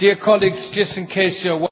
Dear colleagues, just in case you're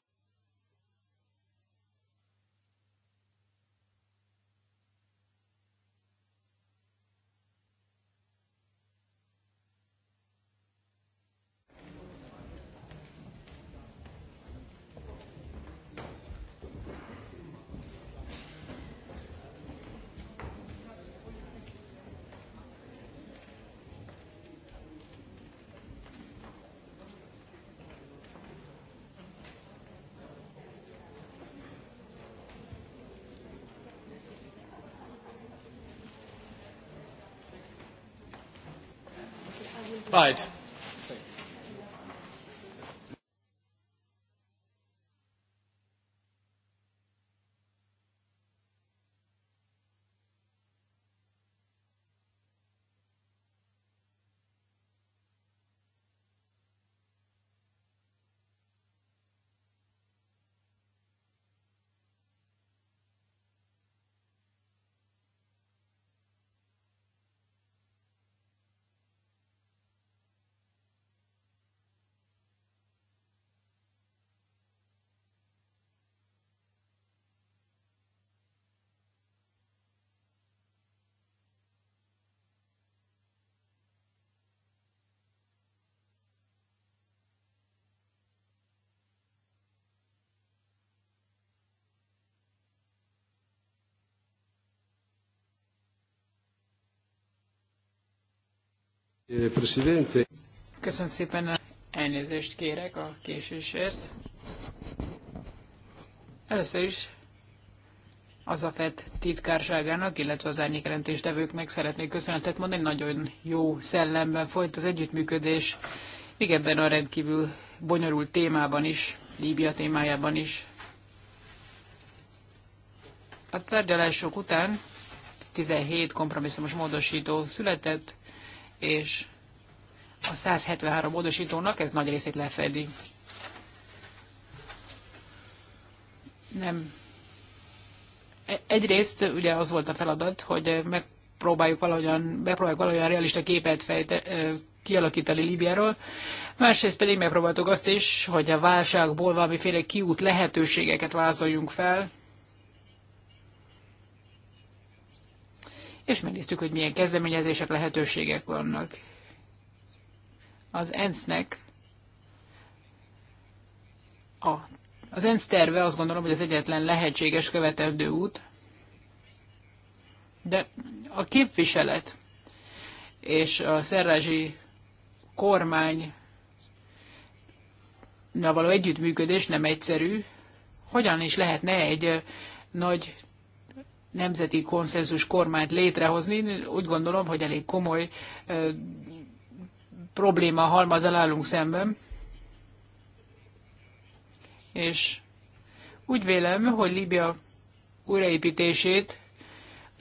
Right. Eh, Köszönöm szépen, elnézést kérek a késésért. Először is az a FED titkárságának, illetve az árnyékelentéstevőknek szeretnék köszönetet mondani. Nagyon jó szellemben folyt az együttműködés, még ebben a rendkívül bonyolult témában is, Líbia témájában is. A tárgyalások után 17 kompromisszumos módosító született, és a 173 módosítónak ez nagy részét lefedi. Nem. E, egyrészt ugye az volt a feladat, hogy megpróbáljuk valahogyan, megpróbáljuk valahogyan realista képet fejte, kialakítani Líbiáról, másrészt pedig megpróbáltuk azt is, hogy a válságból valamiféle kiút lehetőségeket vázoljunk fel, és megnéztük, hogy milyen kezdeményezések, lehetőségek vannak. Az ENSZ-nek a, az ENSZ terve azt gondolom, hogy az egyetlen lehetséges követendő út, de a képviselet és a szerrázsi kormány való együttműködés nem egyszerű. Hogyan is lehetne egy nagy nemzeti konszenzus kormányt létrehozni. Úgy gondolom, hogy elég komoly ö, probléma halmazal állunk szemben. És úgy vélem, hogy Líbia újraépítését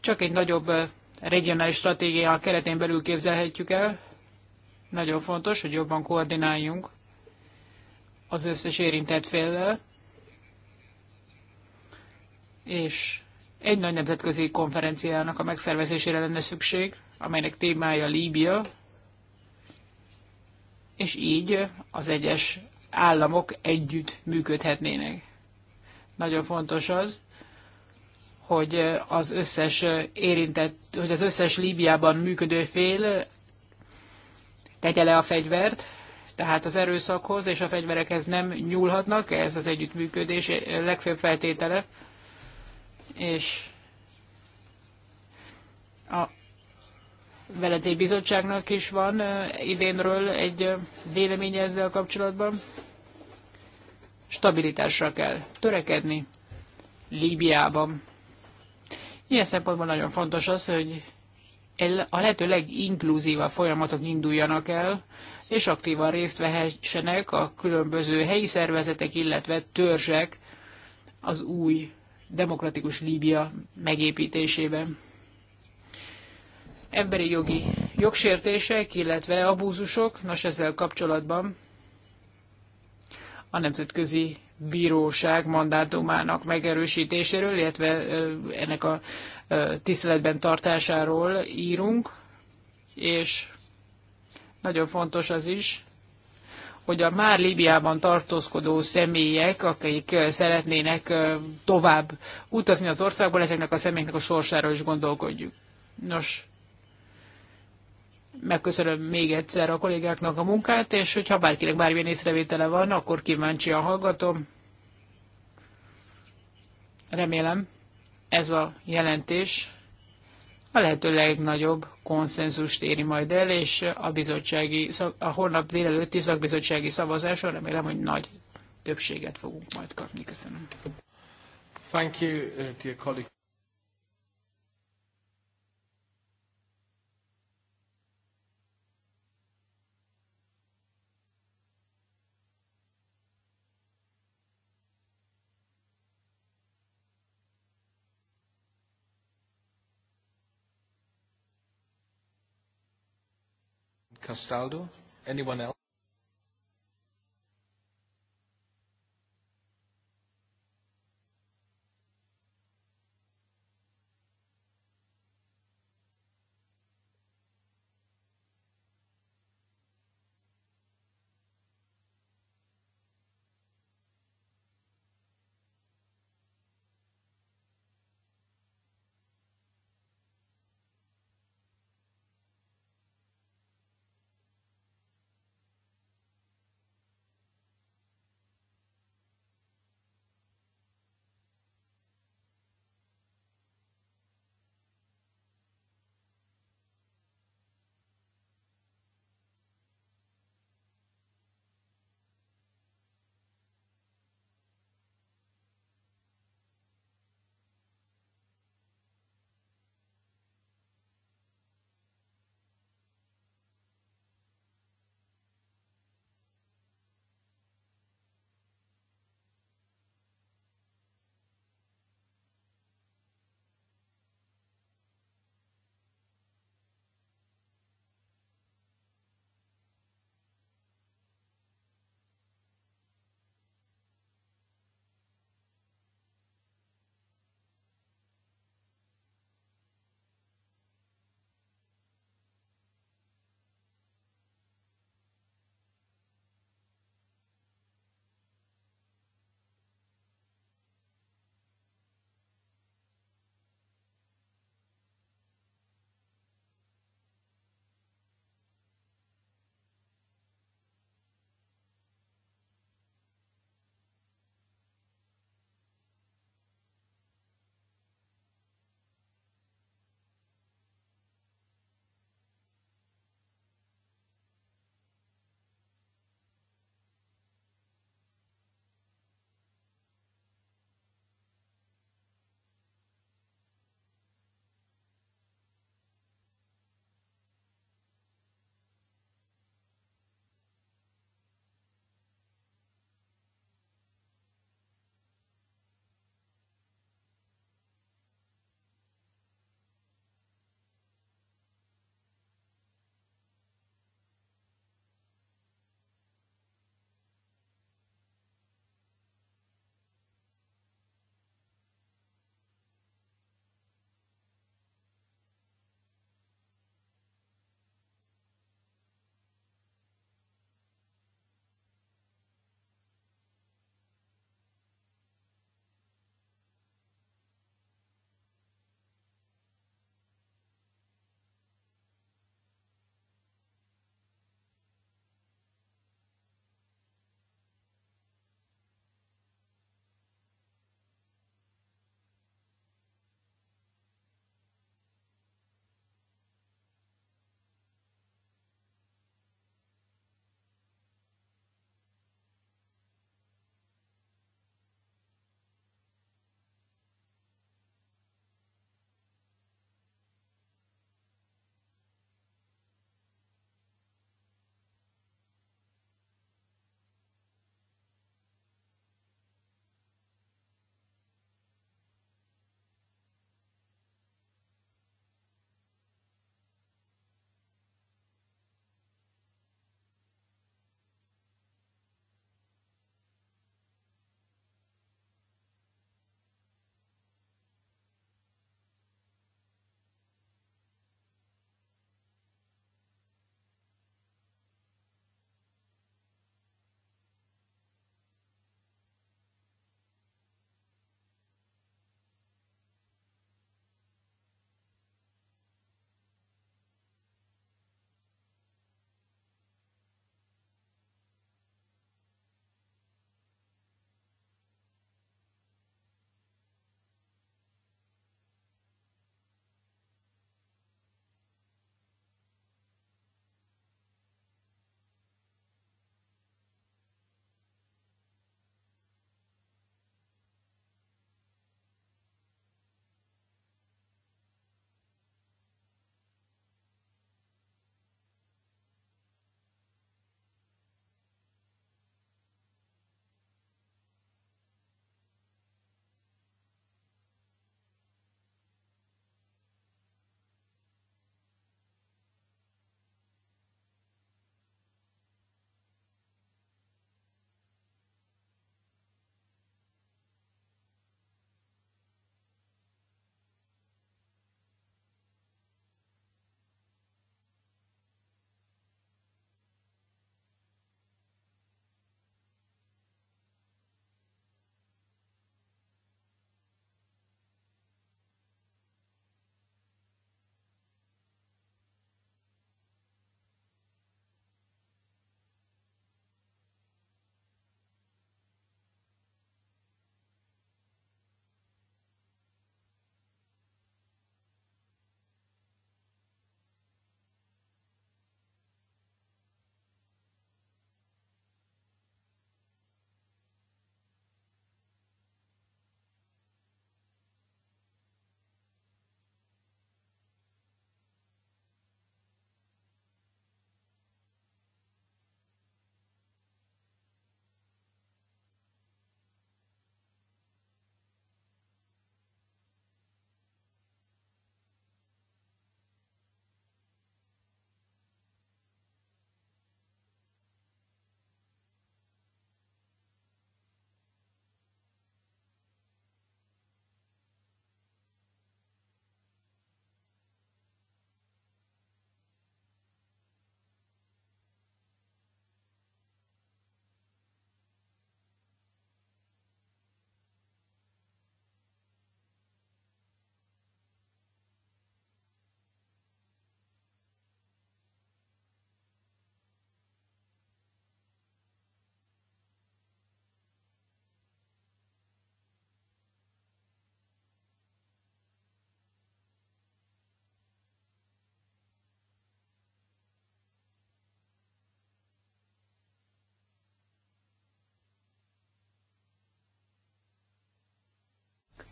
csak egy nagyobb regionális stratégia keretén belül képzelhetjük el. Nagyon fontos, hogy jobban koordináljunk az összes érintett féllel, és egy nagy nemzetközi konferenciának a megszervezésére lenne szükség, amelynek témája Líbia, és így az egyes államok együtt működhetnének. Nagyon fontos az, hogy az összes érintett, hogy az összes Líbiában működő fél tegye le a fegyvert, tehát az erőszakhoz és a fegyverekhez nem nyúlhatnak, ez az együttműködés legfőbb feltétele és a Velencei Bizottságnak is van idénről egy véleménye ezzel kapcsolatban. Stabilitásra kell törekedni Líbiában. Ilyen szempontból nagyon fontos az, hogy a lehető leginkluzívabb folyamatok induljanak el, és aktívan részt vehessenek a különböző helyi szervezetek, illetve törzsek az új demokratikus Líbia megépítésében. Emberi jogi jogsértések, illetve abúzusok, nos ezzel kapcsolatban a Nemzetközi Bíróság mandátumának megerősítéséről, illetve ennek a tiszteletben tartásáról írunk, és nagyon fontos az is, hogy a már Líbiában tartózkodó személyek, akik szeretnének tovább utazni az országból, ezeknek a személyeknek a sorsáról is gondolkodjuk. Nos, megköszönöm még egyszer a kollégáknak a munkát, és hogyha bárkinek bármilyen észrevétele van, akkor a hallgatom. Remélem ez a jelentés a lehető legnagyobb konszenzust éri majd el, és a, bizottsági, a holnap délelőtti szakbizottsági szavazáson remélem, hogy nagy többséget fogunk majd kapni. Köszönöm. Thank you, uh, dear colleague. Castaldo? Anyone else?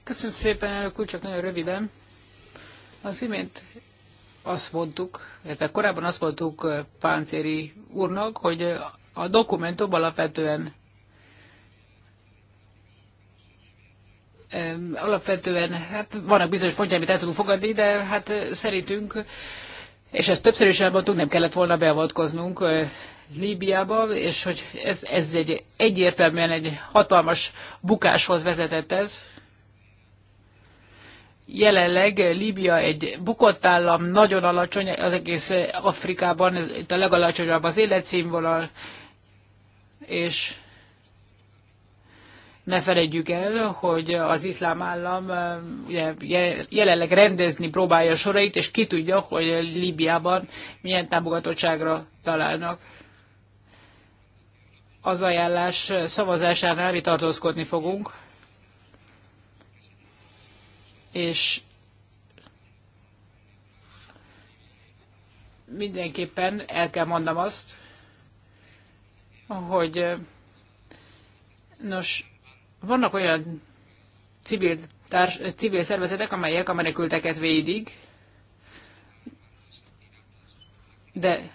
Köszönöm szépen, elnök úr, csak nagyon röviden. Az imént azt mondtuk, illetve korábban azt mondtuk eh, Páncéri úrnak, hogy a dokumentum alapvetően alapvetően hát vannak bizonyos pontjai, amit el tudunk fogadni, de hát eh, szerintünk, és ezt többször is elmondtuk, nem kellett volna beavatkoznunk eh, Líbiába, és hogy ez, ez egy egyértelműen egy hatalmas bukáshoz vezetett ez, jelenleg Líbia egy bukott állam, nagyon alacsony az egész Afrikában, itt a legalacsonyabb az életszínvonal, és ne felejtjük el, hogy az iszlám állam eh, ugye, jelenleg rendezni próbálja a sorait, és ki tudja, hogy Líbiában milyen támogatottságra találnak. Az ajánlás szavazásánál mi tartózkodni fogunk és mindenképpen el kell mondanom azt, hogy eh, nos, vannak olyan civil, társ, eh, civil szervezetek, amelyek a menekülteket védik, de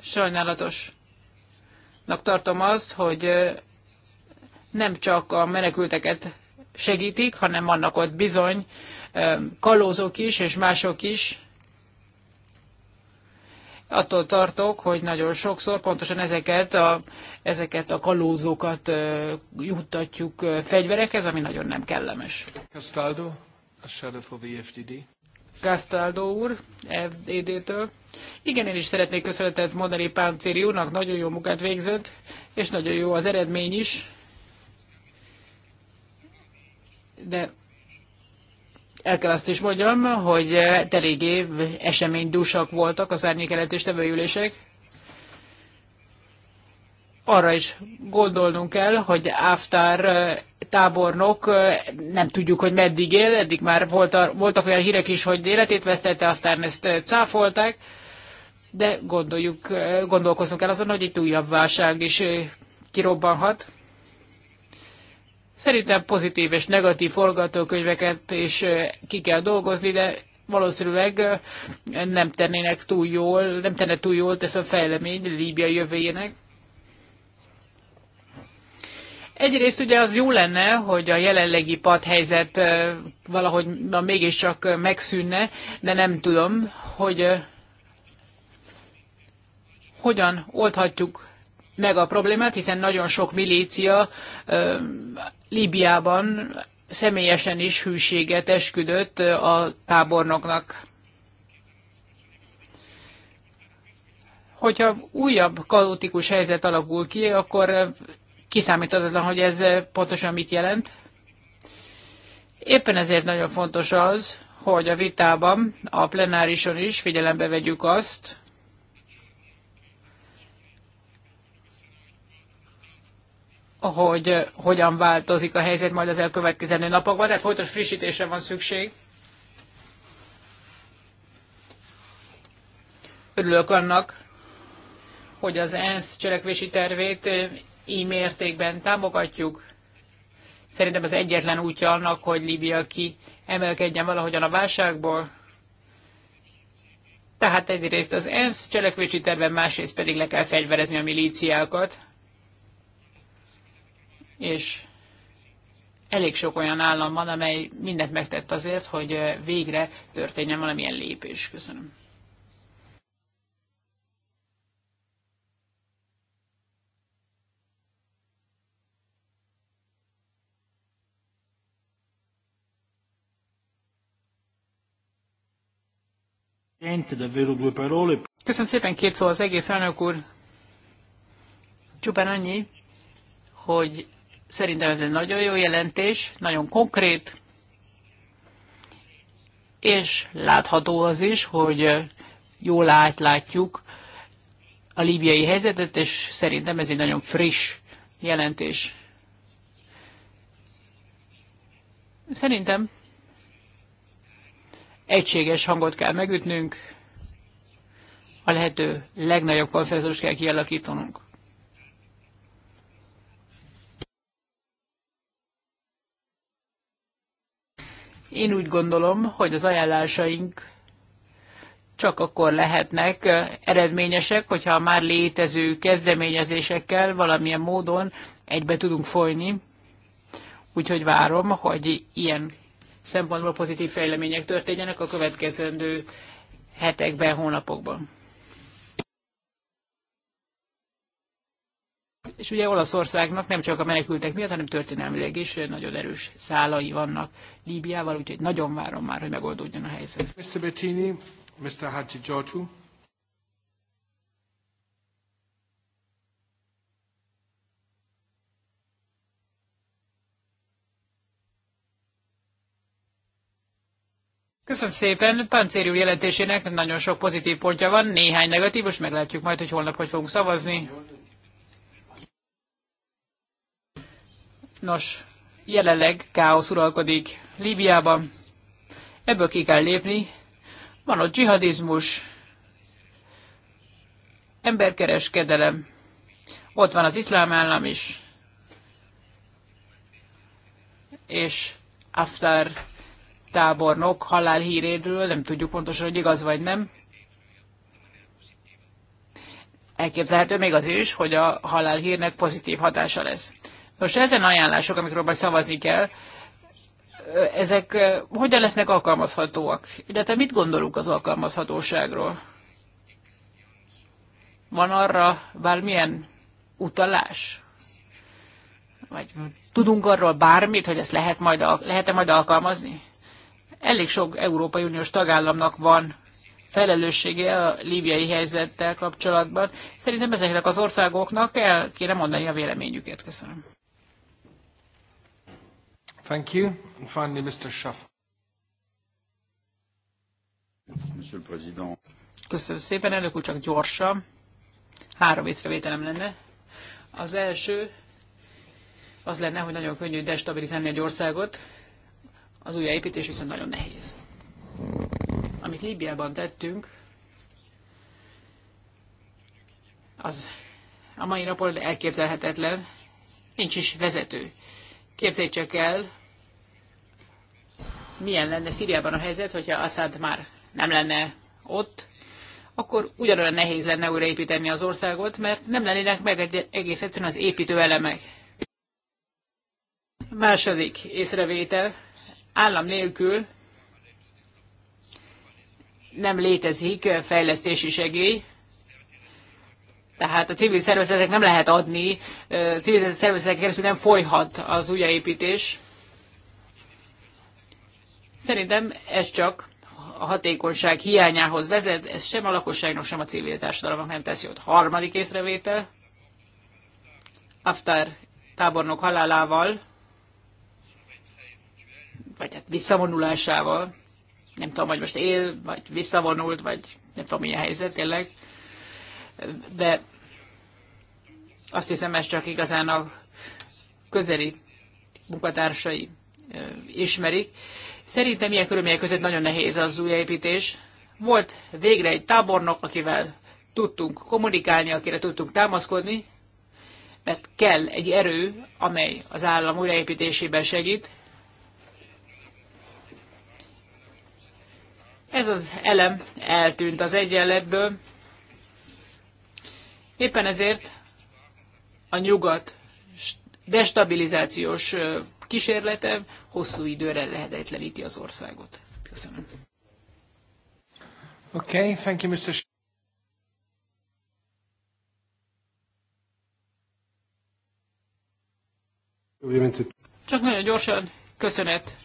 sajnálatosnak tartom azt, hogy eh, nem csak a menekülteket segítik, hanem vannak ott bizony kalózok is, és mások is. Attól tartok, hogy nagyon sokszor pontosan ezeket a, ezeket a kalózókat juttatjuk fegyverekhez, ami nagyon nem kellemes. Castaldo, a shadow for the FDD. Castaldo úr, fdd től Igen, én is szeretnék köszönetet mondani Páncéri úrnak, nagyon jó munkát végzett, és nagyon jó az eredmény is de el kell azt is mondjam, hogy eléggé eh, eseménydúsak voltak az és tevőülések. Arra is gondolnunk kell, hogy Áftár eh, tábornok, eh, nem tudjuk, hogy meddig él, eddig már voltak olyan hírek is, hogy életét vesztette, aztán ezt cáfolták, de gondoljuk, gondolkozunk el azon, hogy itt újabb válság is kirobbanhat. Szerintem pozitív és negatív forgatókönyveket is ki kell dolgozni, de valószínűleg nem tennének túl jól, nem tenne túl jól tesz a fejlemény Líbia jövőjének. Egyrészt ugye az jó lenne, hogy a jelenlegi padhelyzet valahogy na, mégiscsak megszűnne, de nem tudom, hogy hogyan oldhatjuk meg a problémát, hiszen nagyon sok milícia Líbiában személyesen is hűséget esküdött a tábornoknak. Hogyha újabb kaotikus helyzet alakul ki, akkor kiszámíthatatlan, hogy ez pontosan mit jelent. Éppen ezért nagyon fontos az, hogy a vitában, a plenárison is figyelembe vegyük azt, hogy eh, hogyan változik a helyzet majd az elkövetkezendő napokban, tehát folytos frissítésre van szükség. Örülök annak, hogy az ENSZ cselekvési tervét eh, így mértékben támogatjuk. Szerintem az egyetlen útja annak, hogy Líbia ki emelkedjen valahogyan a válságból. Tehát egyrészt az ENSZ cselekvési terven, másrészt pedig le kell fegyverezni a milíciákat, és elég sok olyan állam van, amely mindent megtett azért, hogy végre történjen valamilyen lépés. Köszönöm. Köszönöm szépen két szó az egész elnök úr. Csupán annyi, hogy Szerintem ez egy nagyon jó jelentés, nagyon konkrét, és látható az is, hogy jól átlátjuk a líbiai helyzetet, és szerintem ez egy nagyon friss jelentés. Szerintem egységes hangot kell megütnünk, a lehető legnagyobb konszenzust kell kialakítanunk. Én úgy gondolom, hogy az ajánlásaink csak akkor lehetnek eredményesek, hogyha a már létező kezdeményezésekkel valamilyen módon egybe tudunk folyni. Úgyhogy várom, hogy ilyen szempontból pozitív fejlemények történjenek a következendő hetekben, hónapokban. És ugye Olaszországnak nem csak a menekültek miatt, hanem történelmileg is nagyon erős szálai vannak Líbiával, úgyhogy nagyon várom már, hogy megoldódjon a helyzet. Mr. Bettini, Mr. Hadzsi Giorgio. Köszönöm szépen. Páncér úr jelentésének nagyon sok pozitív pontja van, néhány negatív, és meglátjuk majd, hogy holnap hogy fogunk szavazni. Nos, jelenleg káosz uralkodik Líbiában, ebből ki kell lépni. Van ott dzsihadizmus, emberkereskedelem, ott van az iszlám állam is, és Aftar tábornok híréről nem tudjuk pontosan, hogy igaz vagy nem. Elképzelhető még az is, hogy a halál hírnek pozitív hatása lesz. Nos, ezen ajánlások, amikről majd szavazni kell, ezek hogyan lesznek alkalmazhatóak? te mit gondolunk az alkalmazhatóságról? Van arra bármilyen utalás? Vagy tudunk arról bármit, hogy ezt lehet majd, lehet majd alkalmazni? Elég sok Európai Uniós tagállamnak van felelőssége a líbiai helyzettel kapcsolatban. Szerintem ezeknek az országoknak el kéne mondani a véleményüket. Köszönöm. Thank you. And finally, Mr. Schaff. Monsieur le Président. Köszönöm szépen, elnök úr, csak gyorsan. Három észrevételem lenne. Az első az lenne, hogy nagyon könnyű destabilizálni egy országot, az újjáépítés viszont nagyon nehéz. Amit Líbiában tettünk, az a mai napon elképzelhetetlen, nincs is vezető. Képzeljék el, milyen lenne Szíriában a helyzet, hogyha Assad már nem lenne ott, akkor ugyanolyan nehéz lenne újraépíteni az országot, mert nem lennének meg egész egyszerűen az építő elemek. Második észrevétel, állam nélkül nem létezik fejlesztési segély, tehát a civil szervezetek nem lehet adni, civil szervezetek keresztül nem folyhat az újjáépítés. Szerintem ez csak a hatékonyság hiányához vezet, ez sem a lakosságnak, sem a civil társadalomnak nem tesz jót. Harmadik észrevétel, Aftar tábornok halálával, vagy hát visszavonulásával, nem tudom, hogy most él, vagy visszavonult, vagy nem tudom, milyen helyzet tényleg, de azt hiszem ez csak igazán a közeli munkatársai ismerik. Szerintem ilyen körülmények között nagyon nehéz az újjáépítés. Volt végre egy tábornok, akivel tudtunk kommunikálni, akire tudtunk támaszkodni, mert kell egy erő, amely az állam újraépítésében segít. Ez az elem eltűnt az egyenletből, Éppen ezért a nyugat destabilizációs kísérlete hosszú időre lehetetleníti az országot. Köszönöm. Okay, thank you, Mr. Csak nagyon gyorsan köszönet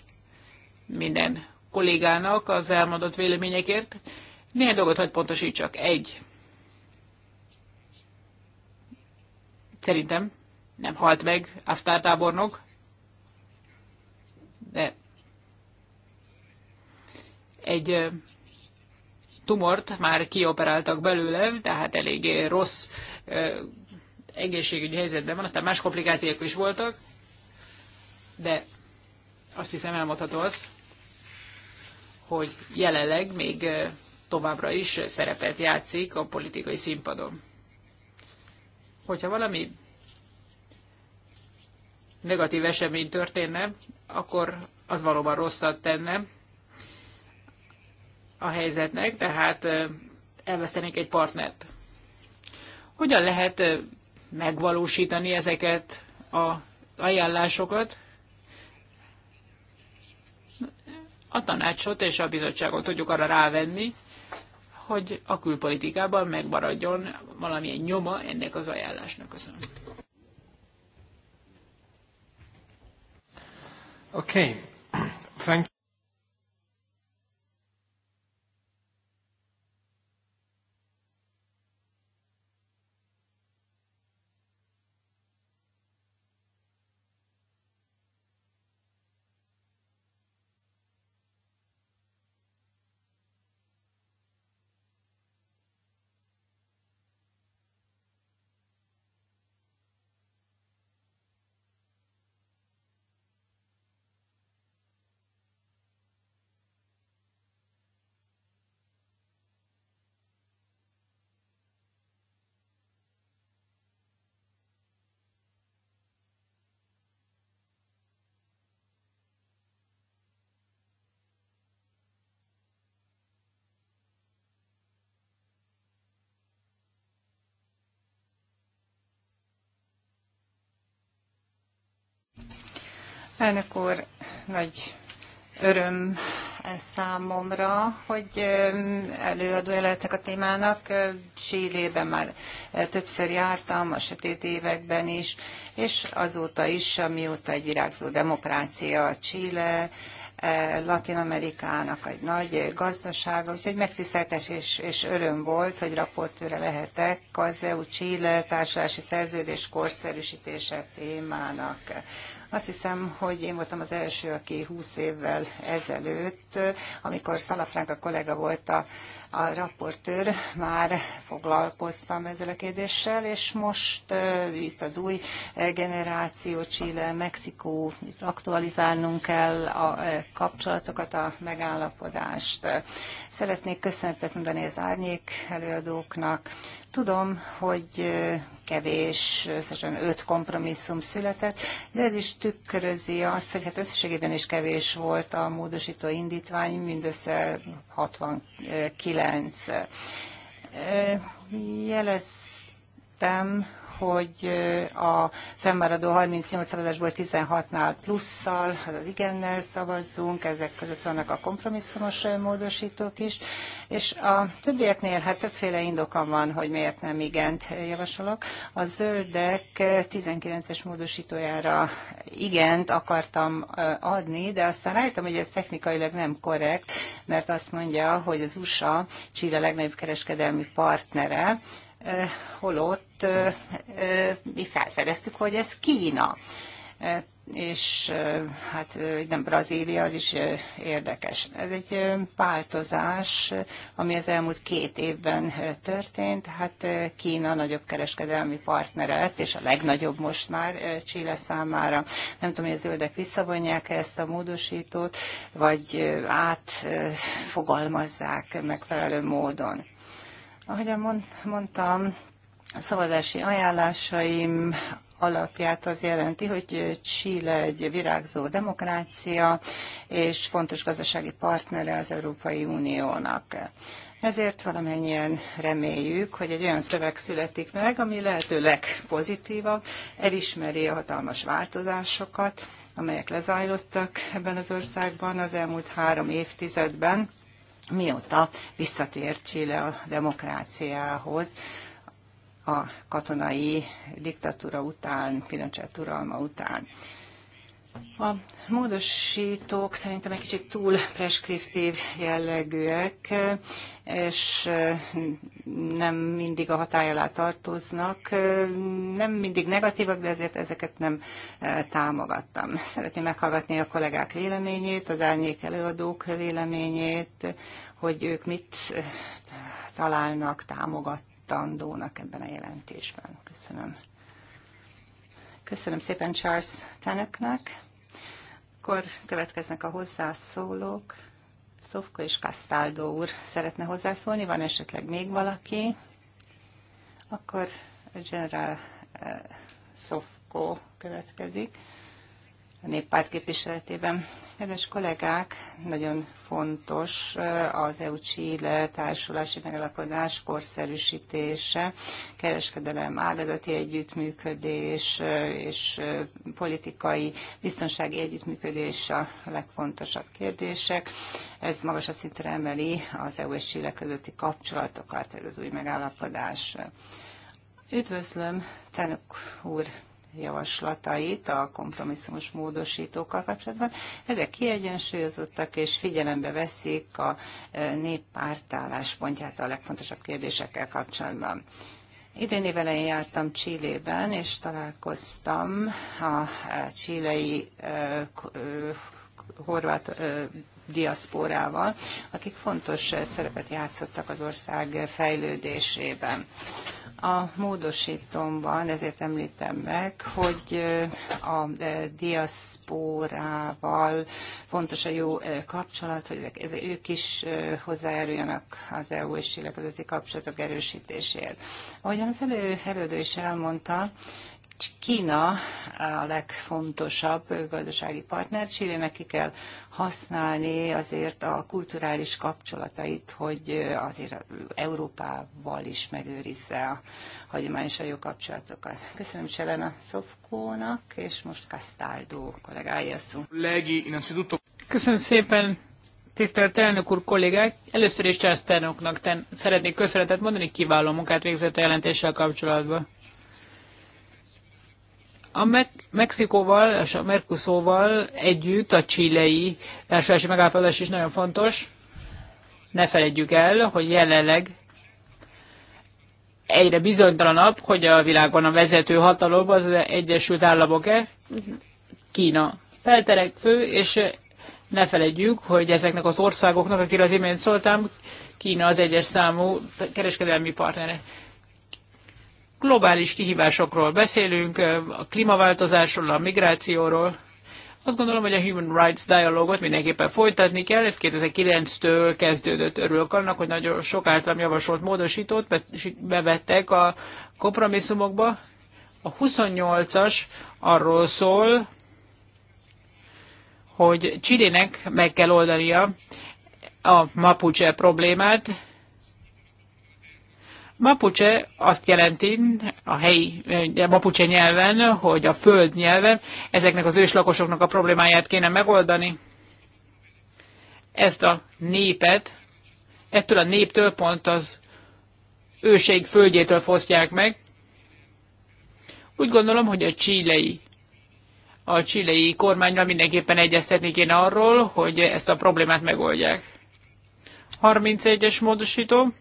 minden kollégának az elmondott véleményekért. Néhány dolgot hagy pontosítsak. Egy, Szerintem nem halt meg Aftár tábornok, de egy tumort már kioperáltak belőle, tehát eléggé rossz egészségügyi helyzetben van, aztán más komplikációk is voltak, de azt hiszem elmondható az, hogy jelenleg még továbbra is szerepet játszik a politikai színpadon hogyha valami negatív esemény történne, akkor az valóban rosszat tenne a helyzetnek, tehát elvesztenék egy partnert. Hogyan lehet megvalósítani ezeket a ajánlásokat? A tanácsot és a bizottságot tudjuk arra rávenni, hogy a külpolitikában megmaradjon valamilyen nyoma ennek az ajánlásnak. Köszönöm. Okay. Thank Elnök úr, nagy öröm számomra, hogy előadója lehetek a témának. Csillében már eh, többször jártam, a sötét években is, és azóta is, amióta egy virágzó demokrácia a Chile, eh, Latin Amerikának egy nagy gazdasága, úgyhogy megtiszteltes és, és öröm volt, hogy raportőre lehetek az EU-Chile társulási szerződés korszerűsítése témának. Azt hiszem, hogy én voltam az első, aki 20 évvel ezelőtt, amikor a kollega volt a, a raportőr, már foglalkoztam ezzel a kérdéssel, és most uh, itt az új generáció Chile, Mexikó, itt aktualizálnunk kell a kapcsolatokat, a megállapodást. Szeretnék köszönetet mondani az árnyék előadóknak. Tudom, hogy kevés, összesen öt kompromisszum született, de ez is tükrözi azt, hogy hát összességében is kevés volt a módosító indítvány, mindössze 69. Jeleztem, hogy a fennmaradó 38 szavazásból 16-nál plusszal, az igennel szavazzunk, ezek között vannak a kompromisszumos módosítók is, és a többieknél hát többféle indoka van, hogy miért nem igent javasolok. A zöldek 19-es módosítójára igent akartam adni, de aztán rájöttem, hogy ez technikailag nem korrekt, mert azt mondja, hogy az USA Chile legnagyobb kereskedelmi partnere, Eh, holott eh, eh, mi felfedeztük, hogy ez Kína és hát nem Brazília, az is érdekes. Ez egy változás, ami az elmúlt két évben történt, hát Kína nagyobb kereskedelmi partnere lett, és a legnagyobb most már Csile számára. Nem tudom, hogy a zöldek visszavonják -e ezt a módosítót, vagy átfogalmazzák megfelelő módon. Ahogy mondtam, a szavazási ajánlásaim alapját az jelenti, hogy Chile egy virágzó demokrácia, és fontos gazdasági partnere az Európai Uniónak. Ezért valamennyien reméljük, hogy egy olyan szöveg születik meg, ami lehető legpozitívabb, elismeri a hatalmas változásokat, amelyek lezajlottak ebben az országban az elmúlt három évtizedben, mióta visszatért Chile a demokráciához, a katonai diktatúra után, Pinochet uralma után. A módosítók szerintem egy kicsit túl preskriptív jellegűek, és nem mindig a hatály alá tartoznak. Nem mindig negatívak, de ezért ezeket nem támogattam. Szeretném meghallgatni a kollégák véleményét, az árnyék előadók véleményét, hogy ők mit találnak támogattandónak ebben a jelentésben. Köszönöm. Köszönöm szépen Charles Tanöknek. Akkor következnek a hozzászólók. Szofko és Castaldo úr szeretne hozzászólni, van esetleg még valaki? Akkor General eh, Szofko következik a néppárt képviseletében. Kedves kollégák, nagyon fontos eh, az EU-Chile társulási megalapodás korszerűsítése, kereskedelem, áldozati együttműködés eh, és eh, politikai biztonsági együttműködés a legfontosabb kérdések. Ez magasabb szintre emeli az EU és Chile közötti kapcsolatokat, ez az új megállapodás. Üdvözlöm Tánok úr javaslatait a kompromisszumos módosítókkal kapcsolatban. Ezek kiegyensúlyozottak és figyelembe veszik a e, néppárt álláspontját a legfontosabb kérdésekkel kapcsolatban. Idén évelején jártam Csillében, és találkoztam a e, csilei e, horvát diaszpórával, akik fontos eh, szerepet játszottak az ország fejlődésében. A módosítomban ezért említem meg, hogy eh, a eh, diaszpórával fontos a jó kapcsolat, hogy ők is hozzájáruljanak az EU és Chile közötti kapcsolatok erősítéséért. Ahogyan az elő, előadó is elmondta, Kína a legfontosabb gazdasági partner, Csillének ki kell használni azért a kulturális kapcsolatait, hogy azért Európával is megőrizze a hagyományos a jó kapcsolatokat. Köszönöm Selena Szofkónak, és most Castaldo kollégája szó. Köszönöm szépen, Tisztelt elnök úr kollégák! Először is Császtárnoknak szeretnék köszönetet mondani, kiváló munkát végzett a jelentéssel kapcsolatban. A Mexikóval és a Mercosóval együtt a csilei társulási megállapodás is nagyon fontos. Ne felejtjük el, hogy jelenleg egyre bizonytalanabb, hogy a világban a vezető hatalom az Egyesült Államok-e, Kína fő, és ne felejtjük, hogy ezeknek az országoknak, akire az imént szóltam, Kína az egyes számú kereskedelmi partnere globális kihívásokról beszélünk, a klímaváltozásról, a migrációról. Azt gondolom, hogy a Human Rights Dialogot mindenképpen folytatni kell, ez 2009-től kezdődött. Örülök annak, hogy nagyon sok általam javasolt módosítót bevettek a kompromisszumokba. A 28-as arról szól, hogy Csillének meg kell oldania a mapuche problémát, Mapuche azt jelenti a helyi a eh, mapuche nyelven, hogy a föld nyelven ezeknek az őslakosoknak a problémáját kéne megoldani. Ezt a népet, ettől a néptől pont az őség földjétől fosztják meg. Úgy gondolom, hogy a csílei a csilei kormányra mindenképpen egyeztetni kéne arról, hogy ezt a problémát megoldják. 31-es módosító.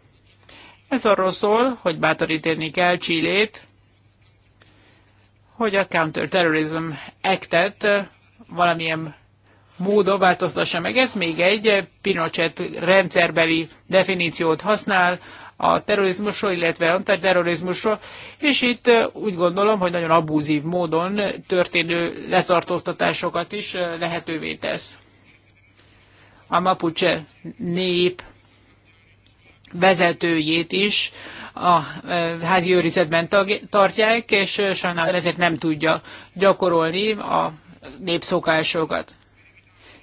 Ez arról szól, hogy bátorítani kell Csillét, hogy a Counterterrorism Act-et valamilyen módon változtassa meg. Ez még egy Pinochet rendszerbeli definíciót használ a terrorizmusról, illetve antiterrorizmusról, és itt úgy gondolom, hogy nagyon abúzív módon történő letartóztatásokat is lehetővé tesz. A mapuche nép vezetőjét is a házi őrizetben tartják, és sajnálom ezért nem tudja gyakorolni a népszokásokat.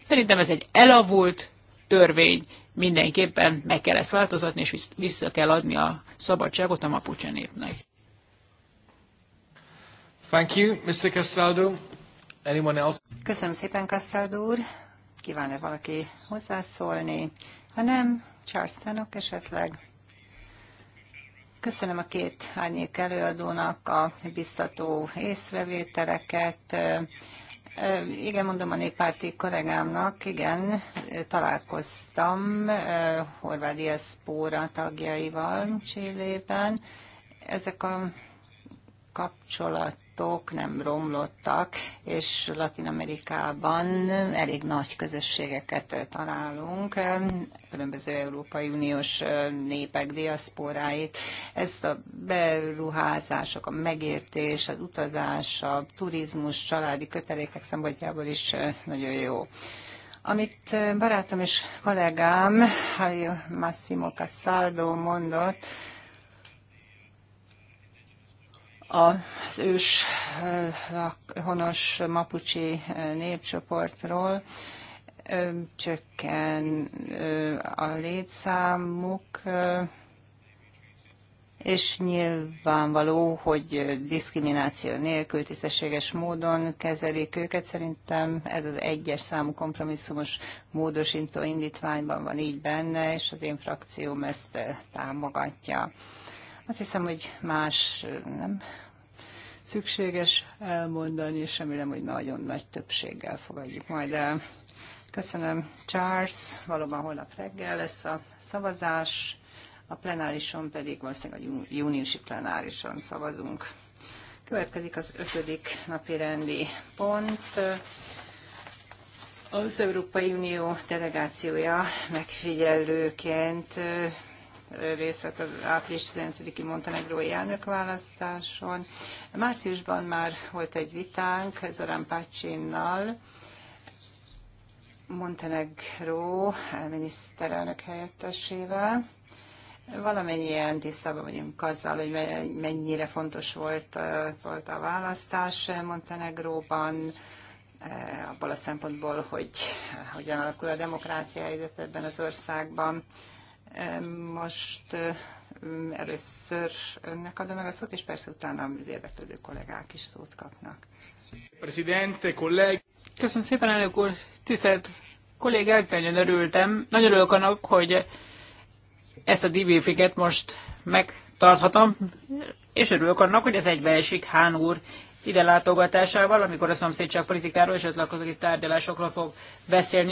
Szerintem ez egy elavult törvény, mindenképpen meg kell ezt változatni, és vissza kell adni a szabadságot a mapucse népnek. Thank you, Mr. Castaldo. Anyone else? Köszönöm szépen, Castaldo úr. Kíván-e valaki hozzászólni? Ha nem, Charles esetleg. Köszönöm a két árnyék előadónak a biztató észrevételeket. Igen, mondom a néppárti kollégámnak, igen, találkoztam Horváth Diaszpóra tagjaival Csillében. Ezek a kapcsolat állatok nem romlottak, és Latin Amerikában elég nagy közösségeket találunk, különböző Európai Uniós népek diaszporáit. ez a beruházások, a megértés, az utazás, a turizmus, családi kötelékek szempontjából is nagyon jó. Amit barátom és kollégám, Massimo Cassaldo mondott, az ős eh, honos mapucsi eh, népcsoportról csökken a létszámuk, és nyilvánvaló, hogy diszkrimináció nélkül tisztességes módon kezelik őket. Szerintem ez az egyes számú kompromisszumos módosító indítványban van így benne, és az én frakcióm ezt eh, támogatja. Azt hiszem, hogy más nem szükséges elmondani, és remélem, hogy nagyon nagy többséggel fogadjuk majd el. Köszönöm, Charles. Valóban holnap reggel lesz a szavazás, a plenárison pedig valószínűleg a júniusi plenárison szavazunk. Következik az ötödik napi rendi pont. Az Európai Unió delegációja megfigyelőként részt vett az április 15-i Montenegrói elnökválasztáson. Márciusban már volt egy vitánk Zorán Pácsinnal, Montenegró miniszterelnök helyettesével. Valamennyien tisztában vagyunk azzal, hogy mennyire fontos volt, volt a választás Montenegróban, abból a szempontból, hogy hogyan alakul a demokrácia helyzet ebben az országban. Most először önnek adom meg a szót, és persze utána az érdeklődő kollégák is szót kapnak. Presidente, Köszönöm szépen, elnök úr. Tisztelt kollégák, nagyon örültem. Nagyon örülök annak, hogy ezt a DBF-et most megtarthatom, és örülök annak, hogy ez egybeesik Hán úr ide látogatásával, amikor a szomszédság politikáról és a tárgyalásokról fog beszélni,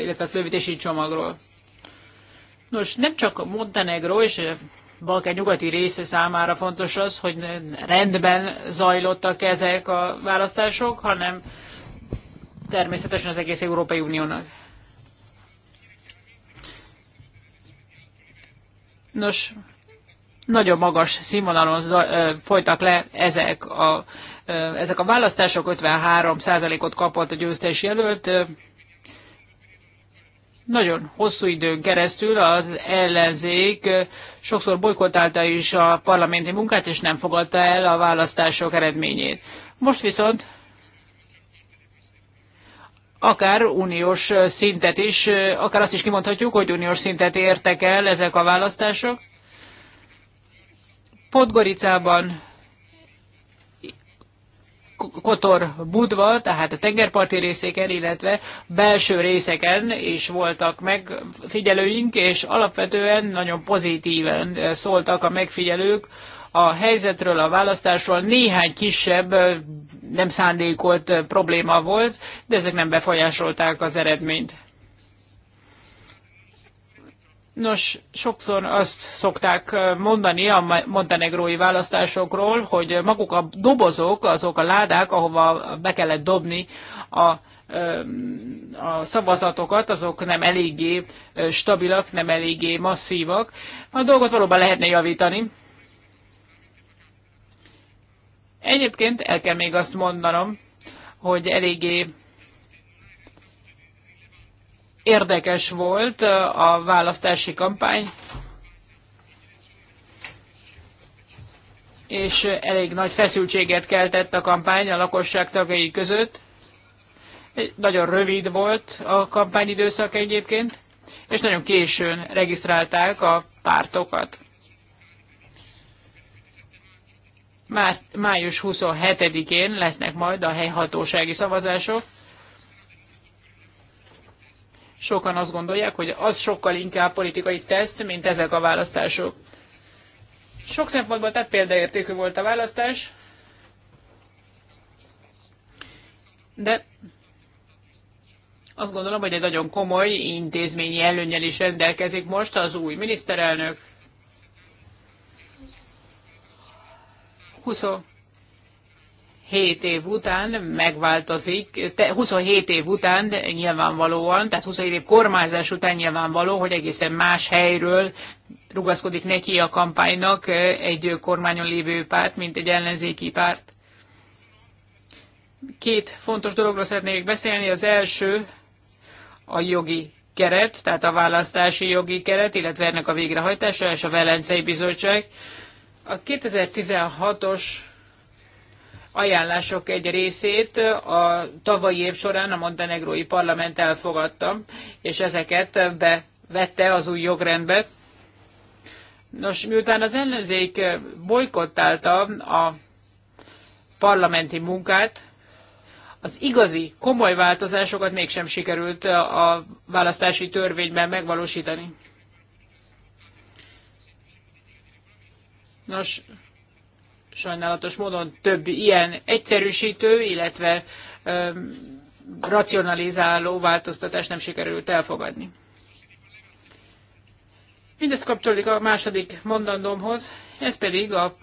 illetve a bővítési csomagról. Nos, nem csak Montenegro és a Balkán nyugati része számára fontos az, hogy rendben zajlottak ezek a választások, hanem természetesen az egész Európai Uniónak. Nos, nagyon magas színvonalon folytak le ezek a, ezek a választások, 53%-ot kapott a győztes jelölt, nagyon hosszú időn keresztül az ellenzék sokszor bolykotálta is a parlamenti munkát, és nem fogadta el a választások eredményét. Most viszont akár uniós szintet is, akár azt is kimondhatjuk, hogy uniós szintet értek el ezek a választások. Podgoricában Kotor Budva, tehát a tengerparti részeken, illetve belső részeken is voltak megfigyelőink, és alapvetően nagyon pozitíven szóltak a megfigyelők a helyzetről, a választásról. Néhány kisebb, nem szándékolt probléma volt, de ezek nem befolyásolták az eredményt. Nos, sokszor azt szokták mondani a montenegrói választásokról, hogy maguk a dobozok, azok a ládák, ahova be kellett dobni a, a szavazatokat, azok nem eléggé stabilak, nem eléggé masszívak. A dolgot valóban lehetne javítani. Egyébként el kell még azt mondanom, hogy eléggé érdekes volt a választási kampány, és elég nagy feszültséget keltett a kampány a lakosság tagjai között. Nagyon rövid volt a kampányidőszak egyébként, és nagyon későn regisztrálták a pártokat. Már május 27-én lesznek majd a helyhatósági szavazások, Sokan azt gondolják, hogy az sokkal inkább politikai teszt, mint ezek a választások. Sok szempontból tehát példaértékű volt a választás, de azt gondolom, hogy egy nagyon komoly intézményi előnyel is rendelkezik most az új miniszterelnök. 20, 7 év után megváltozik, 27 év után nyilvánvalóan, tehát 27 év kormányzás után nyilvánvaló, hogy egészen más helyről rugaszkodik neki a kampánynak egy kormányon lévő párt, mint egy ellenzéki párt. Két fontos dologról szeretnék beszélni. Az első a jogi keret, tehát a választási jogi keret, illetve ennek a végrehajtása és a Velencei Bizottság. A 2016-os ajánlások egy részét a tavalyi év során a montenegrói parlament elfogadta, és ezeket bevette az új jogrendbe. Nos, miután az ellenzék bolykottálta a parlamenti munkát, az igazi, komoly változásokat mégsem sikerült a választási törvényben megvalósítani. Nos, sajnálatos módon több ilyen egyszerűsítő, illetve ö, racionalizáló változtatást nem sikerült elfogadni. Mindez kapcsolódik a második mondandómhoz, ez pedig a,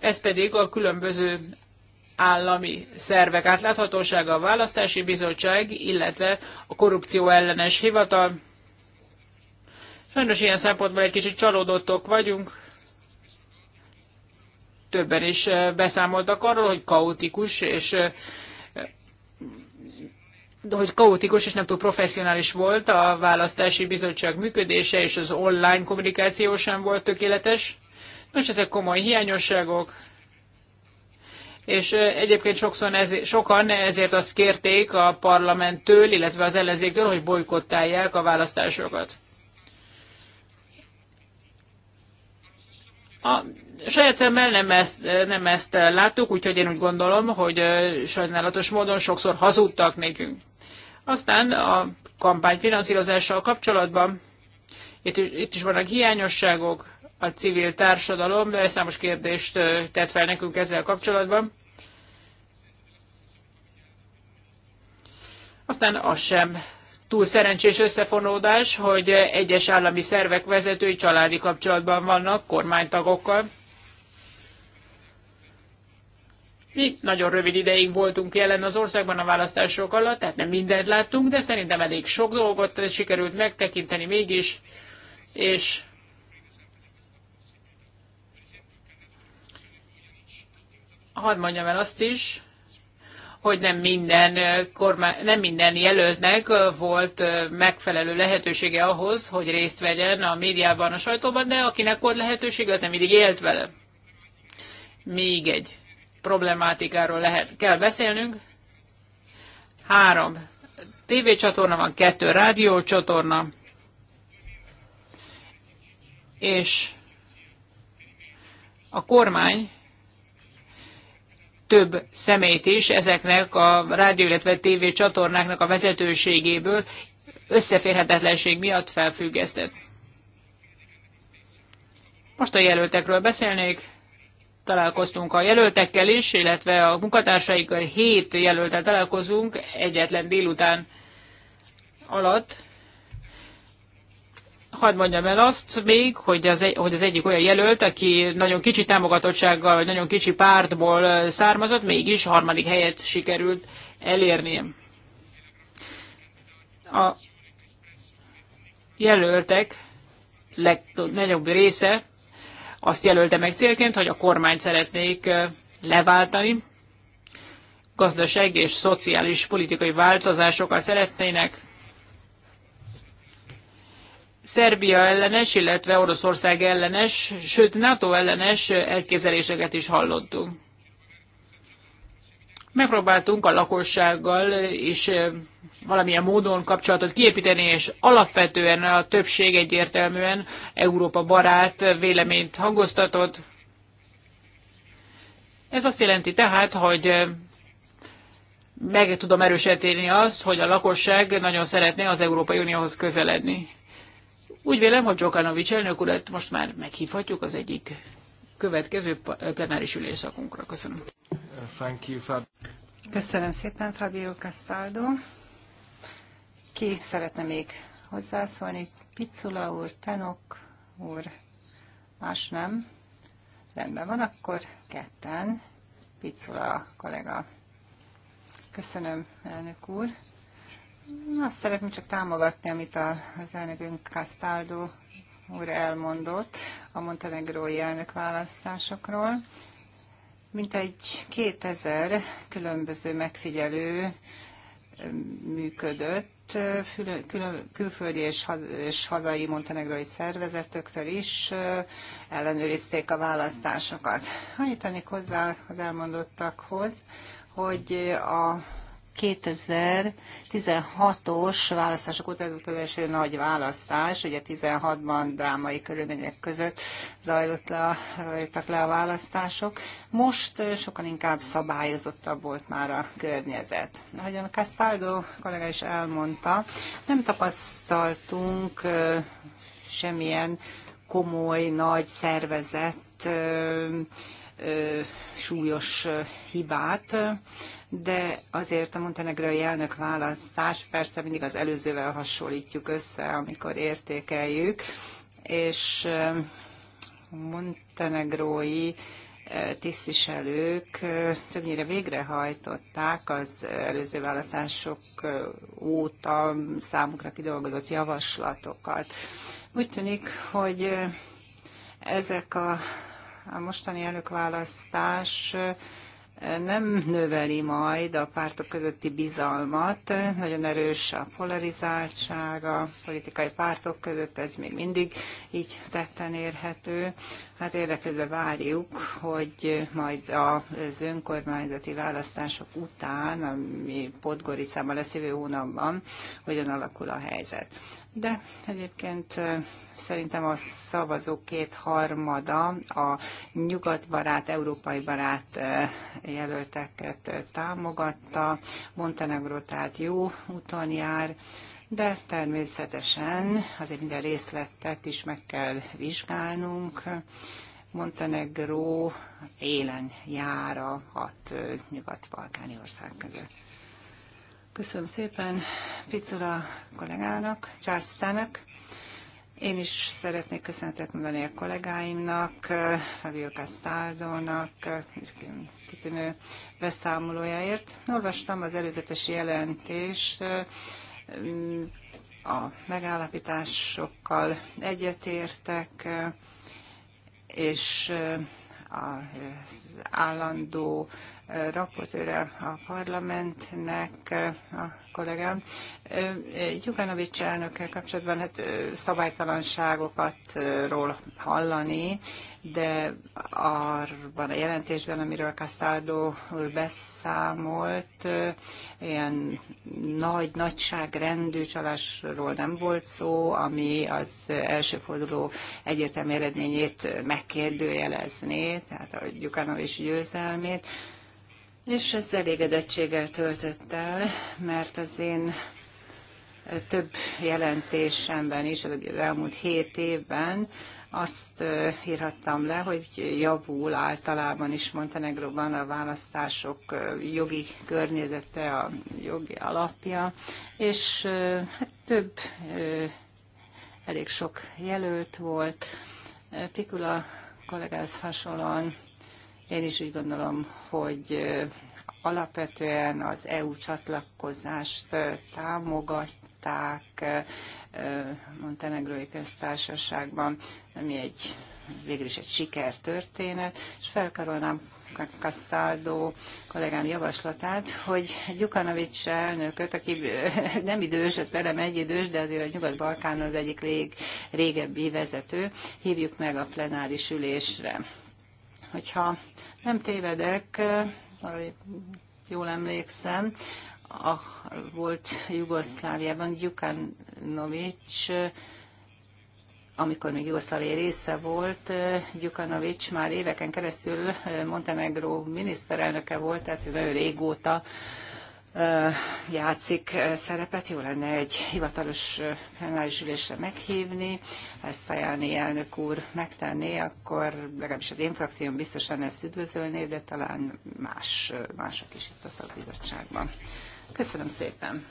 ez pedig a különböző állami szervek átláthatósága, a választási bizottság, illetve a korrupció ellenes hivatal. Sajnos ilyen szempontból egy kicsit csalódottok vagyunk, többen is beszámoltak arról, hogy kaotikus és hogy kaotikus és nem túl professzionális volt a választási bizottság működése, és az online kommunikáció sem volt tökéletes. Nos, ezek komoly hiányosságok, és egyébként sokszor ez, sokan ezért azt kérték a parlamenttől, illetve az ellenzéktől, hogy bolykottálják a választásokat. A saját szemmel nem ezt, nem ezt láttuk, úgyhogy én úgy gondolom, hogy sajnálatos módon sokszor hazudtak nekünk. Aztán a kampány finanszírozással kapcsolatban itt is, itt is vannak hiányosságok, a civil társadalom számos kérdést tett fel nekünk ezzel kapcsolatban. Aztán az sem túl szerencsés összefonódás, hogy egyes állami szervek vezetői családi kapcsolatban vannak kormánytagokkal. Mi nagyon rövid ideig voltunk jelen az országban a választások alatt, tehát nem mindent láttunk, de szerintem elég sok dolgot sikerült megtekinteni mégis, és hadd mondjam el azt is, hogy nem minden, eh, kormány, nem minden jelöltnek eh, volt eh, megfelelő lehetősége ahhoz, hogy részt vegyen a médiában, a sajtóban, de akinek volt lehetősége, az nem mindig élt vele. Még egy problémátikáról lehet, kell beszélnünk. Három tévécsatorna van, kettő rádiócsatorna, és a kormány több szemét is ezeknek a rádió, illetve TV csatornáknak a vezetőségéből összeférhetetlenség miatt felfüggesztett. Most a jelöltekről beszélnék találkoztunk a jelöltekkel is, illetve a munkatársaikkal hét jelöltel találkozunk egyetlen délután alatt. Hadd mondjam el azt még, hogy az, egy, hogy az egyik olyan jelölt, aki nagyon kicsi támogatottsággal, vagy nagyon kicsi pártból származott, mégis harmadik helyet sikerült elérni. A jelöltek legnagyobb része azt jelölte meg célként, hogy a kormány szeretnék leváltani, gazdasági és szociális politikai változásokat szeretnének. Szerbia ellenes, illetve Oroszország ellenes, sőt NATO ellenes elképzeléseket is hallottunk. Megpróbáltunk a lakossággal is valamilyen módon kapcsolatot kiépíteni, és alapvetően a többség egyértelműen Európa barát véleményt hangoztatott. Ez azt jelenti tehát, hogy meg tudom erősíteni azt, hogy a lakosság nagyon szeretné az Európai Unióhoz közeledni. Úgy vélem, hogy Jokanovics elnök urat most már meghívhatjuk az egyik következő plenáris ülésszakunkra. Köszönöm. Thank you, Fab. Köszönöm szépen, Fabio Castaldo. Ki szeretne még hozzászólni? Picula úr, Tenok úr, más nem. Rendben van, akkor ketten. Picula kollega. Köszönöm, elnök úr. Azt szeretném csak támogatni, amit az elnökünk Castaldo úr elmondott a montenegrói elnök választásokról. Mintegy 2000 különböző megfigyelő működött, külföldi és, és hazai montenegrói szervezetöktől is ellenőrizték a választásokat. Annyit tennék hozzá az elmondottakhoz, hogy a 2016-os választások óta volt az első nagy választás, ugye 16-ban drámai körülmények között zajlott le, zajlottak le a választások. Most sokan inkább szabályozottabb volt már a környezet. a Castaldo kollega is elmondta, nem tapasztaltunk semmilyen komoly, nagy szervezet súlyos hibát de azért a montenegrói elnök választás persze mindig az előzővel hasonlítjuk össze, amikor értékeljük, és montenegrói tisztviselők többnyire végrehajtották az előző választások óta számukra kidolgozott javaslatokat. Úgy tűnik, hogy ezek a, a mostani elnökválasztás nem növeli majd a pártok közötti bizalmat, nagyon erős a polarizáltság a politikai pártok között, ez még mindig így tetten érhető. Hát érdeklődve várjuk, hogy majd az önkormányzati választások után, ami Podgoricában lesz jövő hónapban, hogyan alakul a helyzet. De egyébként szerintem a szavazók kétharmada a nyugatbarát, európai barát jelölteket támogatta. Montenegro tehát jó úton jár de természetesen azért minden részletet is meg kell vizsgálnunk. Montenegro élen jár a hat nyugat-balkáni ország között. Köszönöm szépen Picula kollégának, császának. Én is szeretnék köszönetet mondani a kollégáimnak, Fabio Castaldónak, kitűnő beszámolójáért. Olvastam az előzetes jelentést a megállapításokkal egyetértek, és eh, eh, az állandó raportőre a parlamentnek, a kollégám. Gyuganovics elnökkel kapcsolatban hát ról hallani, de arban a jelentésben, amiről Castaldo úr beszámolt, ilyen nagy nagyságrendű csalásról nem volt szó, ami az első forduló egyértelmű eredményét megkérdőjelezné, tehát a Gyukanovics győzelmét és ez elégedettséggel töltött el, mert az én több jelentésemben is, az elmúlt hét évben azt írhattam le, hogy javul általában is Montenegróban a választások jogi környezete, a jogi alapja, és hát több, elég sok jelölt volt. Pikula kollégához hasonlóan én is úgy gondolom, hogy alapvetően az EU csatlakozást támogatták Montenegrói köztársaságban, ami egy végül is egy sikertörténet, és felkarolnám Castaldo kollégám javaslatát, hogy Gyukanovics elnököt, aki nem idős, velem egy idős, de azért a nyugat balkán az egyik rég, régebbi vezető, hívjuk meg a plenáris ülésre. Hogyha nem tévedek, jól emlékszem, a, volt Jugoszláviában Gyukanovics, amikor még Jugoszlávia része volt, Gyukanovics már éveken keresztül Montenegró miniszterelnöke volt, tehát ő régóta játszik szerepet. Jó lenne egy hivatalos plenáris ülésre meghívni, ezt ajánlni elnök úr megtenné, akkor legalábbis az én frakcióm biztosan ezt üdvözölné, de talán más, mások is itt a szakbizottságban. Köszönöm szépen!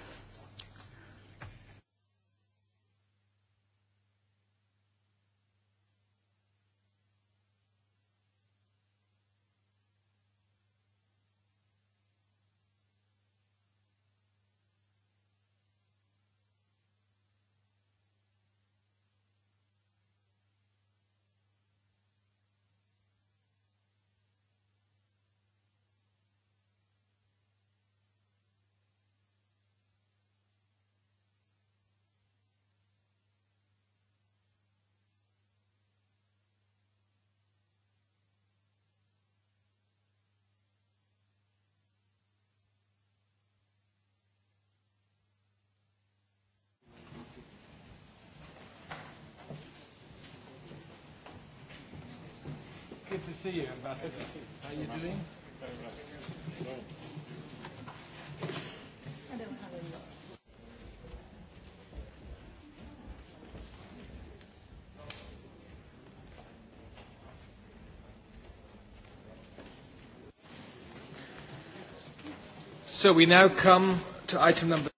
Great to see you, Ambassador. How are you doing? I don't So we now come to item number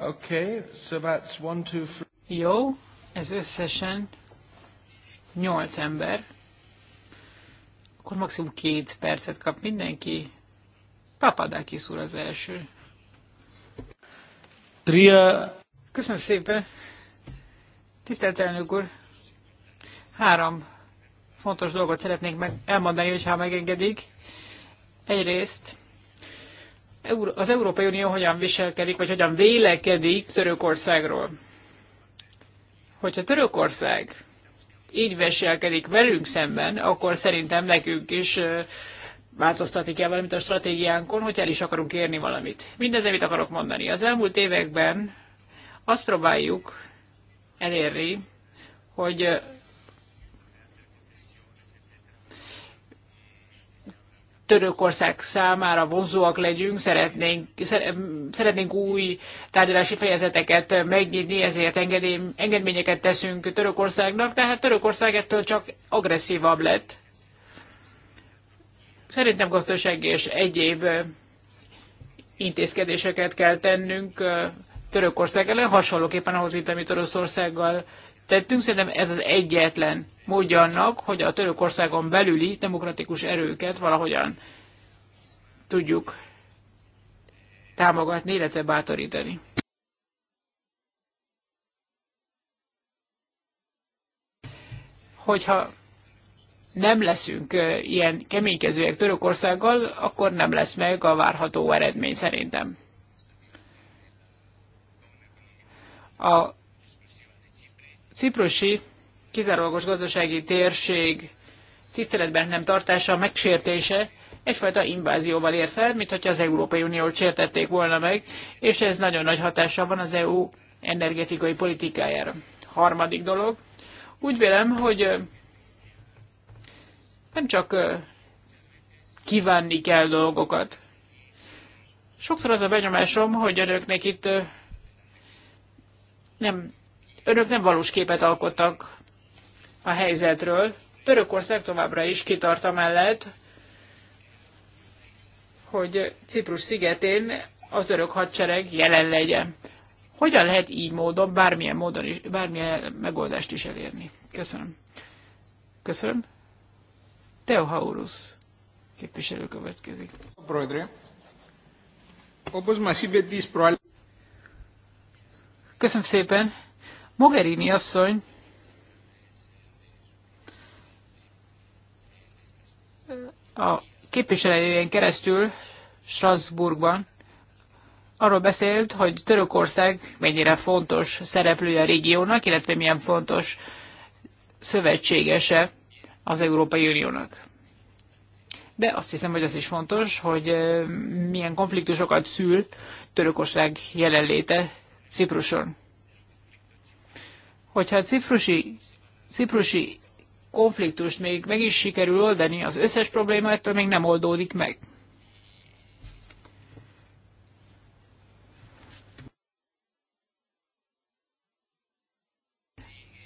Okay, so that's one, two, three. Jó, ez összesen nyolc ember. Akkor maximum két percet kap mindenki. Papadákis szúr az első. Tria. Köszönöm szépen. Tisztelt elnök úr. Három fontos dolgot szeretnék meg elmondani, hogyha megengedik. Egyrészt az Európai Unió hogyan viselkedik, vagy hogyan vélekedik Törökországról. Hogyha Törökország így viselkedik velünk szemben, akkor szerintem nekünk is változtatni kell valamit a stratégiánkon, hogy el is akarunk érni valamit. Mindez, amit akarok mondani. Az elmúlt években azt próbáljuk elérni, hogy Törökország számára vonzóak legyünk, szeretnénk, szeretnénk új tárgyalási fejezeteket megnyitni, ezért engedményeket teszünk Törökországnak, tehát Törökország ettől csak agresszívabb lett. Szerintem gazdaság és egyéb intézkedéseket kell tennünk Törökország ellen, hasonlóképpen ahhoz, mint amit Oroszországgal tettünk. Szerintem ez az egyetlen módja annak, hogy a Törökországon belüli demokratikus erőket valahogyan tudjuk támogatni, illetve bátorítani. Hogyha nem leszünk ilyen keménykezőek Törökországgal, akkor nem lesz meg a várható eredmény szerintem. A ciprusi kizárólagos gazdasági térség tiszteletben nem tartása, megsértése egyfajta invázióval ér fel, mintha az Európai Uniót sértették volna meg, és ez nagyon nagy hatása van az EU energetikai politikájára. Harmadik dolog, úgy vélem, hogy nem csak kívánni kell dolgokat. Sokszor az a benyomásom, hogy önöknek itt nem önök nem valós képet alkottak a helyzetről. Törökország továbbra is kitart mellett, hogy Ciprus szigetén a török hadsereg jelen legyen. Hogyan lehet így módon, bármilyen módon is, bármilyen megoldást is elérni? Köszönöm. Köszönöm. Teo Haurus képviselő következik. Köszönöm szépen. Mogherini asszony a képviselőjén keresztül Strasbourgban arról beszélt, hogy Törökország mennyire fontos szereplője a régiónak, illetve milyen fontos szövetségese az Európai Uniónak. De azt hiszem, hogy az is fontos, hogy milyen konfliktusokat szül Törökország jelenléte Cipruson hogyha a ciprusi, ciprusi konfliktust még meg is sikerül oldani, az összes probléma ettől még nem oldódik meg.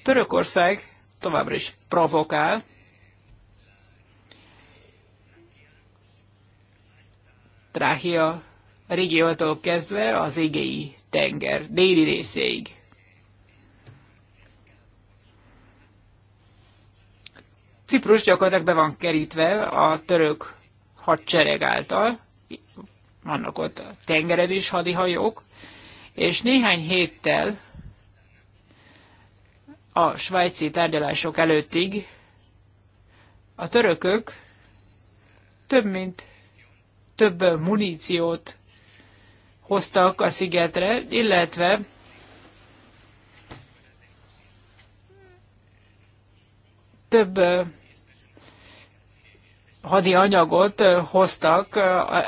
Törökország továbbra is provokál. Tráhia régiótól kezdve az égéi tenger déli részéig. Ciprus gyakorlatilag be van kerítve a török hadsereg által, vannak ott a tengeren is hadihajók, és néhány héttel a svájci tárgyalások előttig a törökök több mint több muníciót hoztak a szigetre, illetve több hadi anyagot hoztak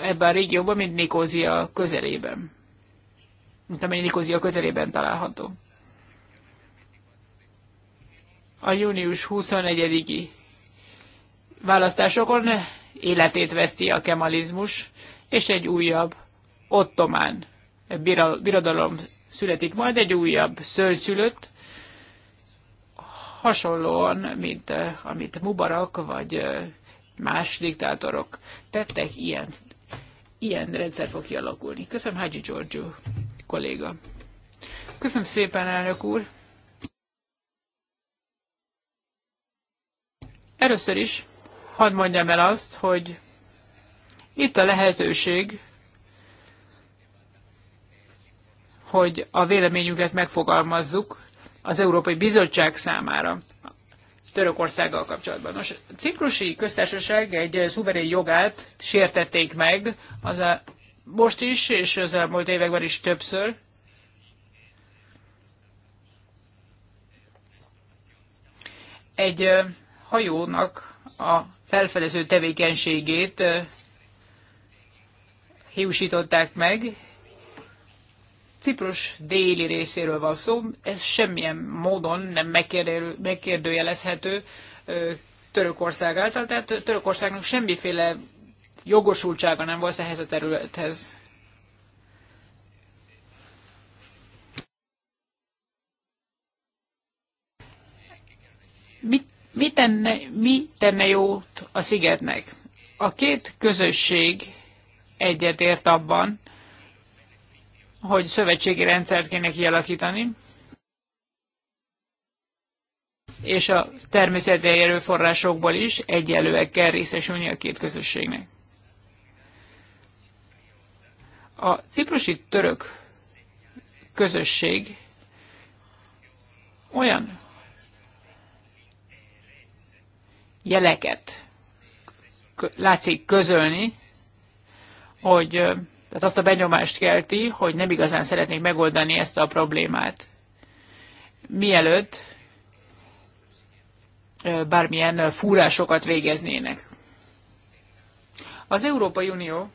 ebben a régióban, mint Nikózia közelében. Mint amely Nikózia közelében található. A június 21-i választásokon életét veszti a kemalizmus, és egy újabb ottomán birodalom születik majd, egy újabb szölcsülött, hasonlóan, mint eh, amit Mubarak vagy eh, más diktátorok tettek, ilyen, ilyen rendszer fog kialakulni. Köszönöm, Hágyi Giorgio kolléga. Köszönöm szépen, elnök úr. Először is hadd mondjam el azt, hogy itt a lehetőség, hogy a véleményünket megfogalmazzuk, az Európai Bizottság számára Törökországgal kapcsolatban. Nos, a ciprusi köztársaság egy szuverén jogát sértették meg, az a, most is, és az elmúlt években is többször. Egy hajónak a felfedező tevékenységét hiúsították meg, Ciprus déli részéről van szó, ez semmilyen módon nem megkérdőjelezhető Törökország által, tehát Törökországnak semmiféle jogosultsága nem volt ehhez a területhez. Mit, mit tenne, mi tenne jót a szigetnek? A két közösség egyetért abban, hogy szövetségi rendszert kéne kialakítani, és a természeti erőforrásokból is egyelőek kell részesülni a két közösségnek. A ciprusi török közösség olyan jeleket látszik közölni, hogy tehát azt a benyomást kelti, hogy nem igazán szeretnék megoldani ezt a problémát. Mielőtt bármilyen fúrásokat végeznének. Az Európai Unió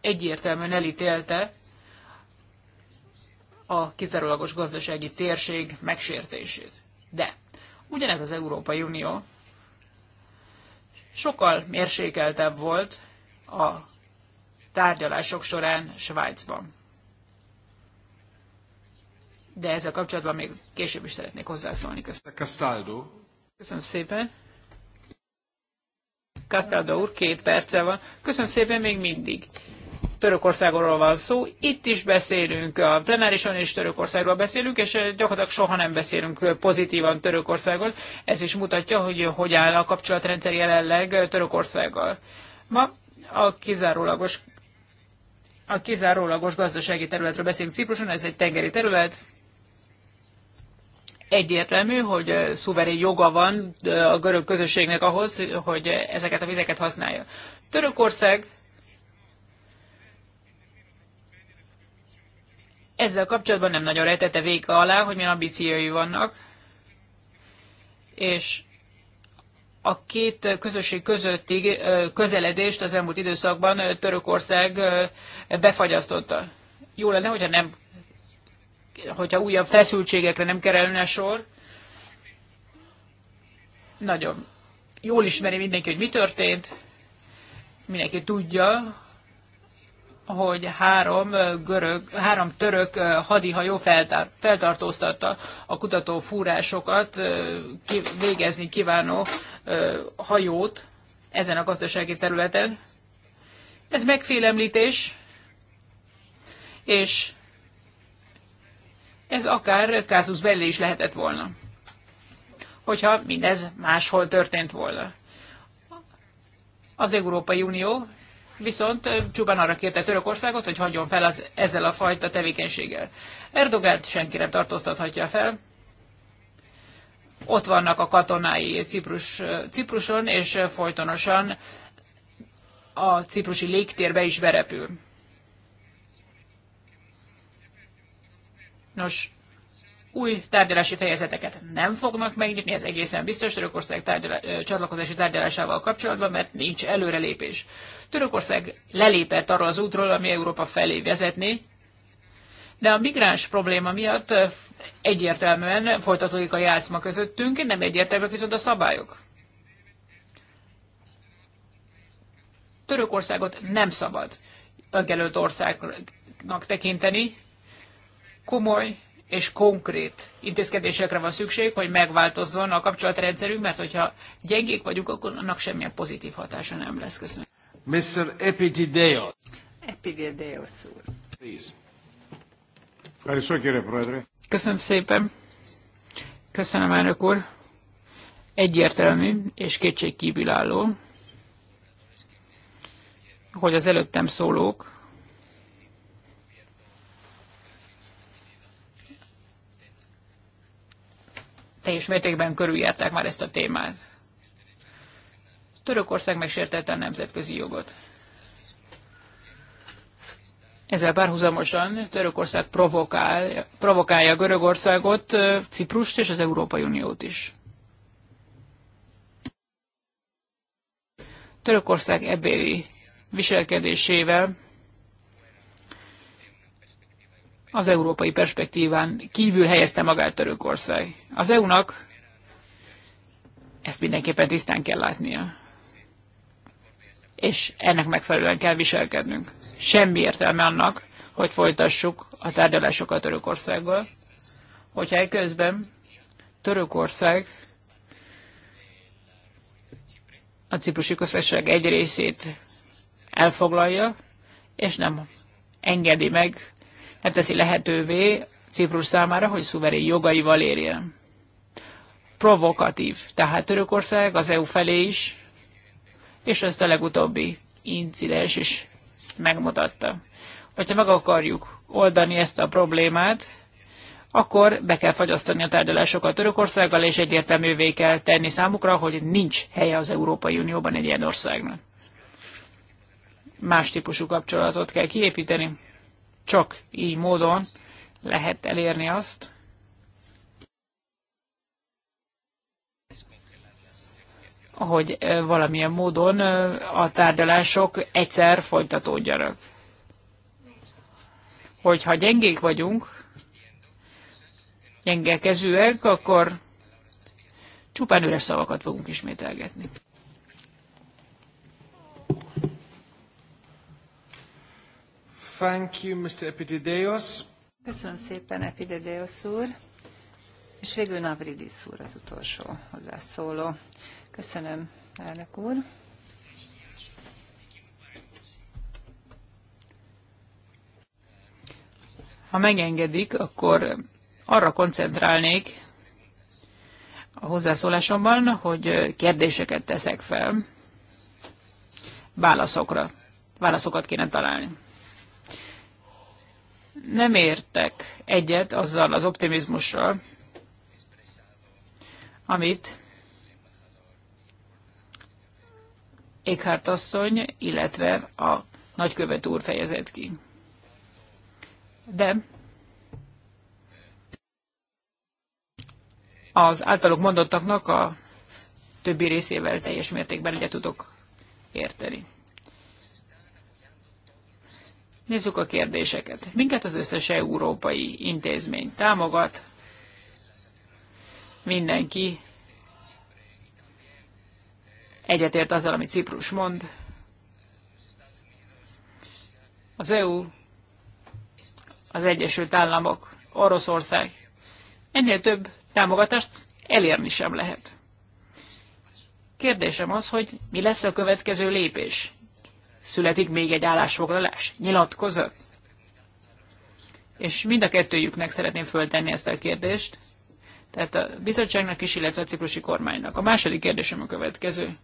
egyértelműen elítélte a kizárólagos gazdasági térség megsértését. De ugyanez az Európai Unió sokkal mérsékeltebb volt a tárgyalások során Svájcban. De ezzel kapcsolatban még később is szeretnék hozzászólni. Köszönöm. Castaldo. Köszönöm szépen. Castaldo úr, két perce van. Köszönöm szépen még mindig. Törökországról van szó. Itt is beszélünk, a plenárison is Törökországról beszélünk, és eh, gyakorlatilag soha nem beszélünk eh, pozitívan Törökországról. Ez is mutatja, hogy eh, hogy áll a kapcsolatrendszer jelenleg Törökországgal. Ma a kizárólagos a kizárólagos gazdasági területről beszélünk Cipruson, ez egy tengeri terület. Egyértelmű, hogy szuverén joga van a görög közösségnek ahhoz, hogy ezeket a vizeket használja. Törökország ezzel kapcsolatban nem nagyon rejtette véka alá, hogy milyen ambíciói vannak, és a két közösség közötti közeledést az elmúlt időszakban Törökország befagyasztotta. Jó lenne, hogyha nem hogyha újabb feszültségekre nem kerülne sor. Nagyon jól ismeri mindenki, hogy mi történt. Mindenki tudja, hogy három, görög, három török hadihajó feltartóztatta a kutató fúrásokat, végezni kívánó hajót ezen a gazdasági területen. Ez megfélemlítés, és ez akár Kázusz belli is lehetett volna, hogyha mindez máshol történt volna. Az Európai Unió viszont eh, csupán arra kérte Törökországot, hogy hagyjon fel az, ezzel a fajta tevékenységgel. Erdogánt senki nem tartóztathatja fel. Ott vannak a katonái Ciprus, eh, Cipruson, és eh, folytonosan a ciprusi légtérbe is berepül. Nos, új tárgyalási fejezeteket nem fognak megnyitni, ez egészen biztos Törökország tárgyala, csatlakozási tárgyalásával kapcsolatban, mert nincs előrelépés. Törökország lelépett arra az útról, ami Európa felé vezetné, de a migráns probléma miatt egyértelműen folytatódik a játszma közöttünk, nem egyértelműek viszont a szabályok. Törökországot nem szabad tagjelölt országnak tekinteni. Komoly és konkrét intézkedésekre van szükség, hogy megváltozzon a kapcsolatrendszerünk, mert hogyha gyengék vagyunk, akkor annak semmilyen pozitív hatása nem lesz. Köszönöm. Mr. Epitideos. Epitideos úr. Please. Köszönöm szépen. Köszönöm, elnök úr. Egyértelmű és kétségkívülálló, hogy az előttem szólók teljes mértékben körüljárták már ezt a témát. Törökország megsértette a nemzetközi jogot. Ezzel párhuzamosan Törökország provokál, provokálja Görögországot, Ciprust és az Európai Uniót is. Törökország ebéli viselkedésével az európai perspektíván kívül helyezte magát Törökország. Az EU-nak ezt mindenképpen tisztán kell látnia. És ennek megfelelően kell viselkednünk. Semmi értelme annak, hogy folytassuk a tárgyalásokat Törökországgal, hogyha közben Törökország a ciprusi közösség egy részét elfoglalja, és nem engedi meg nem teszi lehetővé Ciprus számára, hogy szuverén jogaival érjen. Provokatív, tehát Törökország az EU felé is, és ezt a legutóbbi incidens is megmutatta. Hogyha meg akarjuk oldani ezt a problémát, akkor be kell fagyasztani a tárgyalásokat Törökországgal, és egyértelművé kell tenni számukra, hogy nincs helye az Európai Unióban egy ilyen országnak. Más típusú kapcsolatot kell kiépíteni, csak így módon lehet elérni azt, hogy valamilyen módon a tárgyalások egyszer folytatódjanak. Hogyha gyengék vagyunk, kezűek, akkor csupán üres szavakat fogunk ismételgetni. Thank you, Mr. Köszönöm szépen, Epidideios úr. És végül Navridis úr az utolsó hozzászóló. Köszönöm, elnök úr. Ha megengedik, akkor arra koncentrálnék a hozzászólásomban, hogy kérdéseket teszek fel. Válaszokra. Válaszokat kéne találni nem értek egyet azzal az optimizmussal, amit Eckhart asszony, illetve a nagykövet úr fejezett ki. De az általuk mondottaknak a többi részével teljes mértékben egyet tudok érteni. Nézzük a kérdéseket. Minket az összes európai intézmény támogat, mindenki egyetért azzal, amit Ciprus mond. Az EU, az Egyesült Államok, Oroszország. Ennél több támogatást elérni sem lehet. Kérdésem az, hogy mi lesz a következő lépés? születik még egy állásfoglalás, nyilatkozat. És mind a kettőjüknek szeretném föltenni ezt a kérdést, tehát a bizottságnak is, illetve a ciprusi kormánynak. A második kérdésem a következő.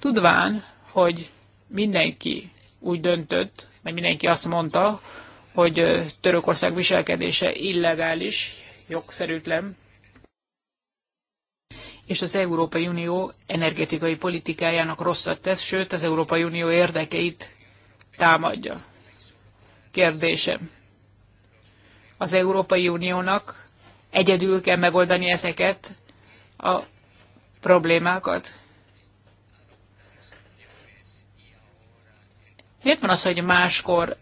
Tudván, hogy mindenki úgy döntött, vagy mindenki azt mondta, hogy Törökország viselkedése illegális, jogszerűtlen, és az Európai Unió energetikai politikájának rosszat tesz, sőt az Európai Unió érdekeit támadja. Kérdésem. Az Európai Uniónak egyedül kell megoldani ezeket a problémákat? Miért van az, hogy máskor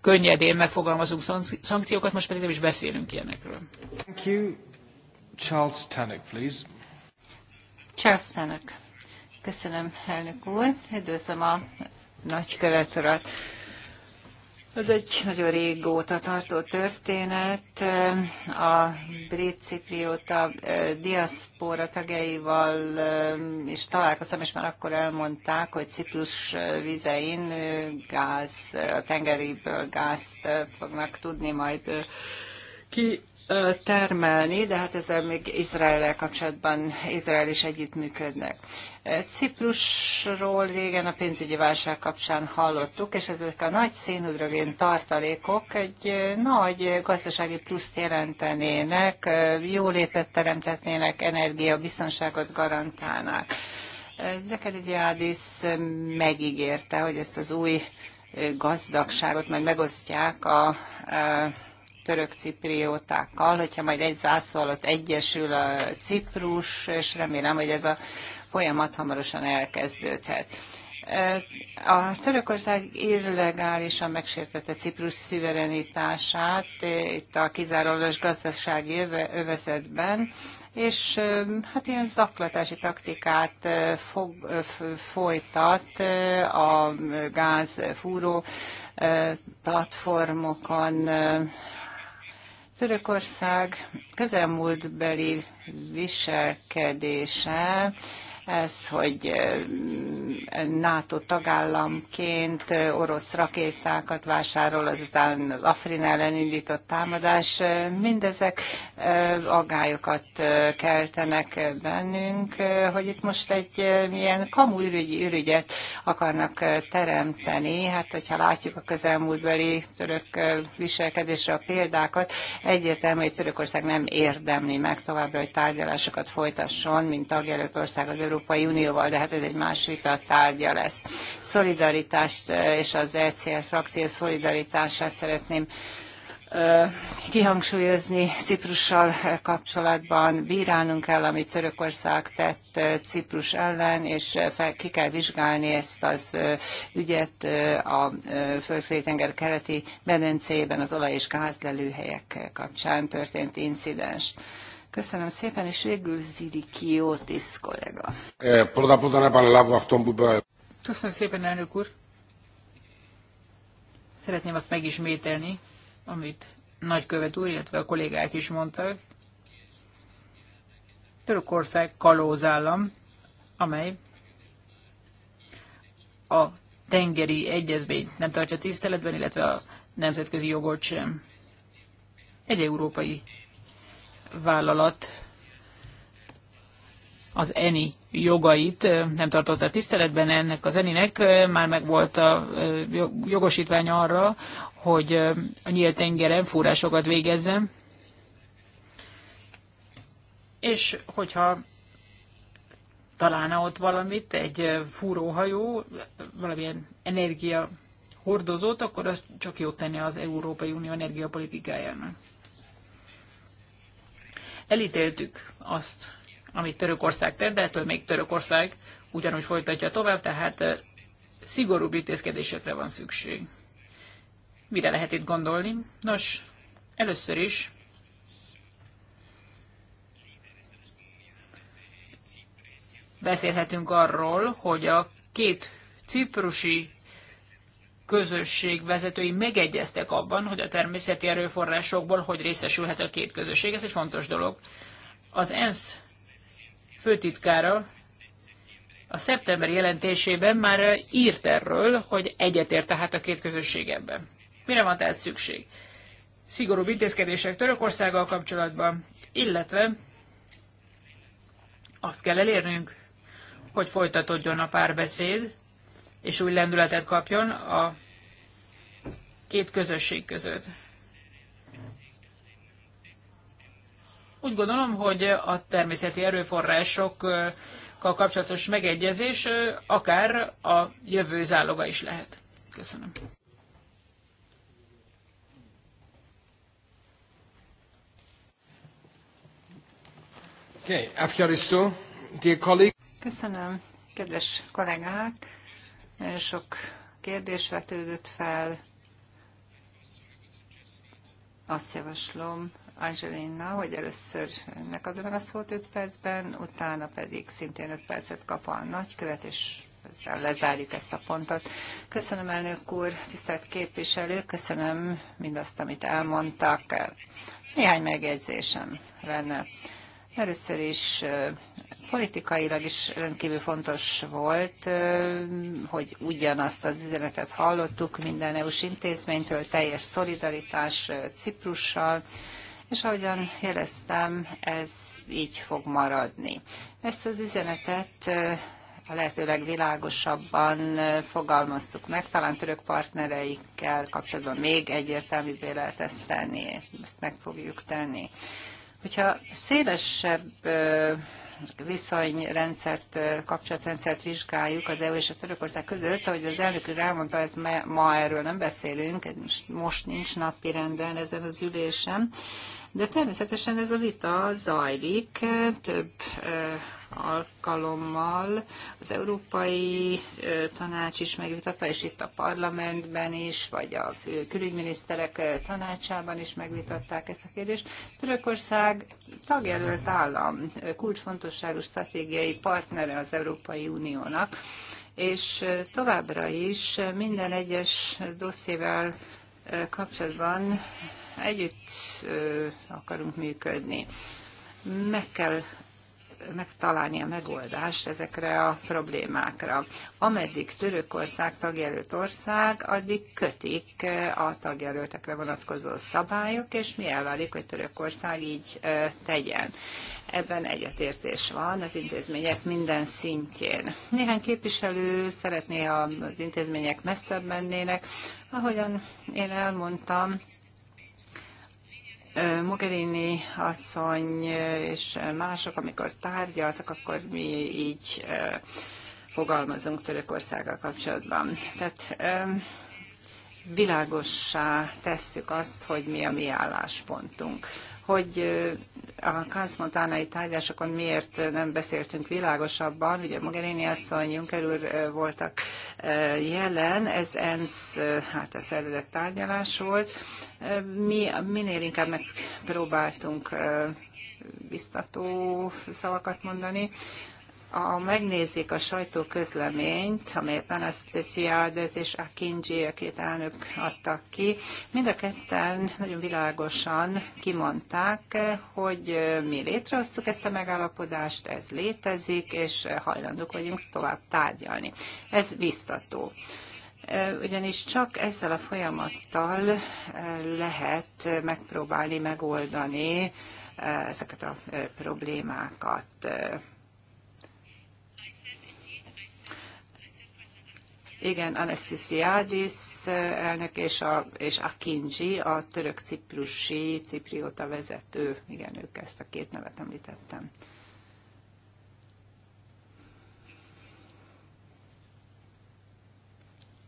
könnyedén megfogalmazunk szankciókat, most pedig nem is beszélünk ilyenekről? Thank you. Charles Tannock, please. Charles Köszönöm, elnök úr. Üdvözlöm a nagykövet urat. Ez egy nagyon régóta tartó történet. A brit cipriota diaszpóra tagjaival is találkoztam, és már akkor elmondták, hogy Ciprus vizein gáz, a tengeriből gázt fognak tudni majd ki termelni, de hát ezzel még Izrael kapcsolatban Izrael is együttműködnek. Ciprusról régen a pénzügyi válság kapcsán hallottuk, és ezek a nagy szénhidrogén tartalékok egy nagy gazdasági pluszt jelentenének, jólétet teremtetnének, energiabiztonságot garantálnák. Ádisz megígérte, hogy ezt az új gazdagságot majd megosztják a, a török cipriótákkal, hogyha majd egy zászló alatt egyesül a Ciprus, és remélem, hogy ez a folyamat hamarosan elkezdődhet. A Törökország illegálisan megsértette Ciprus szüverenitását itt a kizárólagos gazdasági övezetben, és hát ilyen zaklatási taktikát fog, folytat a gázfúró platformokon, Törökország közelmúltbeli viselkedése ez, hogy eh, NATO tagállamként eh, orosz rakétákat vásárol, azután az Afrin ellen indított támadás, eh, mindezek agályokat keltenek bennünk, hogy itt most egy milyen kamu ürügy, ürügyet akarnak teremteni. Hát, hogyha látjuk a közelmúltbeli török viselkedésre a példákat, egyértelmű, hogy Törökország nem érdemli meg továbbra, hogy tárgyalásokat folytasson, mint tagjelölt ország az Európai Európai Unióval, de hát ez egy más vita tárgya lesz. Szolidaritást és az ECR frakció szolidaritását szeretném kihangsúlyozni Ciprussal kapcsolatban. Bírálnunk kell, amit Törökország tett Ciprus ellen, és fel, ki kell vizsgálni ezt az ügyet a Földfélytenger keleti medencében az olaj- és gázlelőhelyek kapcsán történt incidens. Köszönöm szépen, és végül Ziri Kiotis kollega. Köszönöm szépen, elnök úr. Szeretném azt megismételni, amit nagykövet úr, illetve a kollégák is mondtak. Törökország kalózállam, amely a tengeri egyezményt nem tartja tiszteletben, illetve a nemzetközi jogot sem. Egy európai vállalat az ENI jogait nem tartotta tiszteletben ennek az ENI-nek, már megvolt a jogosítvány arra, hogy a nyílt tengeren fúrásokat végezzen, és hogyha találna ott valamit, egy fúróhajó, valamilyen energia hordozót, akkor az csak jót tenni az Európai Unió energiapolitikájának. Elítéltük azt, amit Törökország tett, de ettől még Törökország ugyanúgy folytatja tovább, tehát szigorúbb intézkedésekre van szükség. Mire lehet itt gondolni? Nos, először is beszélhetünk arról, hogy a két ciprusi közösség vezetői megegyeztek abban, hogy a természeti erőforrásokból hogy részesülhet a két közösség. Ez egy fontos dolog. Az ENSZ főtitkára a szeptember jelentésében már írt erről, hogy egyetért tehát a két közösség ebben. Mire van tehát szükség? Szigorúbb intézkedések Törökországgal kapcsolatban, illetve azt kell elérnünk, hogy folytatódjon a párbeszéd, és új lendületet kapjon a két közösség között. Úgy gondolom, hogy a természeti erőforrásokkal kapcsolatos megegyezés akár a jövő záloga is lehet. Köszönöm. Köszönöm, kedves kollégák! Nagyon sok kérdés vetődött fel. Azt javaslom Angelina, hogy először ennek adom meg a szót 5 percben, utána pedig szintén 5 percet kap a nagykövet, és ezzel lezárjuk ezt a pontot. Köszönöm, elnök úr, tisztelt képviselő, köszönöm mindazt, amit elmondtak. Néhány megjegyzésem lenne. Először is politikailag is rendkívül fontos volt, hogy ugyanazt az üzenetet hallottuk minden EU-s intézménytől, teljes szolidaritás Ciprussal, és ahogyan éreztem, ez így fog maradni. Ezt az üzenetet a lehetőleg világosabban fogalmaztuk meg, talán török partnereikkel kapcsolatban még egyértelműbbé lehet ezt tenni, ezt meg fogjuk tenni. Hogyha szélesebb viszonyrendszert, kapcsolatrendszert vizsgáljuk az EU és a Törökország között. Ahogy az elnök úr elmondta, ez ma erről nem beszélünk, most nincs napi renden ezen az ülésen de természetesen ez a vita zajlik eh, több eh, alkalommal. Az Európai eh, Tanács is megvitatta, és itt a parlamentben is, vagy a külügyminiszterek tanácsában is megvitatták ezt a kérdést. Törökország tagjelölt állam, kulcsfontosságú stratégiai partnere az Európai Uniónak, és továbbra is minden egyes dossziével kapcsolatban együtt akarunk működni. Meg kell megtalálni a megoldást ezekre a problémákra. Ameddig Törökország tagjelölt ország, addig kötik a tagjelöltekre vonatkozó szabályok, és mi elválik, hogy Törökország így tegyen. Ebben egyetértés van az intézmények minden szintjén. Néhány képviselő szeretné, ha az intézmények messzebb mennének. Ahogyan én elmondtam, Mogherini asszony és mások, amikor tárgyaltak, akkor mi így fogalmazunk Törökországgal kapcsolatban. Tehát világossá tesszük azt, hogy mi a mi álláspontunk hogy a kanszmontánai tárgyásokon miért nem beszéltünk világosabban. Ugye Mogherini asszony, Juncker úr voltak jelen, ez ENSZ, hát a szervezett tárgyalás volt. Mi minél inkább megpróbáltunk biztató szavakat mondani ha megnézik a sajtóközleményt, amelyet Anastasiades és Akinji, a két elnök adtak ki, mind a ketten nagyon világosan kimondták, hogy mi létrehoztuk ezt a megállapodást, ez létezik, és hajlandók vagyunk tovább tárgyalni. Ez biztató ugyanis csak ezzel a folyamattal lehet megpróbálni megoldani ezeket a problémákat. Igen, Anastasiadis eh, elnök és, a, és Akinji, a török-ciprusi cipriota vezető. Igen, ők ezt a két nevet említettem.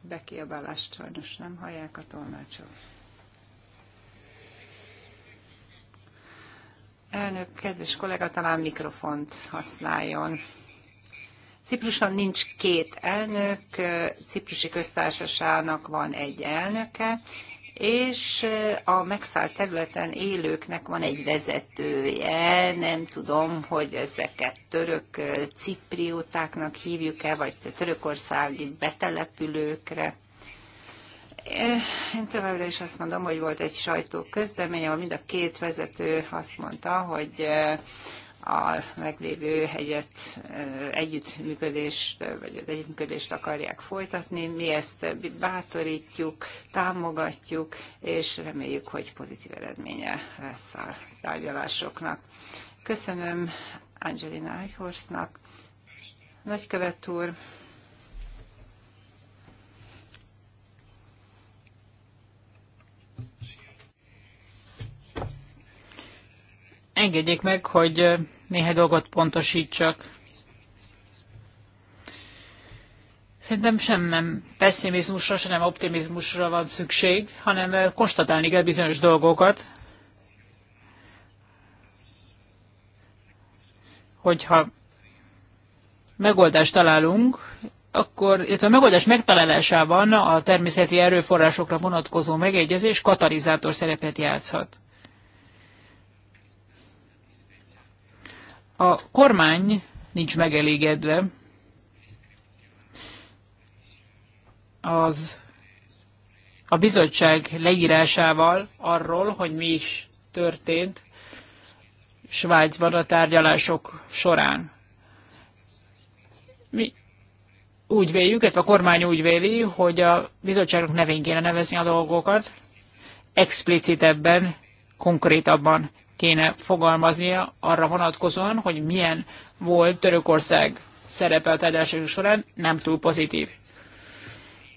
Bekiabálást sajnos nem hallják a tolmácsok. Elnök, kedves kollega, talán mikrofont használjon. Cipruson nincs két elnök, Ciprusi köztársaságnak van egy elnöke, és a megszállt területen élőknek van egy vezetője, nem tudom, hogy ezeket török cipriótáknak hívjuk-e, vagy törökországi betelepülőkre. Én továbbra is azt mondom, hogy volt egy sajtó közlemény, ahol mind a két vezető azt mondta, hogy a meglévő hegyet, együttműködést, vagy az együttműködést akarják folytatni. Mi ezt bátorítjuk, támogatjuk, és reméljük, hogy pozitív eredménye lesz a tárgyalásoknak. Köszönöm Angelina Eichhorstnak, nagykövet úr, Engedjék meg, hogy néhány dolgot pontosítsak. Szerintem sem nem pessimizmusra, sem nem optimizmusra van szükség, hanem konstatálni kell bizonyos dolgokat, hogyha megoldást találunk, akkor, illetve a megoldás megtalálásában a természeti erőforrásokra vonatkozó megegyezés katalizátor szerepet játszhat. A kormány nincs megelégedve az a bizottság leírásával arról, hogy mi is történt Svájcban a tárgyalások során. Mi úgy véljük, illetve a kormány úgy véli, hogy a bizottságnak nevén kéne nevezni a dolgokat, explicitebben, konkrétabban kéne fogalmaznia arra vonatkozóan, hogy milyen volt Törökország szerepe a tárgyalások során, nem túl pozitív.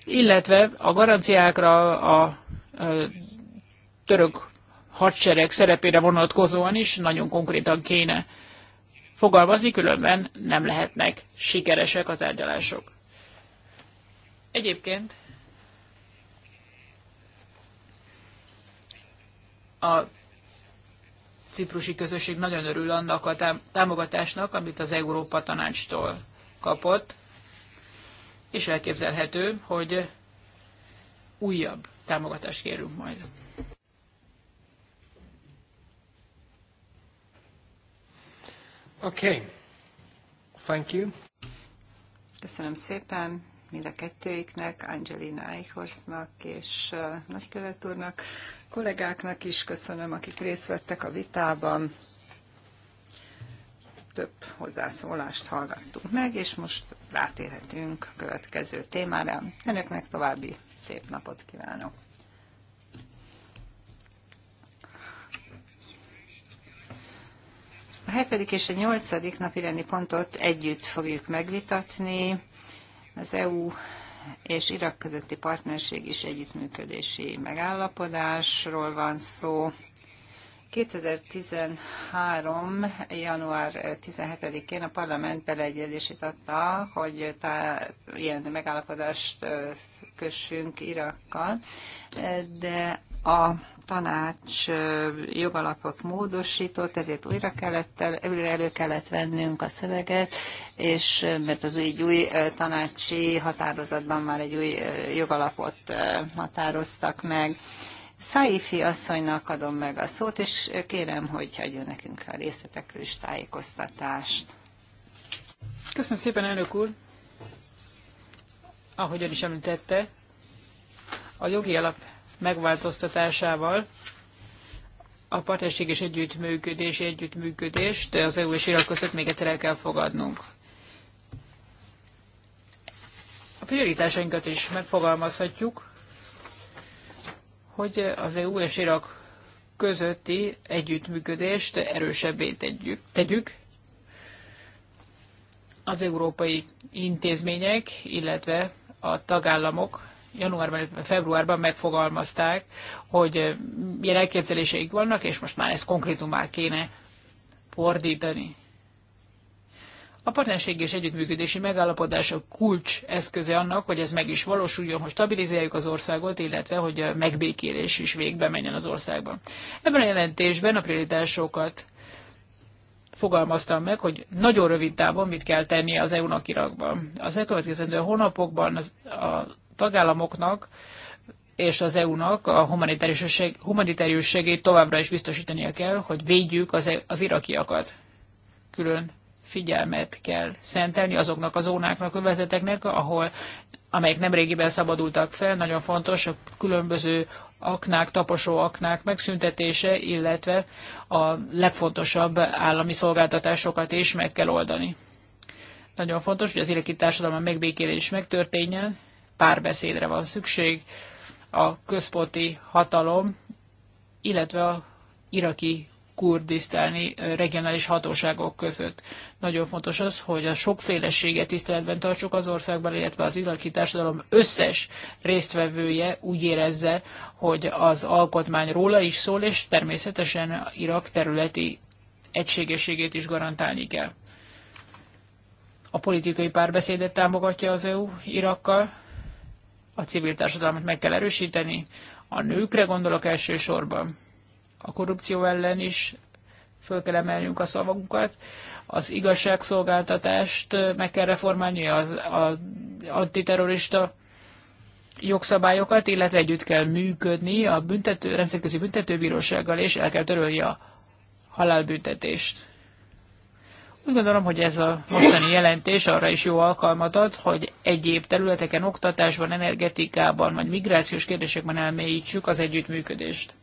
Illetve a garanciákra a, a török hadsereg szerepére vonatkozóan is nagyon konkrétan kéne fogalmazni, különben nem lehetnek sikeresek a tárgyalások. Egyébként a ciprusi közösség nagyon örül annak a támogatásnak, amit az Európa Tanácstól kapott, és elképzelhető, hogy újabb támogatást kérünk majd. Okay. Thank you. Köszönöm szépen mind a kettőiknek, Angelina Eichhorstnak és uh, nagykövet úrnak kollégáknak is köszönöm, akik részt vettek a vitában. Több hozzászólást hallgattunk meg, és most rátérhetünk a következő témára. Önöknek további szép napot kívánok! A hetedik és a nyolcadik napirendi pontot együtt fogjuk megvitatni. Az EU és Irak közötti partnerség és együttműködési megállapodásról van szó. 2013. január 17-én a parlament beleegyezését adta, hogy tá, ilyen megállapodást kössünk Irakkal, de a tanács jogalapot módosított, ezért újra kellett, újra elő kellett vennünk a szöveget, és mert az egy új tanácsi határozatban már egy új jogalapot határoztak meg. Szaifi asszonynak adom meg a szót, és kérem, hogy adjon nekünk a részletekről is tájékoztatást. Köszönöm szépen, elnök úr! Ahogy ön is említette, a jogi alap megváltoztatásával a partnerség és együttműködés, de az EU és Irak között még egyszer el kell fogadnunk. A prioritásainkat is megfogalmazhatjuk, hogy az EU és Irak közötti együttműködést erősebbé tegyük. Az európai intézmények, illetve a tagállamok januárban, februárban megfogalmazták, hogy milyen elképzeléseik vannak, és most már ezt konkrétumá kéne fordítani. A partnerség és együttműködési megállapodás a kulcs eszköze annak, hogy ez meg is valósuljon, hogy stabilizáljuk az országot, illetve hogy a megbékélés is végbe menjen az országban. Ebben a jelentésben a prioritásokat fogalmaztam meg, hogy nagyon rövid távon mit kell tennie az EU-nak Irakban. Az elkövetkezendő hónapokban a tagállamoknak és az EU-nak a humanitárius, seg, humanitárius segélyt továbbra is biztosítania kell, hogy védjük az, az irakiakat. Külön figyelmet kell szentelni azoknak a zónáknak, övezeteknek, ahol amelyek nemrégiben szabadultak fel. Nagyon fontos a különböző aknák, taposó aknák megszüntetése, illetve a legfontosabb állami szolgáltatásokat is meg kell oldani. Nagyon fontos, hogy az iraki társadalom megbékélés megtörténjen, párbeszédre van szükség, a központi hatalom, illetve a iraki kurdisztáni regionális hatóságok között. Nagyon fontos az, hogy a sokféleséget tiszteletben tartsuk az országban, illetve az iraki társadalom összes résztvevője úgy érezze, hogy az alkotmány róla is szól, és természetesen Irak területi egységességét is garantálni kell. A politikai párbeszédet támogatja az EU Irakkal, a civil társadalmat meg kell erősíteni, a nőkre gondolok elsősorban a korrupció ellen is föl kell emelnünk a szavunkat. Az igazságszolgáltatást eh, meg kell reformálni, az a antiterrorista jogszabályokat, illetve együtt kell működni a büntető, rendszerközi büntetőbírósággal, és el kell törölni a halálbüntetést. Úgy gondolom, hogy ez a mostani jelentés arra is jó alkalmat ad, hogy egyéb területeken, oktatásban, energetikában, vagy migrációs kérdésekben elmélyítsük az együttműködést.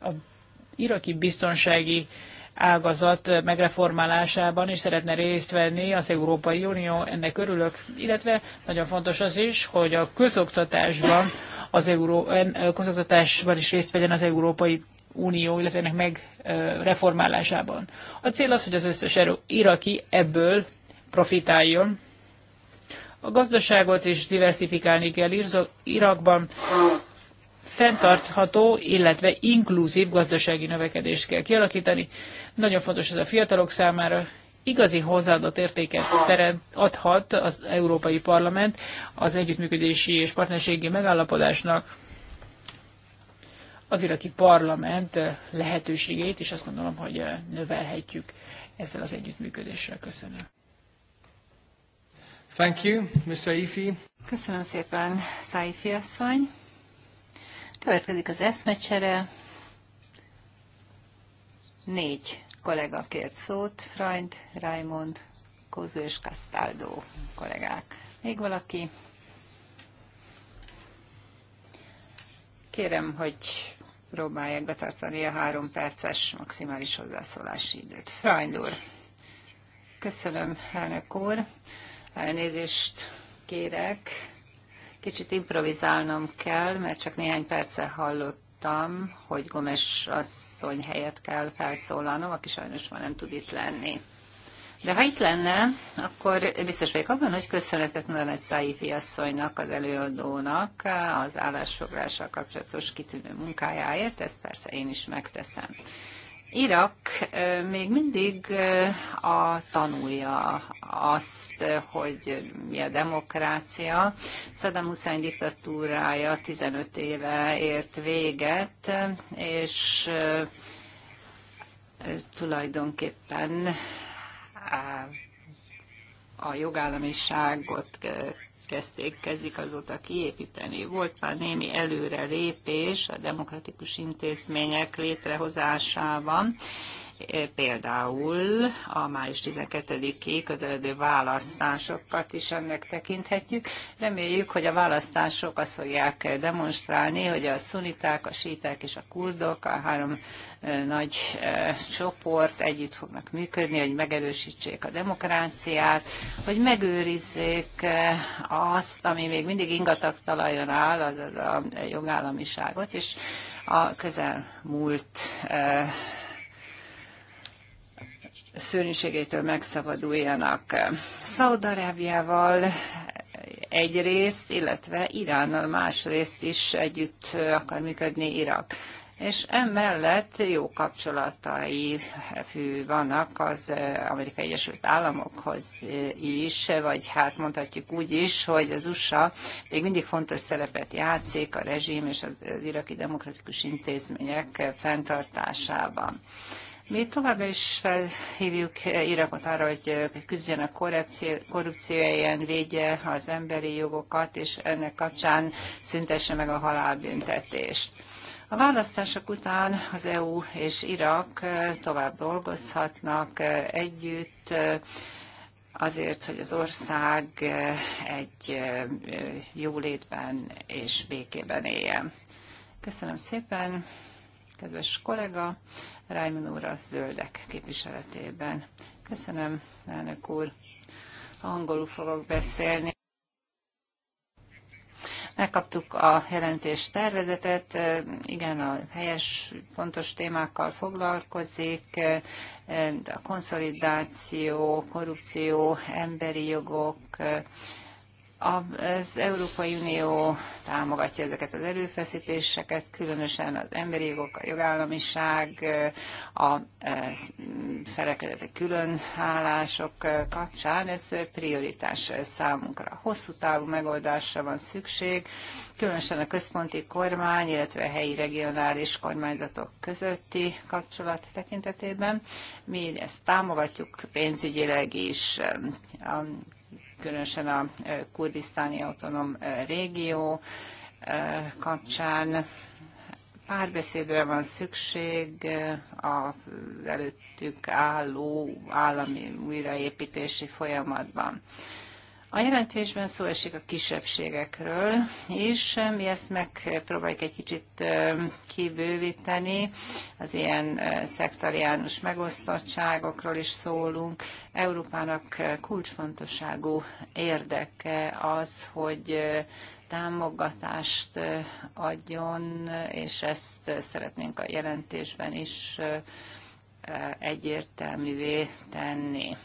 a iraki biztonsági ágazat megreformálásában is szeretne részt venni az Európai Unió, ennek örülök, illetve nagyon fontos az is, hogy a közoktatásban, az Euró, közoktatásban is részt vegyen az Európai Unió, illetve ennek megreformálásában. A cél az, hogy az összes er- iraki ebből profitáljon. A gazdaságot is diversifikálni kell Irakban, fenntartható, illetve inkluzív gazdasági növekedést kell kialakítani. Nagyon fontos ez a fiatalok számára, igazi hozzáadott értéket teren adhat az Európai Parlament az együttműködési és partnerségi megállapodásnak az iraki parlament lehetőségét, és azt gondolom, hogy növelhetjük ezzel az együttműködéssel. Köszönöm. Thank you, Ms. Saifi. Köszönöm szépen, Saifi asszony. Következik az eszmecsere. Négy kollega kért szót, Freund, Raimond, Kozó és Castaldo kollégák. Még valaki? Kérem, hogy próbálják betartani a három perces maximális hozzászólási időt. Freund úr, köszönöm, elnök úr. Elnézést kérek Kicsit improvizálnom kell, mert csak néhány perce hallottam, hogy Gomes asszony helyett kell felszólalnom, aki sajnos ma nem tud itt lenni. De ha itt lenne, akkor biztos vagyok abban, hogy köszönetet egy Száifi asszonynak, az előadónak az állásfoglással kapcsolatos kitűnő munkájáért, ezt persze én is megteszem. Irak még mindig a tanulja azt, hogy mi a demokrácia. Saddam Hussein diktatúrája 15 éve ért véget, és tulajdonképpen a jogállamiságot kezdték, kezdik azóta kiépíteni. Volt már némi előrelépés a demokratikus intézmények létrehozásában, például a május 12-i közeledő választásokat is ennek tekinthetjük. Reméljük, hogy a választások azt fogják demonstrálni, hogy a szuniták, a síták és a kurdok, a három nagy csoport együtt fognak működni, hogy megerősítsék a demokráciát, hogy megőrizzék azt, ami még mindig ingatag talajon áll, azaz a jogállamiságot, és a közelmúlt szörnyűségétől megszabaduljanak. Szaudarábiával egyrészt, illetve Iránnal másrészt is együtt akar működni Irak. És emellett jó kapcsolatai fű vannak az Amerikai Egyesült Államokhoz is, vagy hát mondhatjuk úgy is, hogy az USA még mindig fontos szerepet játszik a rezsim és az iraki demokratikus intézmények fenntartásában. Mi továbbra is felhívjuk Irakot arra, hogy küzdjön a korrupció, korrupcióján, védje az emberi jogokat, és ennek kapcsán szüntesse meg a halálbüntetést. A választások után az EU és Irak tovább dolgozhatnak együtt, azért, hogy az ország egy jólétben és békében éljen. Köszönöm szépen, kedves kollega. Rájmon úr a zöldek képviseletében. Köszönöm, elnök úr. Angolul fogok beszélni. Megkaptuk a jelentés tervezetet, igen, a helyes, fontos témákkal foglalkozik, a konszolidáció, korrupció, emberi jogok, az Európai Unió támogatja ezeket az erőfeszítéseket, különösen az emberi jogok, a jogállamiság, a e, felekedetek különhálások kapcsán. Ez prioritás számunkra. Hosszú távú megoldásra van szükség, különösen a központi kormány, illetve a helyi regionális kormányzatok közötti kapcsolat tekintetében. Mi ezt támogatjuk pénzügyileg is. A különösen a e, kurdisztáni autonóm e, régió e, kapcsán. Párbeszédre van szükség az előttük álló állami újraépítési folyamatban. A jelentésben szó esik a kisebbségekről is, mi ezt megpróbáljuk egy kicsit kibővíteni, az ilyen szektariánus megosztottságokról is szólunk. Európának kulcsfontosságú érdeke az, hogy támogatást adjon, és ezt szeretnénk a jelentésben is egyértelművé tenni.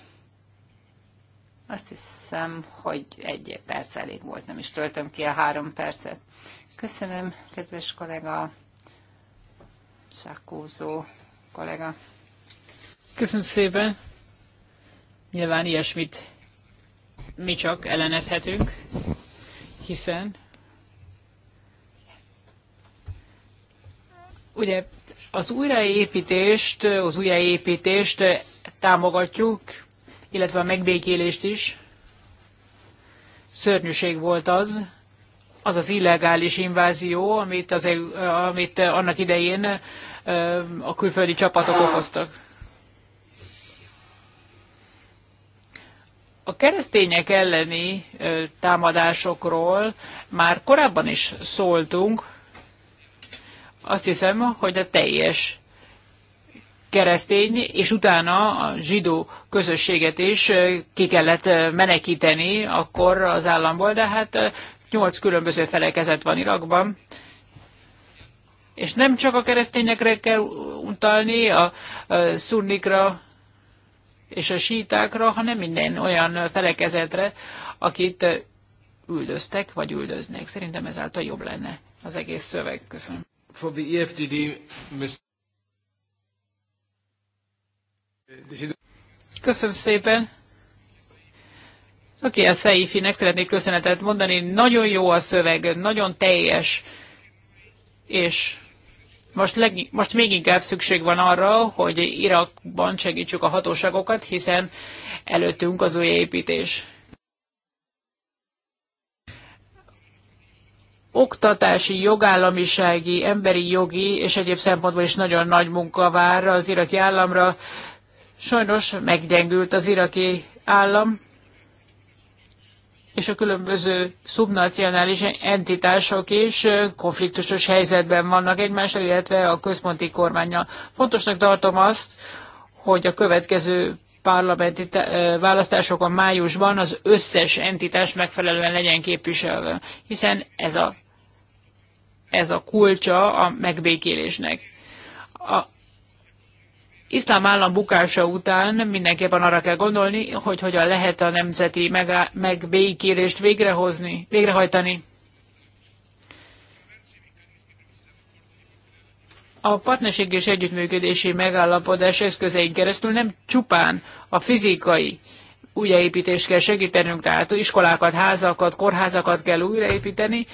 Azt hiszem, hogy egy perc elég volt, nem is töltöm ki a három percet. Köszönöm, kedves kollega, Sákózó kollega. Köszönöm szépen. Nyilván ilyesmit mi csak ellenezhetünk, hiszen ugye az újraépítést, az újraépítést támogatjuk, illetve a megbékélést is. Szörnyűség volt az, az az illegális invázió, amit, az, e amit annak idején a külföldi csapatok okoztak. A keresztények elleni támadásokról már korábban is szóltunk. Azt hiszem, hogy a teljes keresztény, és utána a zsidó közösséget is ki kellett menekíteni akkor az államból, de hát nyolc különböző felekezet van Irakban. És nem csak a keresztényekre kell utalni, a szunnikra és a sítákra, hanem minden olyan felekezetre, akit üldöztek vagy üldöznek. Szerintem ezáltal jobb lenne az egész szöveg. Köszönöm. For the EFDD, Mr. Köszönöm szépen. Oké, okay, a Szeifinek szeretnék köszönetet mondani. Nagyon jó a szöveg, nagyon teljes, és most, leg, most még inkább szükség van arra, hogy Irakban segítsük a hatóságokat, hiszen előttünk az új építés. Oktatási, jogállamisági, emberi jogi és egyéb szempontból is nagyon nagy munka vár az iraki államra Sajnos meggyengült az iraki állam, és a különböző szubnacionális entitások is konfliktusos helyzetben vannak egymással, illetve a központi kormányjal. Fontosnak tartom azt, hogy a következő parlamenti választásokon májusban az összes entitás megfelelően legyen képviselve, hiszen ez a, ez a kulcsa a megbékélésnek. A iszlám állam bukása után mindenképpen arra kell gondolni, hogy hogyan lehet a nemzeti megbékélést végrehozni, végrehajtani. A partnerség és együttműködési megállapodás eszközein keresztül nem csupán a fizikai újjáépítést kell segítenünk, tehát iskolákat, házakat, kórházakat kell újraépíteni,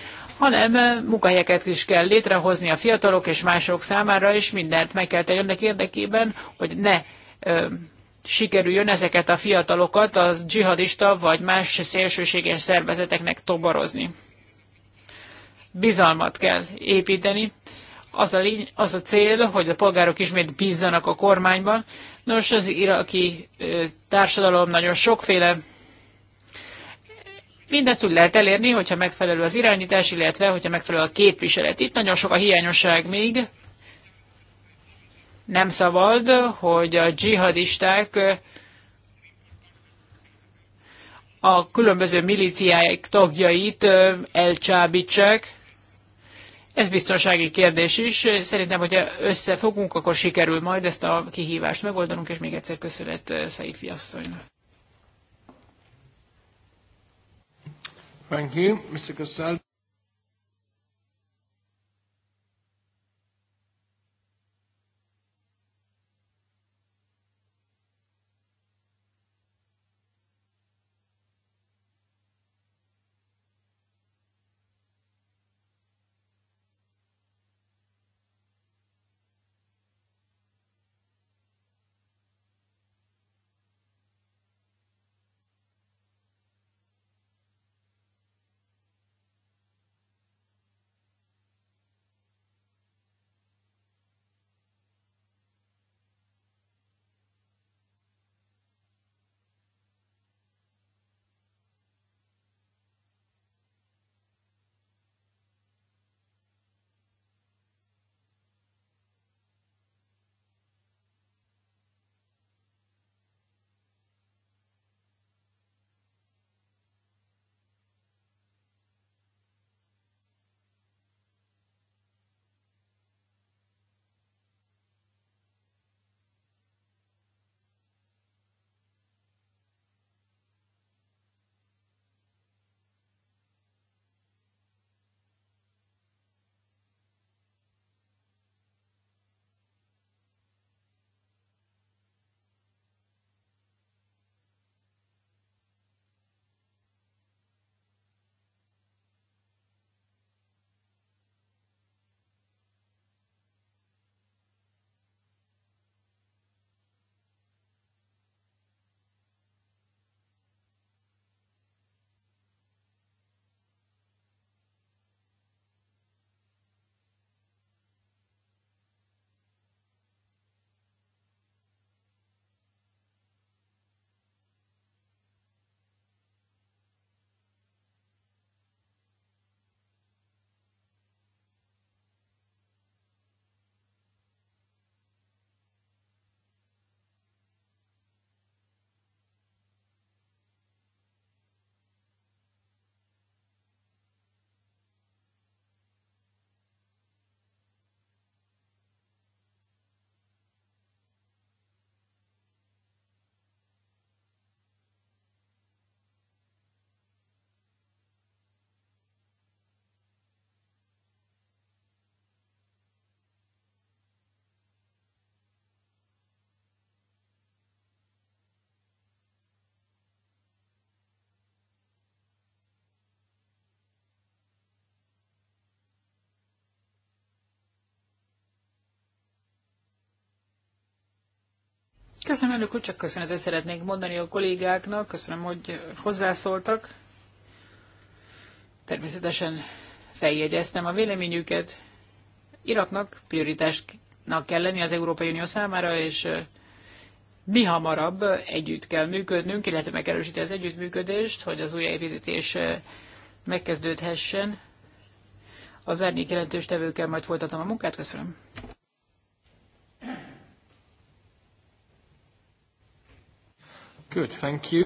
hanem eh, munkahelyeket is kell létrehozni a fiatalok és mások számára, és mindent meg kell tenni ennek érdekében, hogy ne ö, sikerüljön ezeket a fiatalokat az dzsihadista vagy más szélsőséges szervezeteknek toborozni. Bizalmat kell építeni. Az a, lény, az a cél, hogy a polgárok ismét bízzanak a kormányban. Nos, az iraki társadalom nagyon sokféle Mindezt úgy lehet elérni, hogyha megfelelő az irányítás, illetve hogyha megfelelő a képviselet. Itt nagyon sok a hiányosság még. Nem szabad, hogy a dzsihadisták a különböző milíciák tagjait elcsábítsák. Ez biztonsági kérdés is. Szerintem, hogyha összefogunk, akkor sikerül majd ezt a kihívást megoldanunk, és még egyszer köszönet Szaifi asszonynak. Thank you, Mr. Castaldo. Köszönöm, elnök úr, csak köszönetet szeretnék mondani a kollégáknak, köszönöm, hogy hozzászóltak. Természetesen feljegyeztem a véleményüket. Iraknak prioritásnak kell lenni az Európai Unió számára, és mi hamarabb együtt kell működnünk, illetve megerősíti az együttműködést, hogy az új építés megkezdődhessen. Az árnyék jelentős tevőkkel majd folytatom a munkát. Köszönöm. Good, thank you.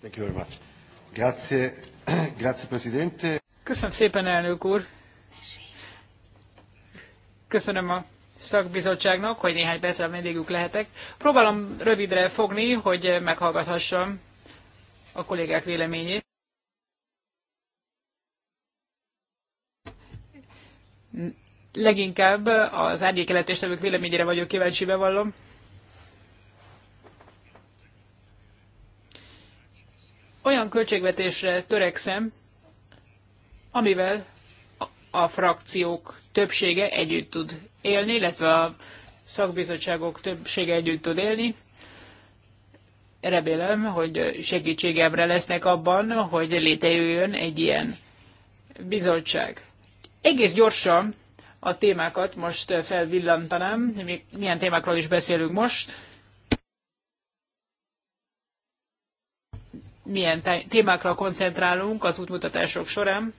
Köszönöm szépen, elnök úr. Köszönöm a szakbizottságnak, hogy néhány percre vendégük lehetek. Próbálom rövidre fogni, hogy meghallgathassam a kollégák véleményét. Leginkább az árnyékeletéstevők véleményére vagyok kíváncsi, bevallom. olyan költségvetésre törekszem, amivel a frakciók többsége együtt tud élni, illetve a szakbizottságok többsége együtt tud élni. Remélem, hogy segítségemre lesznek abban, hogy létrejöjjön egy ilyen bizottság. Egész gyorsan a témákat most felvillantanám, milyen témákról is beszélünk most. milyen témákra koncentrálunk az útmutatások során.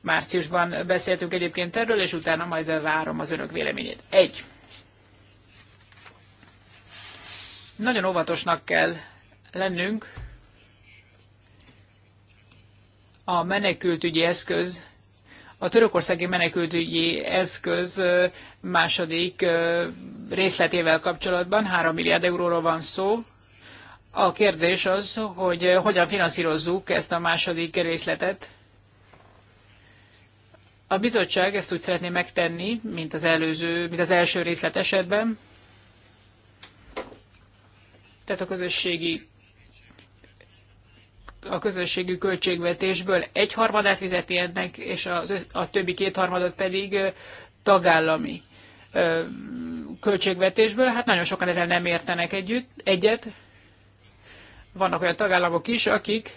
Márciusban beszéltünk egyébként erről, és utána majd várom az önök véleményét. Egy. Nagyon óvatosnak kell lennünk a menekültügyi eszköz a törökországi menekültügyi eszköz második részletével kapcsolatban 3 milliárd euróról van szó. A kérdés az, hogy eh, hogyan finanszírozzuk ezt a második részletet. A bizottság ezt úgy szeretné megtenni, mint az, előző, mint az első részlet esetben. Tehát a közösségi a közösségi költségvetésből egy harmadát fizeti ennek, és az, a többi harmadot pedig tagállami költségvetésből. Hát nagyon sokan ezzel nem értenek együtt, egyet, vannak olyan tagállamok is, akik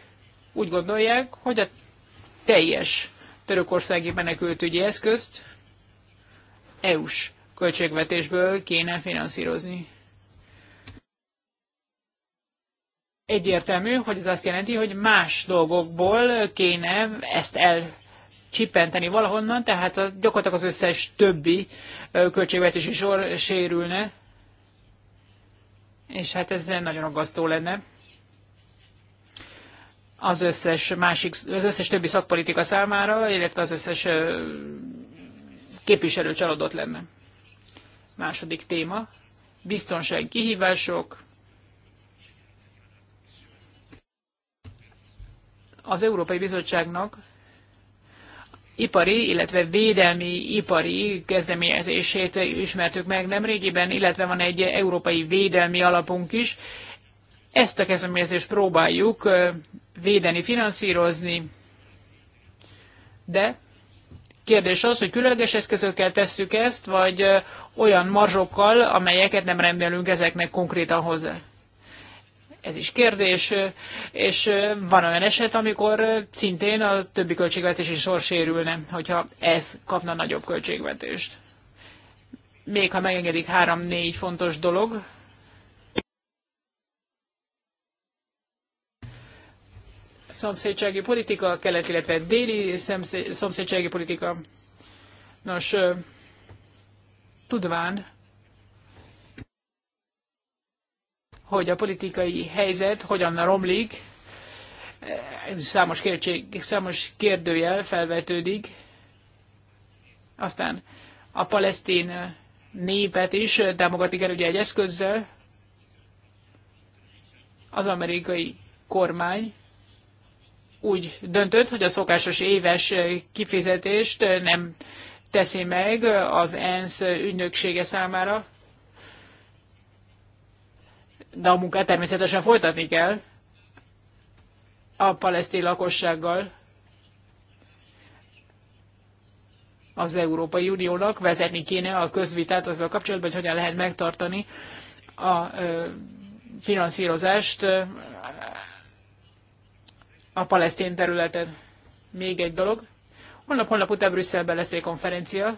úgy gondolják, hogy a teljes törökországi menekültügyi eszközt EU-s költségvetésből kéne finanszírozni. Egyértelmű, hogy ez azt jelenti, hogy más dolgokból kéne ezt elcsippenteni valahonnan, tehát a, gyakorlatilag az összes többi költségvetési sor sérülne, és hát ez nagyon aggasztó lenne az összes másik, az összes többi szakpolitika számára, illetve az összes képviselő csalódott lenne. Második téma, biztonsági kihívások. Az Európai Bizottságnak ipari, illetve védelmi ipari kezdeményezését ismertük meg nem régiben, illetve van egy európai védelmi alapunk is. Ezt a kezdeményezést próbáljuk védeni, finanszírozni, de kérdés az, hogy különleges eszközökkel tesszük ezt, vagy olyan marzsokkal, amelyeket nem rendelünk ezeknek konkrétan hozzá. Ez is kérdés, és van olyan eset, amikor szintén a többi költségvetés is sor sérülne, hogyha ez kapna nagyobb költségvetést. Még ha megengedik három-négy fontos dolog, szomszédsági politika, a kelet, illetve déli szomszédsági politika. Nos, tudván, hogy a politikai helyzet hogyan romlik, számos, kérdség, számos kérdőjel felvetődik. Aztán a palesztin népet is támogatik el ugye egy eszközzel. Az amerikai kormány úgy döntött, hogy a szokásos éves kifizetést nem teszi meg az ENSZ ügynöksége számára, de a munkát természetesen folytatni kell a palesztin lakossággal. Az Európai Uniónak vezetni kéne a közvitát azzal kapcsolatban, hogy hogyan lehet megtartani a finanszírozást a palesztin területen. Még egy dolog. Holnap, holnap után Brüsszelben lesz egy konferencia,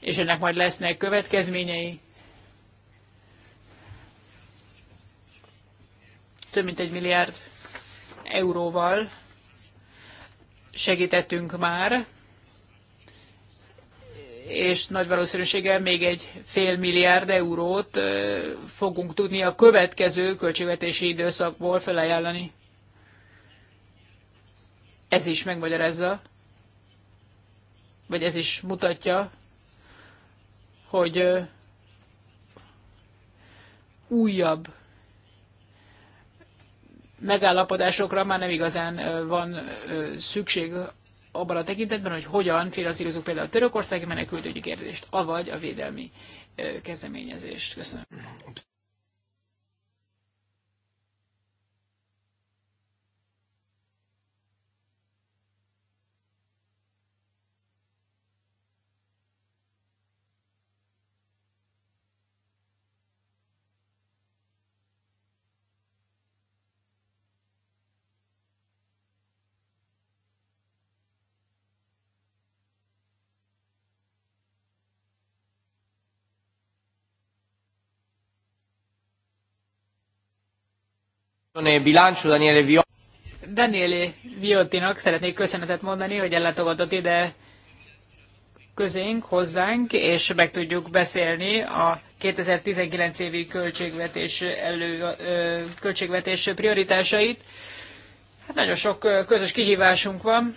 és ennek majd lesznek következményei. Több mint egy milliárd euróval segítettünk már és nagy valószínűséggel még egy fél milliárd eurót fogunk tudni a következő költségvetési időszakból felajánlani. Ez is megmagyarázza, vagy ez is mutatja, hogy újabb megállapodásokra már nem igazán van szükség abban a tekintetben, hogy hogyan finanszírozunk például a törökországi menekültügyi kérdést, avagy a védelmi kezdeményezést. Köszönöm. Daniele Viotti. Daniele Viottinak szeretnék köszönetet mondani, hogy ellátogatott ide közénk, hozzánk, és meg tudjuk beszélni a 2019 évi költségvetés, elő, költségvetés prioritásait. Hát nagyon sok közös kihívásunk van,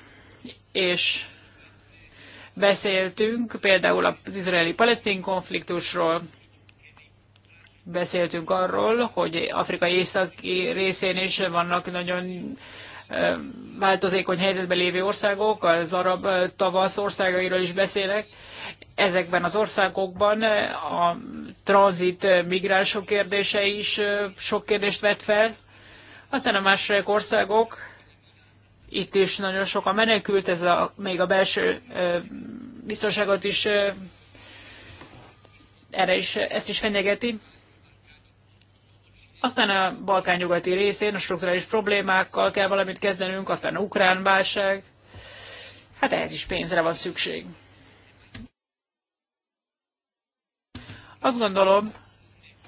és beszéltünk például az izraeli-palesztin konfliktusról, beszéltünk arról, hogy Afrika északi részén is vannak nagyon változékony helyzetben lévő országok, az arab tavasz országairól is beszélek. Ezekben az országokban a tranzit migránsok kérdése is sok kérdést vet fel. Aztán a másik országok, itt is nagyon sok a menekült, ez a, még a belső biztonságot is erre is, ezt is fenyegeti. Aztán a Balkán nyugati részén a strukturális problémákkal kell valamit kezdenünk, aztán a ukrán válság. Hát ehhez is pénzre van szükség. Azt gondolom,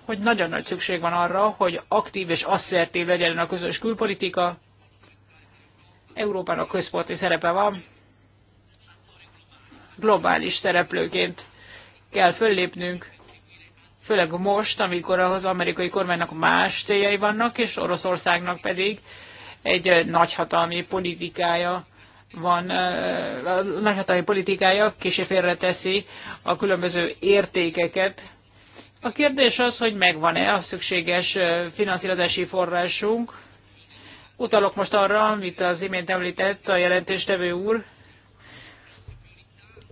hogy nagyon nagy szükség van arra, hogy aktív és asszertív legyen a közös külpolitika. Európának központi szerepe van. Globális szereplőként kell föllépnünk, főleg most, amikor az amerikai kormánynak más céljai vannak, és Oroszországnak pedig egy nagyhatalmi politikája van, a nagyhatalmi politikája kicsi félreteszi a különböző értékeket. A kérdés az, hogy megvan-e a szükséges finanszírozási forrásunk. Utalok most arra, amit az imént említett a jelentéstevő úr.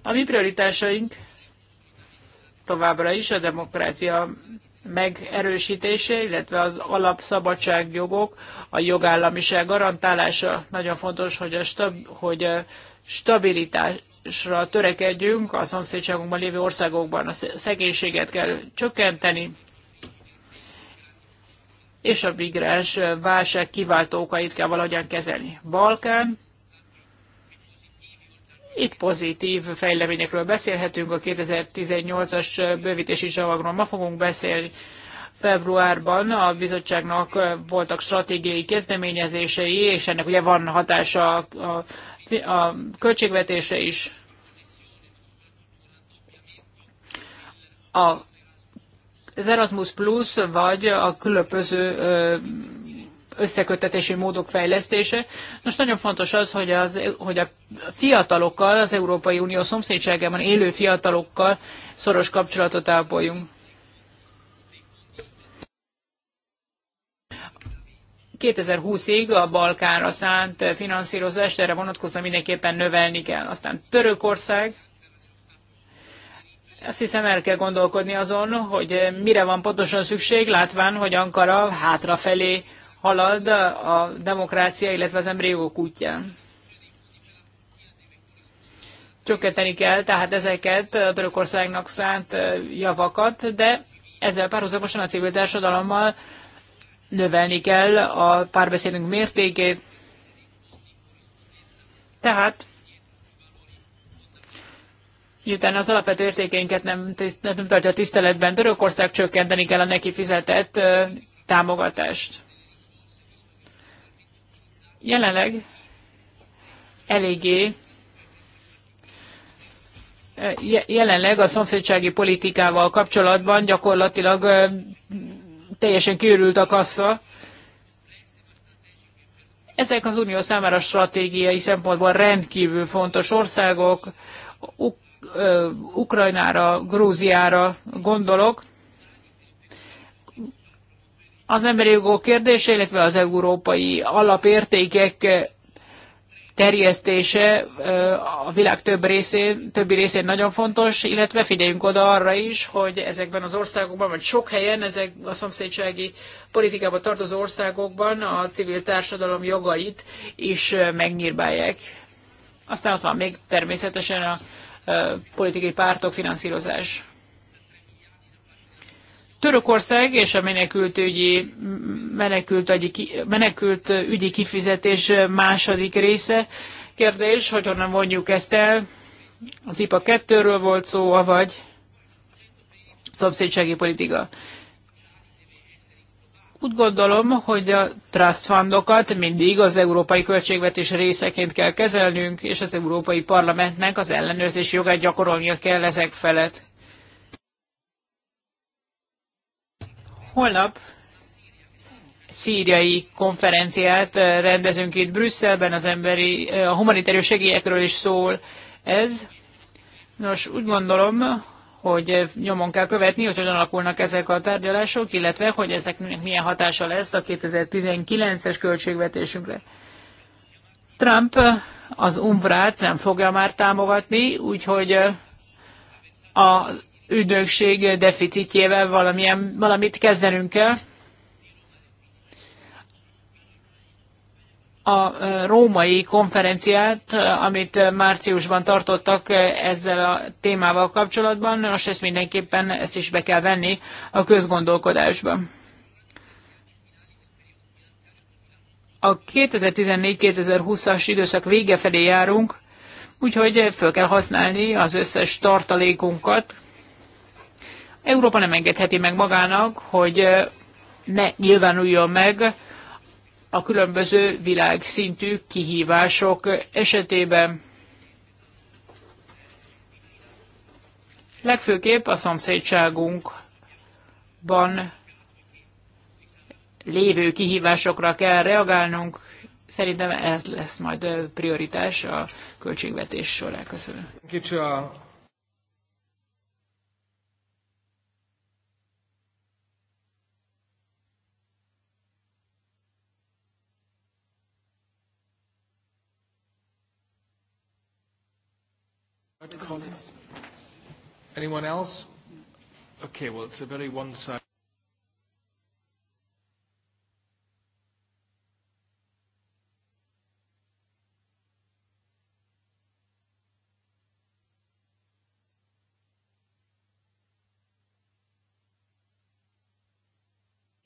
A mi prioritásaink továbbra is a demokrácia megerősítése, illetve az alapszabadságjogok, a jogállamiság garantálása. Nagyon fontos, hogy a, stab- hogy a stabilitásra törekedjünk a szomszédságunkban lévő országokban. A szegénységet kell csökkenteni, és a migráns válság kiváltókait kell valahogyan kezelni. Balkán, itt pozitív fejleményekről beszélhetünk, a 2018-as bővítési csomagról ma fogunk beszélni. Februárban a bizottságnak voltak stratégiai kezdeményezései, és ennek ugye van hatása a, a költségvetése is. A az Erasmus Plus, vagy a különböző összeköttetési módok fejlesztése. Most nagyon fontos az, hogy, az, hogy a fiatalokkal, az Európai Unió szomszédságában élő fiatalokkal szoros kapcsolatot ápoljunk. ...2020-ig a Balkánra szánt finanszírozást erre vonatkozóan mindenképpen növelni kell. Aztán Törökország, azt hiszem el kell gondolkodni azon, hogy mire van pontosan szükség, látván, hogy Ankara hátrafelé halad a demokrácia, illetve az emberi jogok útján. Csökkenteni kell tehát ezeket a Törökországnak szánt javakat, de ezzel párhuzamosan a civil társadalommal növelni kell a párbeszédünk mértékét. Tehát miután az alapvető értékeinket nem, nem tartja a tiszteletben, Törökország csökkenteni kell a neki fizetett támogatást. Jelenleg eléggé jelenleg a szomszédsági politikával kapcsolatban gyakorlatilag teljesen kiürült a kassa. Ezek az unió számára stratégiai szempontból rendkívül fontos országok, Ukrajnára, Grúziára gondolok az emberi jogok kérdése, illetve az európai alapértékek eh, terjesztése eh, a világ több részén, többi részén nagyon fontos, illetve figyeljünk oda arra is, hogy ezekben az országokban, vagy sok helyen, ezek a szomszédsági politikába tartozó országokban a civil társadalom jogait is eh, megnyírbálják. Aztán ott van még természetesen a politikai pártok finanszírozás. Törökország és a ügyi, menekült, menekült ügyi kifizetés második része. Kérdés, hogy honnan vonjuk ezt el? Az IPA 2-ről volt szó, avagy szomszédsági politika. Úgy gondolom, hogy a trust fundokat mindig az európai költségvetés részeként kell kezelnünk, és az Európai Parlamentnek az ellenőrzés jogát gyakorolnia kell ezek felett. Holnap szíriai konferenciát eh, rendezünk itt Brüsszelben, az emberi, eh, a humanitárius segélyekről is szól ez. Nos, úgy gondolom, hogy nyomon kell követni, hogy hogyan alakulnak ezek a tárgyalások, illetve hogy ezeknek milyen hatása lesz a 2019-es költségvetésünkre. Trump az umbrát nem fogja már támogatni, úgyhogy eh, a ügynökség deficitjével valamilyen, valamit kezdenünk kell. A római konferenciát, amit márciusban tartottak ezzel a témával kapcsolatban, most ezt mindenképpen ezt is be kell venni a közgondolkodásba. A 2014-2020-as időszak vége felé járunk, úgyhogy fel kell használni az összes tartalékunkat, Európa nem engedheti meg magának, hogy ne nyilvánuljon meg a különböző világszintű kihívások esetében. Legfőképp a szomszédságunkban lévő kihívásokra kell reagálnunk. Szerintem ez lesz majd prioritás a költségvetés során. Köszönöm. colleagues? Anyone else? Okay, well, it's a very one-sided.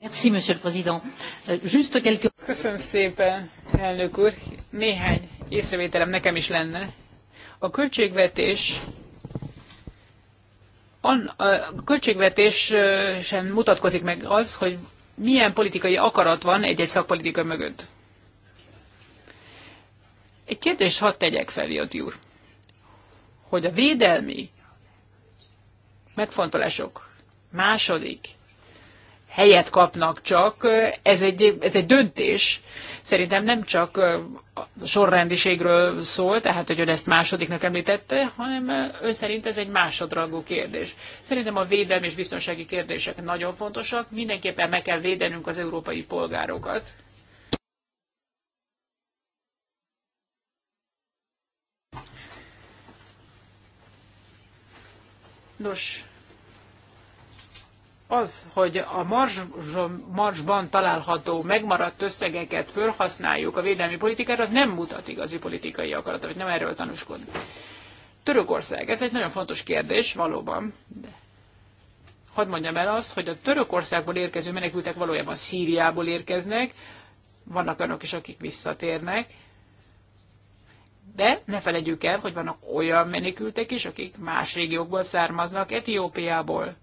Merci, Monsieur le Président. Euh, juste quelques... Köszönöm szépen, elnök úr. Néhány észrevételem nekem is lenne. A költségvetés a költségvetés sem mutatkozik meg az, hogy milyen politikai akarat van egy-egy szakpolitika mögött. Egy kérdést hadd tegyek fel, Jodi úr, hogy a védelmi megfontolások második helyet kapnak csak, ez egy, ez egy döntés. Szerintem nem csak a sorrendiségről szól, tehát hogy ön ezt másodiknak említette, hanem ő szerint ez egy másodrangú kérdés. Szerintem a védelmi és biztonsági kérdések nagyon fontosak, mindenképpen meg kell védenünk az európai polgárokat. Nos, az, hogy a marzs, található megmaradt összegeket fölhasználjuk a védelmi politikára, az nem mutat igazi politikai akaratot, vagy nem erről tanúskodik. Törökország, ez egy nagyon fontos kérdés, valóban. De hadd mondjam el azt, hogy a Törökországból érkező menekültek valójában Szíriából érkeznek, vannak önök is, akik visszatérnek, de ne felejtjük el, hogy vannak olyan menekültek is, akik más régiókból származnak, Etiópiából,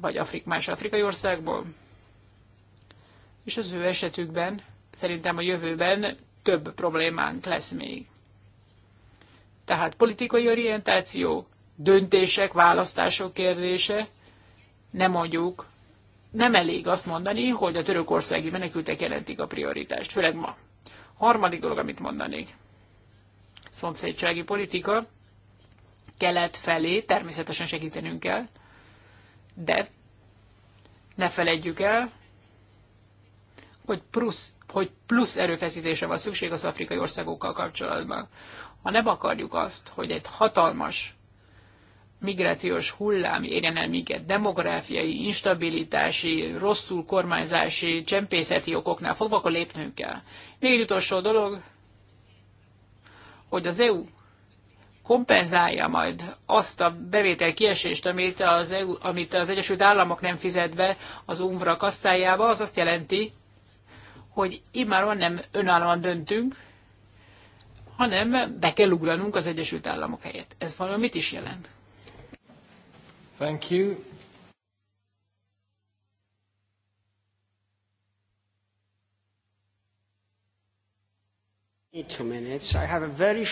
vagy Afrik, más afrikai országból. És az ő esetükben szerintem a jövőben több problémánk lesz még. Tehát politikai orientáció, döntések, választások kérdése, nem mondjuk, nem elég azt mondani, hogy a törökországi menekültek jelentik a prioritást, főleg ma. Harmadik dolog, amit mondanék. Szomszédsági politika kelet felé természetesen segítenünk kell, de ne feledjük el, hogy plusz, hogy plusz erőfeszítése van szükség az afrikai országokkal kapcsolatban. Ha nem akarjuk azt, hogy egy hatalmas migrációs hullám érjen el minket demográfiai, instabilitási, rosszul kormányzási, csempészeti okoknál fogva, akkor lépnünk kell. Még egy utolsó dolog, hogy az EU kompenzálja majd azt a bevétel kiesést, amit az, EU, amit az Egyesült Államok nem fizet be az UNVRA kasszájába, az azt jelenti, hogy immáron nem önállóan döntünk, hanem be kell ugranunk az Egyesült Államok helyett. Ez valamit is jelent. Thank you. Two minutes. I have a very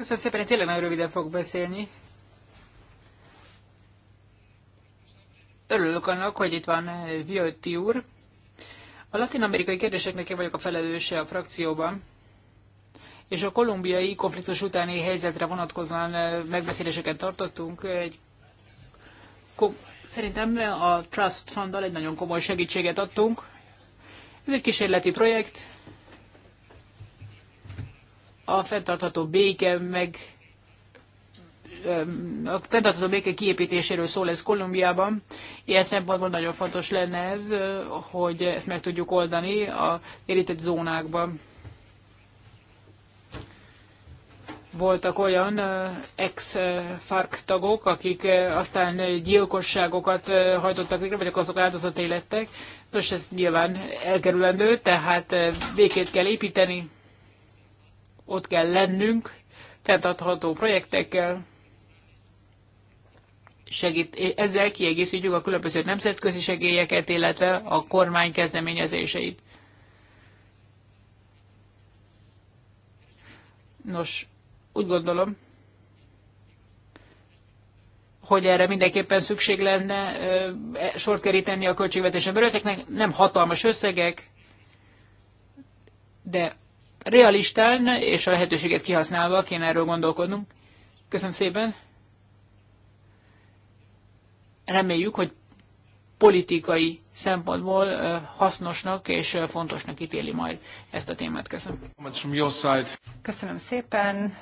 Köszönöm szépen, én tényleg nagyon röviden fogok beszélni. Örülök annak, hogy itt van eh, Viotti úr. A latin-amerikai kérdéseknek én vagyok a felelőse a frakcióban, és a kolumbiai konfliktus utáni helyzetre vonatkozóan eh, megbeszéléseket tartottunk. Egy Szerintem a Trust Funddal egy nagyon komoly segítséget adtunk. Ez egy kísérleti projekt, a fenntartható béke meg a fenntartható béke kiépítéséről szól ez Kolumbiában. Ilyen szempontból nagyon fontos lenne ez, hogy ezt meg tudjuk oldani a érintett zónákban. Voltak olyan ex-FARC tagok, akik aztán gyilkosságokat hajtottak végre, vagy azok áldozaté lettek. Nos, ez nyilván elkerülendő, tehát békét kell építeni, ott kell lennünk, fenntartható projektekkel, segít, ezzel kiegészítjük a különböző nemzetközi segélyeket, illetve a kormány kezdeményezéseit. Nos, úgy gondolom, hogy erre mindenképpen szükség lenne e, sort keríteni a költségvetésen belül. nem hatalmas összegek, de realistán és a lehetőséget kihasználva kéne erről gondolkodnunk. Köszönöm szépen. Reméljük, hogy politikai szempontból hasznosnak és fontosnak ítéli majd ezt a témát. Köszönöm. Köszönöm szépen.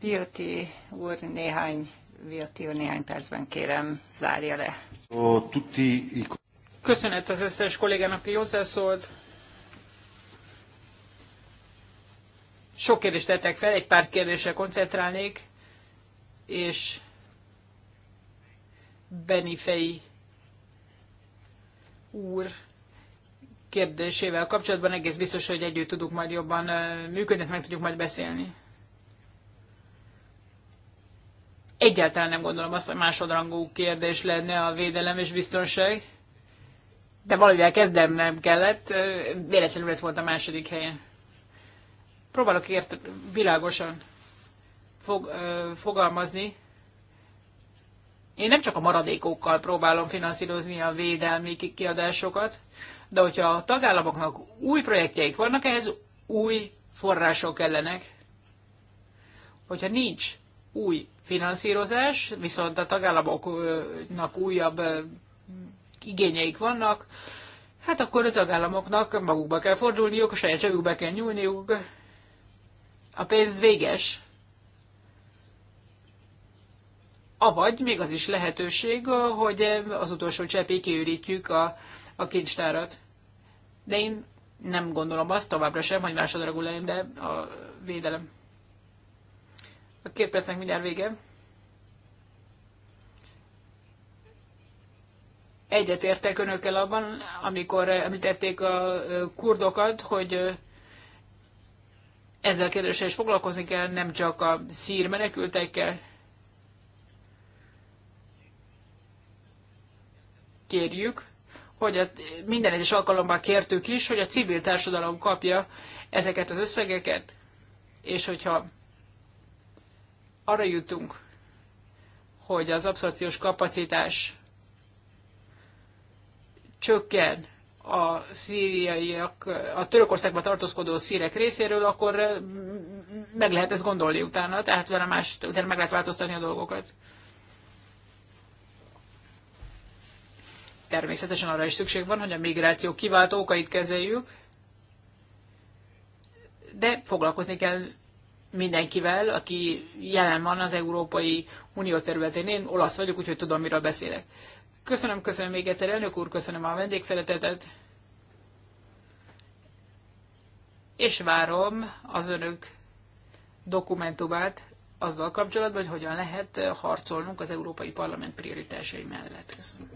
Bioti úr néhány, Bioti úr néhány percben kérem, zárja le. Köszönet az összes kollégának, aki hozzászólt. Sok kérdést tettek fel, egy pár kérdésre koncentrálnék, és Benifei úr kérdésével kapcsolatban egész biztos, hogy együtt tudunk majd jobban működni, ezt meg tudjuk majd beszélni. Egyáltalán nem gondolom azt, hogy másodrangú kérdés lenne a védelem és biztonság, de valahogy kezdem nem kellett, véletlenül ez volt a második helyen próbálok ért világosan fog, ö, fogalmazni. Én nem csak a maradékokkal próbálom finanszírozni a védelmi kiadásokat, de hogyha a tagállamoknak új projektjeik vannak, ehhez új források kellenek. Hogyha nincs új finanszírozás, viszont a tagállamoknak újabb igényeik vannak, hát akkor a tagállamoknak magukba kell fordulniuk, a saját zsebükbe kell nyúlniuk, a pénz véges. Avagy még az is lehetőség, hogy az utolsó cseppé kiürítjük a, a kincstárat. De én nem gondolom azt továbbra sem, hogy másodragú legyen, de a védelem. A két percnek mindjárt vége. értek önökkel abban, amikor említették a kurdokat, hogy ezzel kérdéssel is foglalkozni kell, nem csak a szír menekültekkel. Kérjük, hogy a, minden egyes alkalommal kértük is, hogy a civil társadalom kapja ezeket az összegeket, és hogyha arra jutunk, hogy az abszorciós kapacitás csökken a szíriaiak, a Törökországba tartózkodó szírek részéről, akkor eh, meg lehet ezt gondolni utána, tehát vele más, utána meg lehet változtatni a dolgokat. Természetesen arra is szükség van, hogy a migráció kiváltó okait kezeljük, de foglalkozni kell mindenkivel, aki jelen van az Európai Unió területén. Én olasz vagyok, úgyhogy tudom, miről beszélek. Köszönöm, köszönöm még egyszer, elnök úr, köszönöm a vendégszeretetet. És várom az önök dokumentumát azzal kapcsolatban, hogy hogyan lehet harcolnunk az Európai Parlament prioritásai mellett. Köszönöm.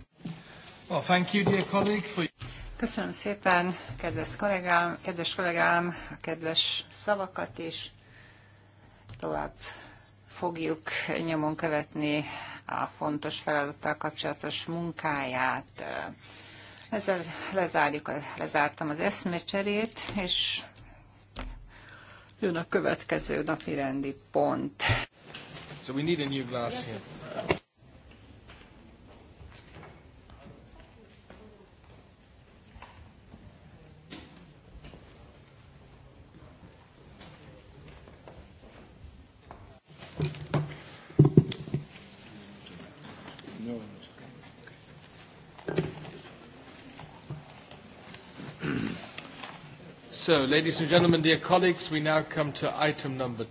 Well, thank you, dear colleague, for... Köszönöm szépen, kedves kollégám, kedves kollégám, a kedves szavakat is. Tovább fogjuk nyomon követni a fontos feladattal kapcsolatos munkáját. Ezzel lezárjuk, lezártam az eszmecserét, és jön a következő napi rendi pont. So we need a new glass yes, here. Yes. ladies and gentlemen, dear colleagues, we now come to item number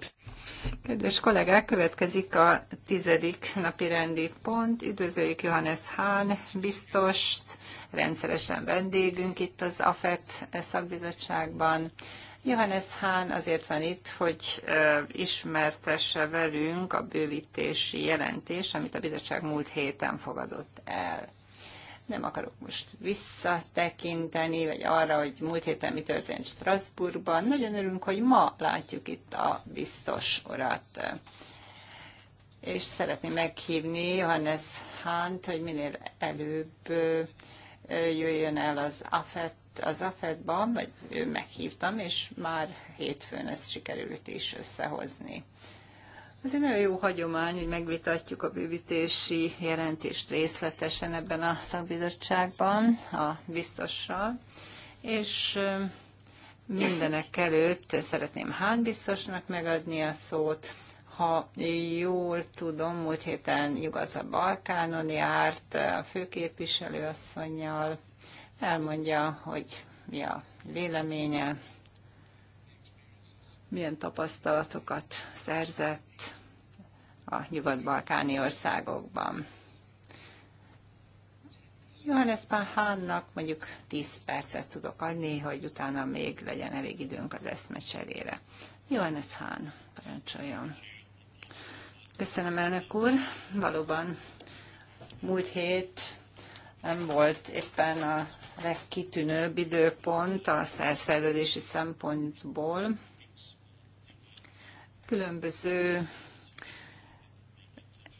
Kedves kollégák, következik a tizedik napi rendi pont. Üdvözöljük Johannes Hahn, biztos, rendszeresen vendégünk itt az AFET szakbizottságban. Johannes Hahn azért van itt, hogy ismertesse velünk a bővítési jelentés, amit a bizottság múlt héten fogadott el. Nem akarok most visszatekinteni, vagy arra, hogy múlt héten mi történt Strasbourgban. Nagyon örülünk, hogy ma látjuk itt a biztos urat. És szeretném meghívni Johannes Hánt, hogy minél előbb jöjjön el az AFET az AFED-ban, vagy meghívtam, és már hétfőn ezt sikerült is összehozni. Ez egy nagyon jó hagyomány, hogy megvitatjuk a bővítési jelentést részletesen ebben a szakbizottságban, a biztossal, és mindenek előtt szeretném hány biztosnak megadni a szót, ha jól tudom, múlt héten Nyugat-Balkánon járt a asszonynal, elmondja, hogy mi a véleménye milyen tapasztalatokat szerzett a nyugat-balkáni országokban. Johannes Pahánnak mondjuk 10 percet tudok adni, hogy utána még legyen elég időnk az eszmecserére. Johannes Hán, parancsoljon. Köszönöm, elnök úr. Valóban múlt hét nem volt éppen a legkitűnőbb időpont a szerszerződési szempontból különböző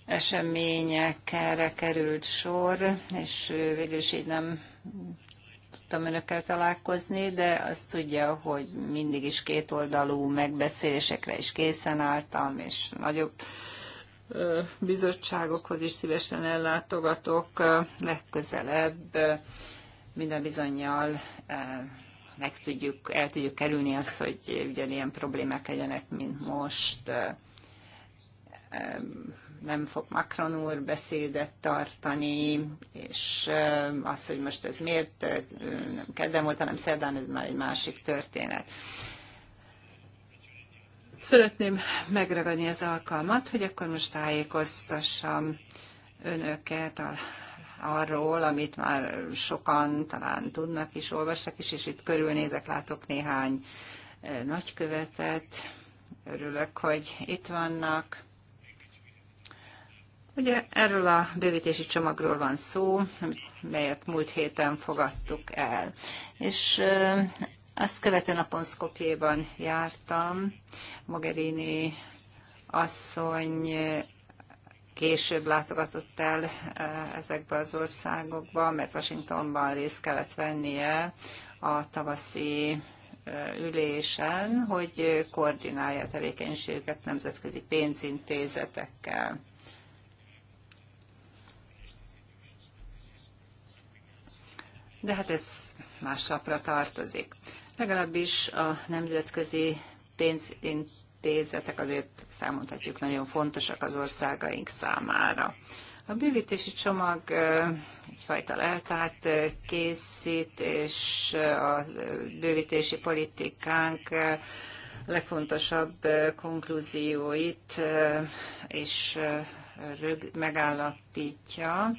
eseményekre került sor, és végül is így nem tudtam önökkel találkozni, de azt tudja, hogy mindig is kétoldalú megbeszélésekre is készen álltam, és nagyobb bizottságokhoz is szívesen ellátogatok legközelebb minden bizonyal meg tudjuk, el tudjuk kerülni azt, hogy ugyanilyen problémák legyenek, mint most. Nem fog Macron úr beszédet tartani, és az, hogy most ez miért nem kedden volt, hanem szerdán, ez már egy másik történet. Szeretném megragadni az alkalmat, hogy akkor most tájékoztassam önöket a arról, amit már sokan talán tudnak is, olvastak is, és itt körülnézek, látok néhány nagykövetet. Örülök, hogy itt vannak. Ugye erről a bővítési csomagról van szó, melyet múlt héten fogadtuk el. És azt követő napon Skopjéban jártam, Mogherini asszony később látogatott el eh, ezekbe az országokba, mert Washingtonban részt kellett vennie a tavaszi eh, ülésen, hogy koordinálja a tevékenységet nemzetközi pénzintézetekkel. De hát ez más tartozik. Legalábbis a nemzetközi pénzintézetek intézetek azért számolhatjuk nagyon fontosak az országaink számára. A bővítési csomag egyfajta leltárt készít, és a bővítési politikánk legfontosabb konklúzióit és megállapítja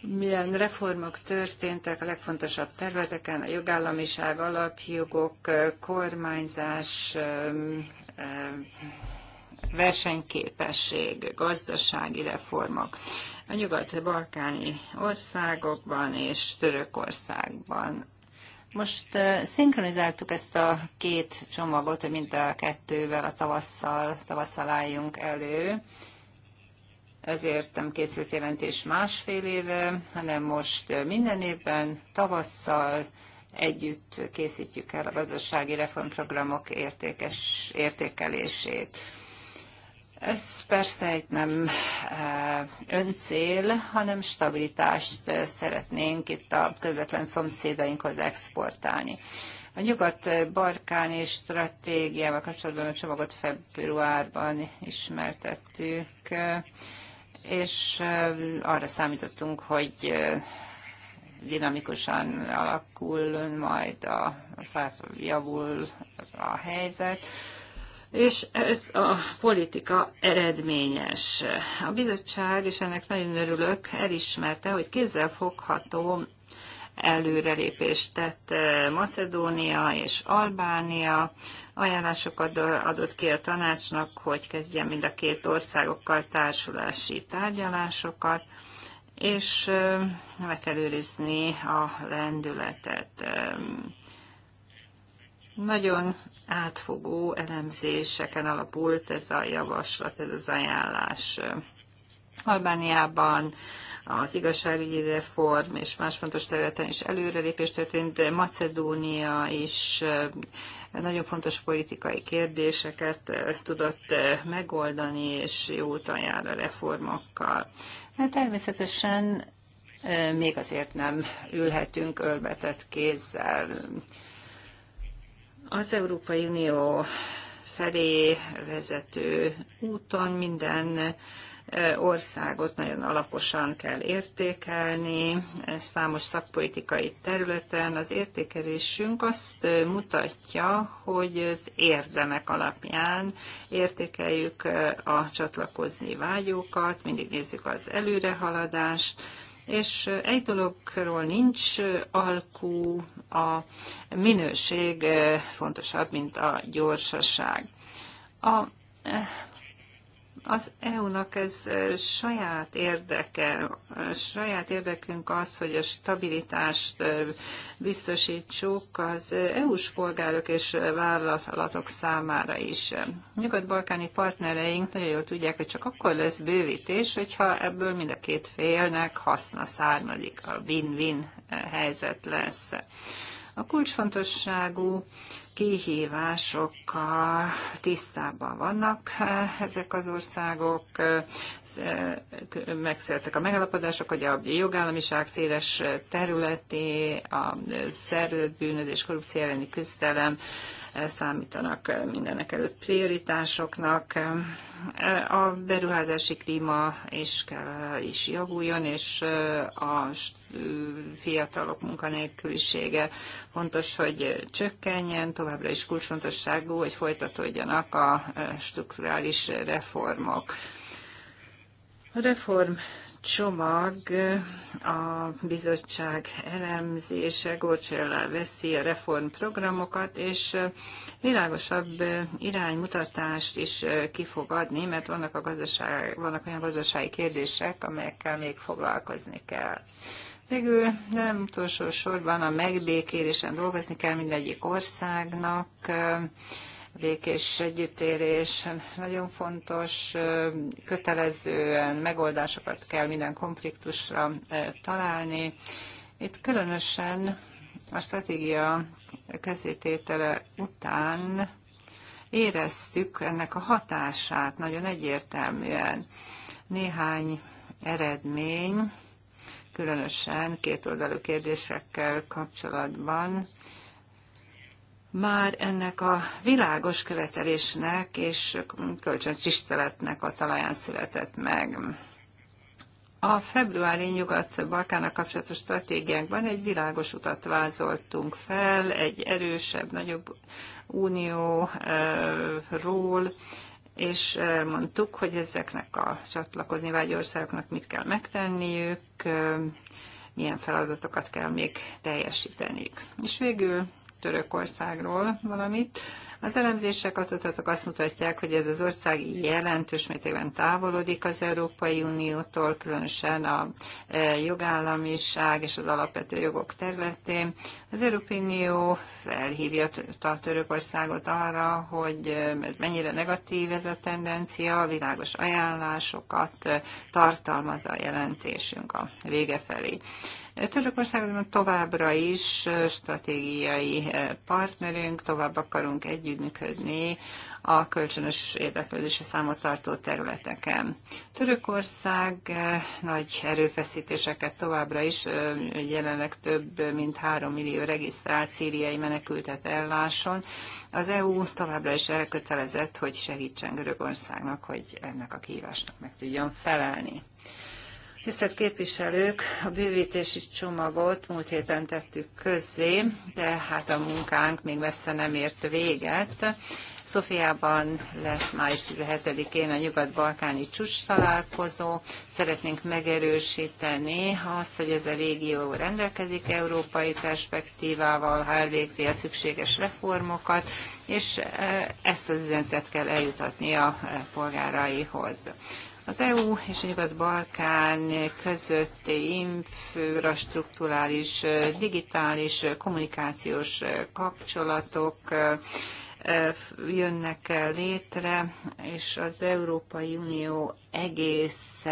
milyen reformok történtek a legfontosabb területeken, a jogállamiság, alapjogok, kormányzás, versenyképesség, gazdasági reformok a nyugat-balkáni országokban és Törökországban. Most szinkronizáltuk ezt a két csomagot, hogy mind a kettővel a tavasszal, tavasszal álljunk elő ezért nem készült jelentés másfél éve, hanem most minden évben tavasszal együtt készítjük el a gazdasági reformprogramok értékes, értékelését. Ez persze egy nem öncél, hanem stabilitást szeretnénk itt a közvetlen szomszédainkhoz exportálni. A nyugat barkáni stratégiával kapcsolatban a csomagot februárban ismertettük és arra számítottunk, hogy dinamikusan alakul, majd a, javul a helyzet. És ez a politika eredményes. A bizottság, és ennek nagyon örülök, elismerte, hogy kézzelfogható előrelépést tett eh, Macedónia és Albánia, ajánlásokat adott ki a tanácsnak, hogy kezdjen mind a két országokkal társulási tárgyalásokat, és eh, meg kell őrizni a lendületet. Nagyon átfogó elemzéseken alapult ez a javaslat, ez az ajánlás. Albániában az igazságügyi reform és más fontos területen is előrelépés történt, Macedónia is nagyon fontos politikai kérdéseket tudott megoldani, és jó úton jár a reformokkal. Hát természetesen még azért nem ülhetünk ölbetett kézzel. Az Európai Unió felé vezető úton minden országot nagyon alaposan kell értékelni, számos szakpolitikai területen. Az értékelésünk azt mutatja, hogy az érdemek alapján értékeljük a csatlakozni vágyókat, mindig nézzük az előrehaladást, és egy dologról nincs alkú, a minőség fontosabb, mint a gyorsaság. A az EU-nak ez saját érdeke, saját érdekünk az, hogy a stabilitást biztosítsuk az EU-s polgárok és vállalatok számára is. Nyugat-balkáni partnereink nagyon jól tudják, hogy csak akkor lesz bővítés, hogyha ebből mind a két félnek haszna származik, a win-win helyzet lesz. A kulcsfontosságú kihívásokkal tisztában vannak eh, ezek az országok. Eh, eh, megszülettek a megalapodások, hogy a jogállamiság széles területi, a szervezett bűnözés, korrupció elleni küzdelem, számítanak mindenek előtt prioritásoknak. A beruházási klíma is, kell, is javuljon, és a fiatalok munkanélkülisége fontos, hogy csökkenjen, továbbra is kulcsfontosságú, hogy folytatódjanak a strukturális reformok. A reform csomag a bizottság elemzése Gorcsella veszi a reformprogramokat, és világosabb iránymutatást is ki fog adni, mert vannak, a gazdaság, vannak olyan gazdasági kérdések, amelyekkel még foglalkozni kell. Végül nem utolsó sorban a megbékélésen dolgozni kell mindegyik országnak, békés együttérés nagyon fontos, kötelezően megoldásokat kell minden konfliktusra találni. Itt különösen a stratégia közététele után éreztük ennek a hatását nagyon egyértelműen. Néhány eredmény, különösen kétoldalú kérdésekkel kapcsolatban már ennek a világos követelésnek és kölcsönös tiszteletnek a talaján született meg. A februári Nyugat-Balkának kapcsolatos stratégiánkban egy világos utat vázoltunk fel, egy erősebb, nagyobb unióról, és mondtuk, hogy ezeknek a csatlakozni vágyó országoknak mit kell megtenniük, milyen feladatokat kell még teljesíteniük. És végül Törökországról valamit. Az elemzések adatok azt mutatják, hogy ez az ország jelentős mértékben távolodik az Európai Uniótól, különösen a e, jogállamiság és az alapvető jogok területén. Az Európai Unió felhívja a Törökországot arra, hogy e, mennyire negatív ez a tendencia, világos ajánlásokat e, tartalmaz a jelentésünk a vége felé. Törökországban továbbra is stratégiai partnerünk, tovább akarunk együttműködni a kölcsönös érdeklődési számot tartó területeken. Törökország nagy erőfeszítéseket továbbra is, jelenleg több mint 3 millió regisztrált szíriai menekültet elláson. Az EU továbbra is elkötelezett, hogy segítsen Görögországnak, hogy ennek a kihívásnak meg tudjon felelni. Tisztelt képviselők, a bővítési csomagot múlt héten tettük közzé, de hát a munkánk még messze nem ért véget. Szofiában lesz május 17-én a nyugat-balkáni csúcs találkozó. Szeretnénk megerősíteni azt, hogy ez a régió rendelkezik európai perspektívával, ha elvégzi a szükséges reformokat, és e, ezt az üzenetet kell eljutatni a e, polgáraihoz. Az EU és a balkán közötti infrastruktúrális, digitális, kommunikációs kapcsolatok jönnek létre, és az Európai Unió egész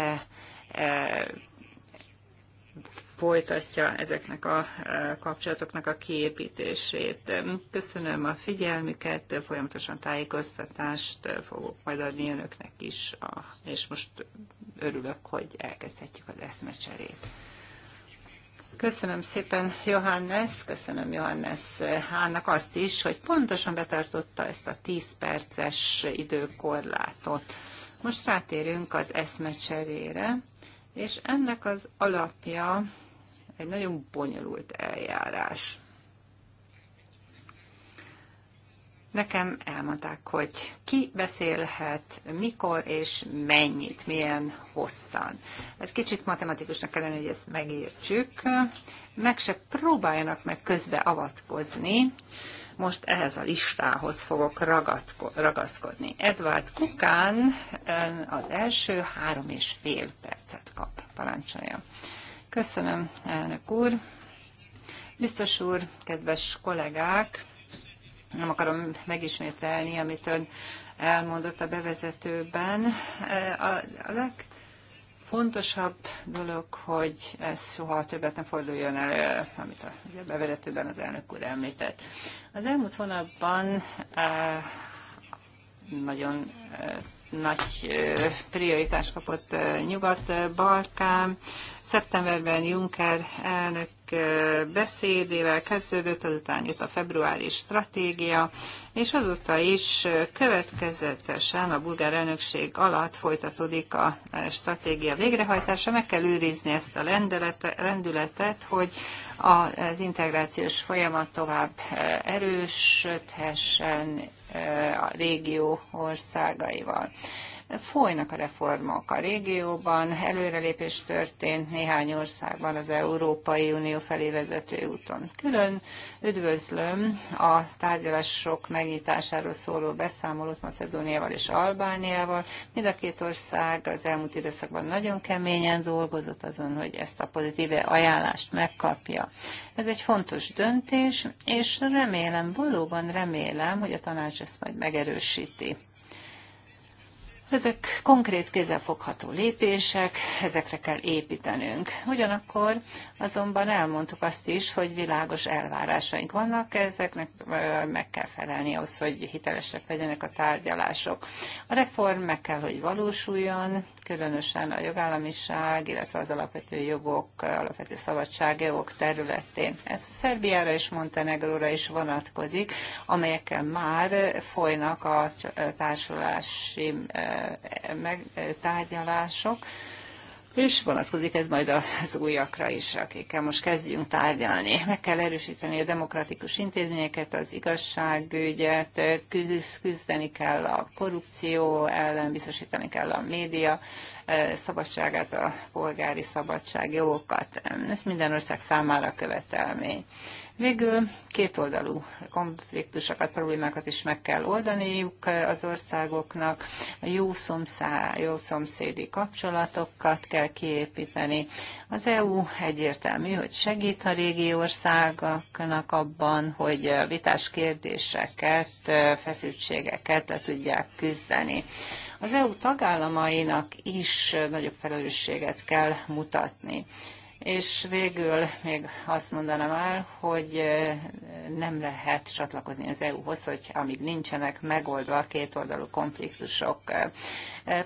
folytatja ezeknek a e, kapcsolatoknak a kiépítését. Köszönöm a figyelmüket, folyamatosan tájékoztatást fogok majd adni önöknek is, és most örülök, hogy elkezdhetjük az eszmecserét. Köszönöm szépen Johannes, köszönöm Johannes Hának azt is, hogy pontosan betartotta ezt a 10 perces időkorlátot. Most rátérünk az eszmecserére, és ennek az alapja egy nagyon bonyolult eljárás. Nekem elmondták, hogy ki beszélhet, mikor és mennyit, milyen hosszan. Ez kicsit matematikusnak kellene, hogy ezt megértsük. Meg se próbáljanak meg közbe avatkozni. Most ehhez a listához fogok ragaszkodni. Edward Kukán az első három és fél percet kap. Parancsolja. Köszönöm, elnök úr. Biztos úr, kedves kollégák, nem akarom megismételni, amit ön elmondott a bevezetőben. A legfontosabb dolog, hogy ez soha többet nem forduljon elő, amit a bevezetőben az elnök úr említett. Az elmúlt hónapban e, nagyon e, nagy e, prioritás kapott Nyugat-Balkán, Szeptemberben Juncker elnök beszédével kezdődött, azután jött a februári stratégia, és azóta is következetesen a bulgár elnökség alatt folytatódik a stratégia végrehajtása. Meg kell őrizni ezt a rendületet, hogy az integrációs folyamat tovább erősödhessen a régió országaival. Folynak a reformok a régióban, előrelépés történt néhány országban az Európai Unió felé vezető úton. Külön üdvözlöm a tárgyalások megnyitásáról szóló beszámolót Macedóniával és Albániával. Mind a két ország az elmúlt időszakban nagyon keményen dolgozott azon, hogy ezt a pozitív ajánlást megkapja. Ez egy fontos döntés, és remélem, valóban remélem, hogy a tanács ezt majd megerősíti. Ezek konkrét kézzelfogható lépések, ezekre kell építenünk. Ugyanakkor azonban elmondtuk azt is, hogy világos elvárásaink vannak, ezeknek meg kell felelni ahhoz, hogy hitelesek legyenek a tárgyalások. A reform meg kell, hogy valósuljon, különösen a jogállamiság, illetve az alapvető jogok, alapvető szabadságjogok területén. Ez Szerbiára és Montenegróra is vonatkozik, amelyekkel már folynak a társulási megtárgyalások, és vonatkozik ez majd az újakra is, akikkel most kezdjünk tárgyalni. Meg kell erősíteni a demokratikus intézményeket, az igazságügyet, küzdeni kell a korrupció ellen, biztosítani kell a média e, szabadságát, a polgári szabadságjogokat. Ez minden ország számára követelmény. Végül kétoldalú konfliktusokat, problémákat is meg kell oldaniuk az országoknak, a jó, szomszá, jó szomszédi kapcsolatokat kell kiépíteni. Az EU egyértelmű, hogy segít a régi országoknak abban, hogy vitás kérdéseket, feszültségeket le tudják küzdeni. Az EU tagállamainak is nagyobb felelősséget kell mutatni. És végül még azt mondanám el, hogy nem lehet csatlakozni az EU-hoz, hogy amíg nincsenek megoldva a kétoldalú konfliktusok.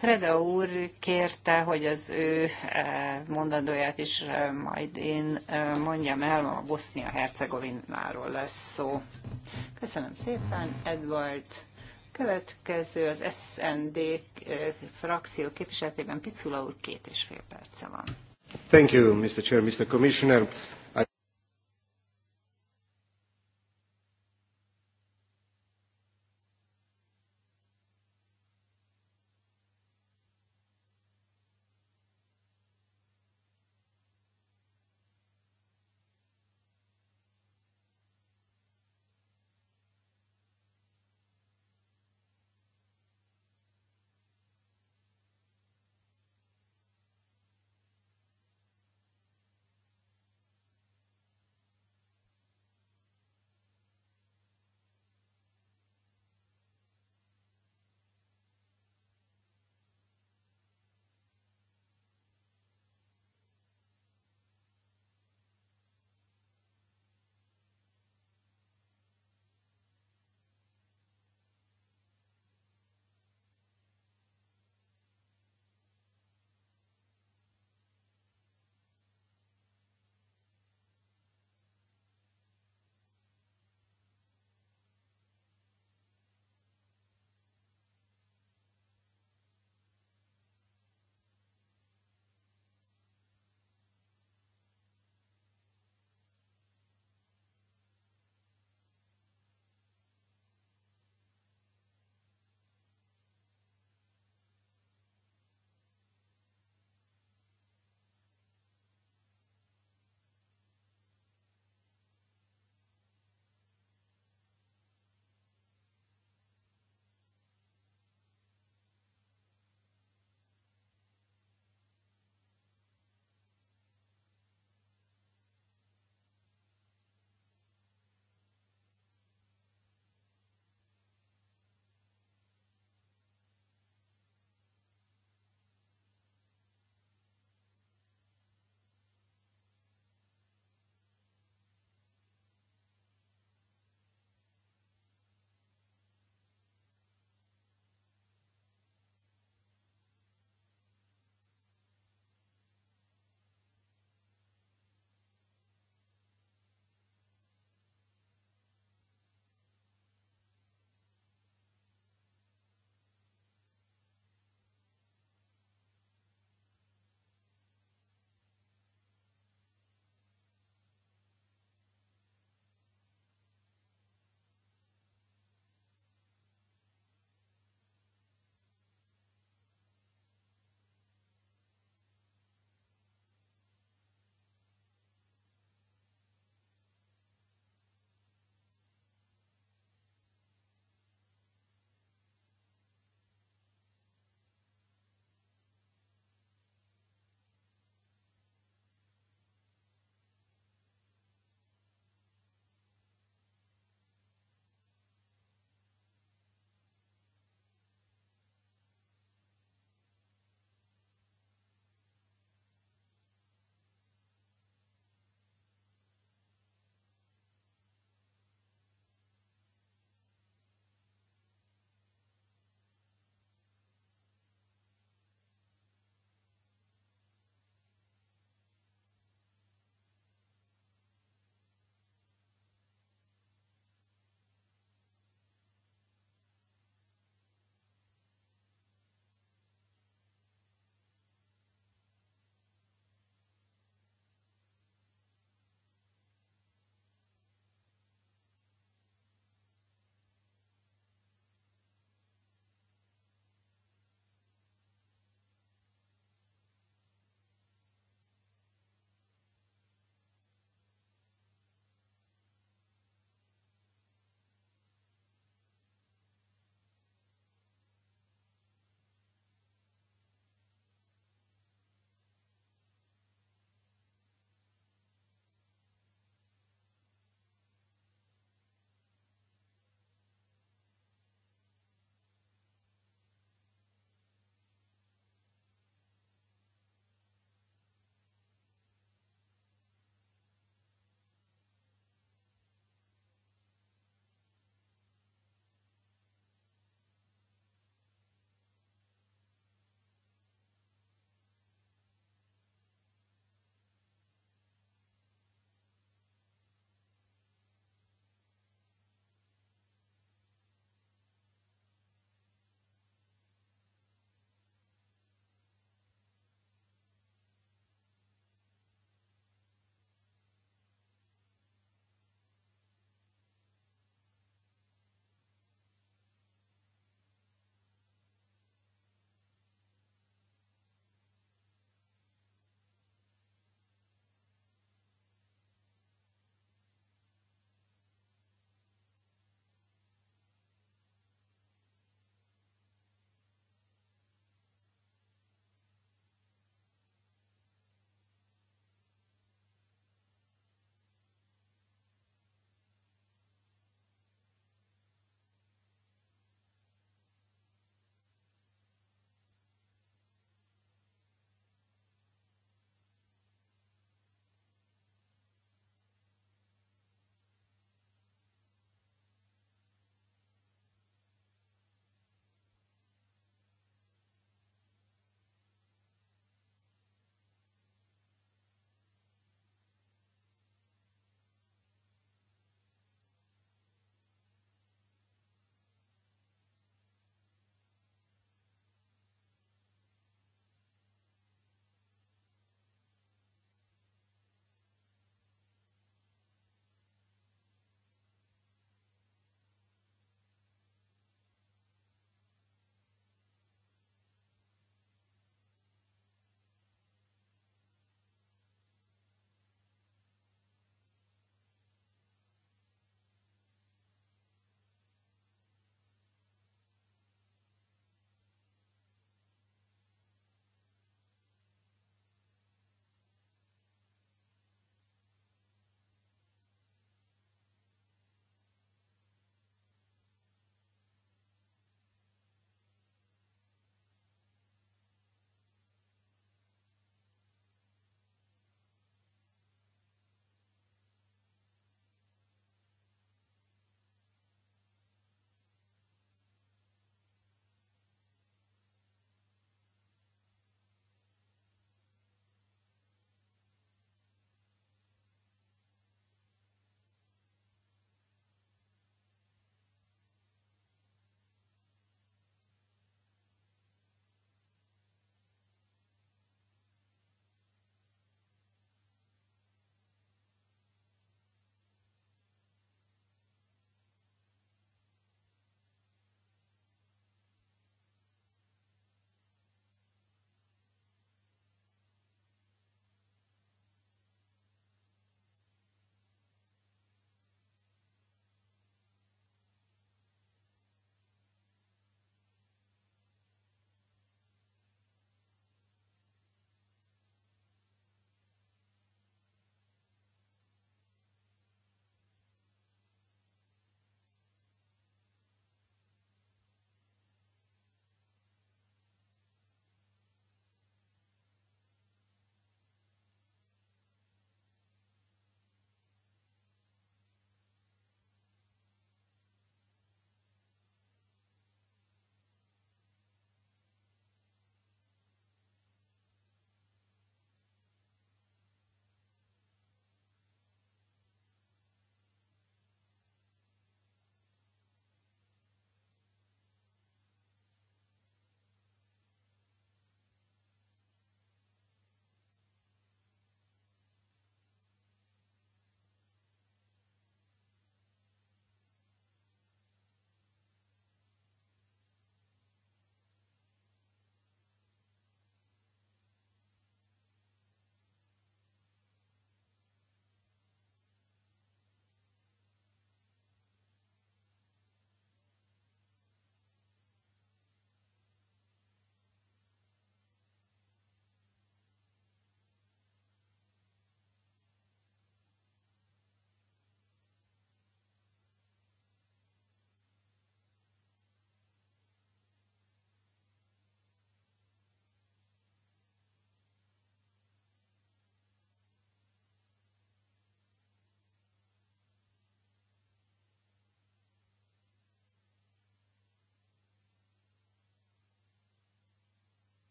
Preda úr kérte, hogy az ő mondandóját is majd én mondjam el, a Bosznia-Hercegovináról lesz szó. Köszönöm szépen, Edward. Következő az SND frakció képviseletében Picula úr két és fél perce van. Thank you, Mr. Chair, Mr. Commissioner.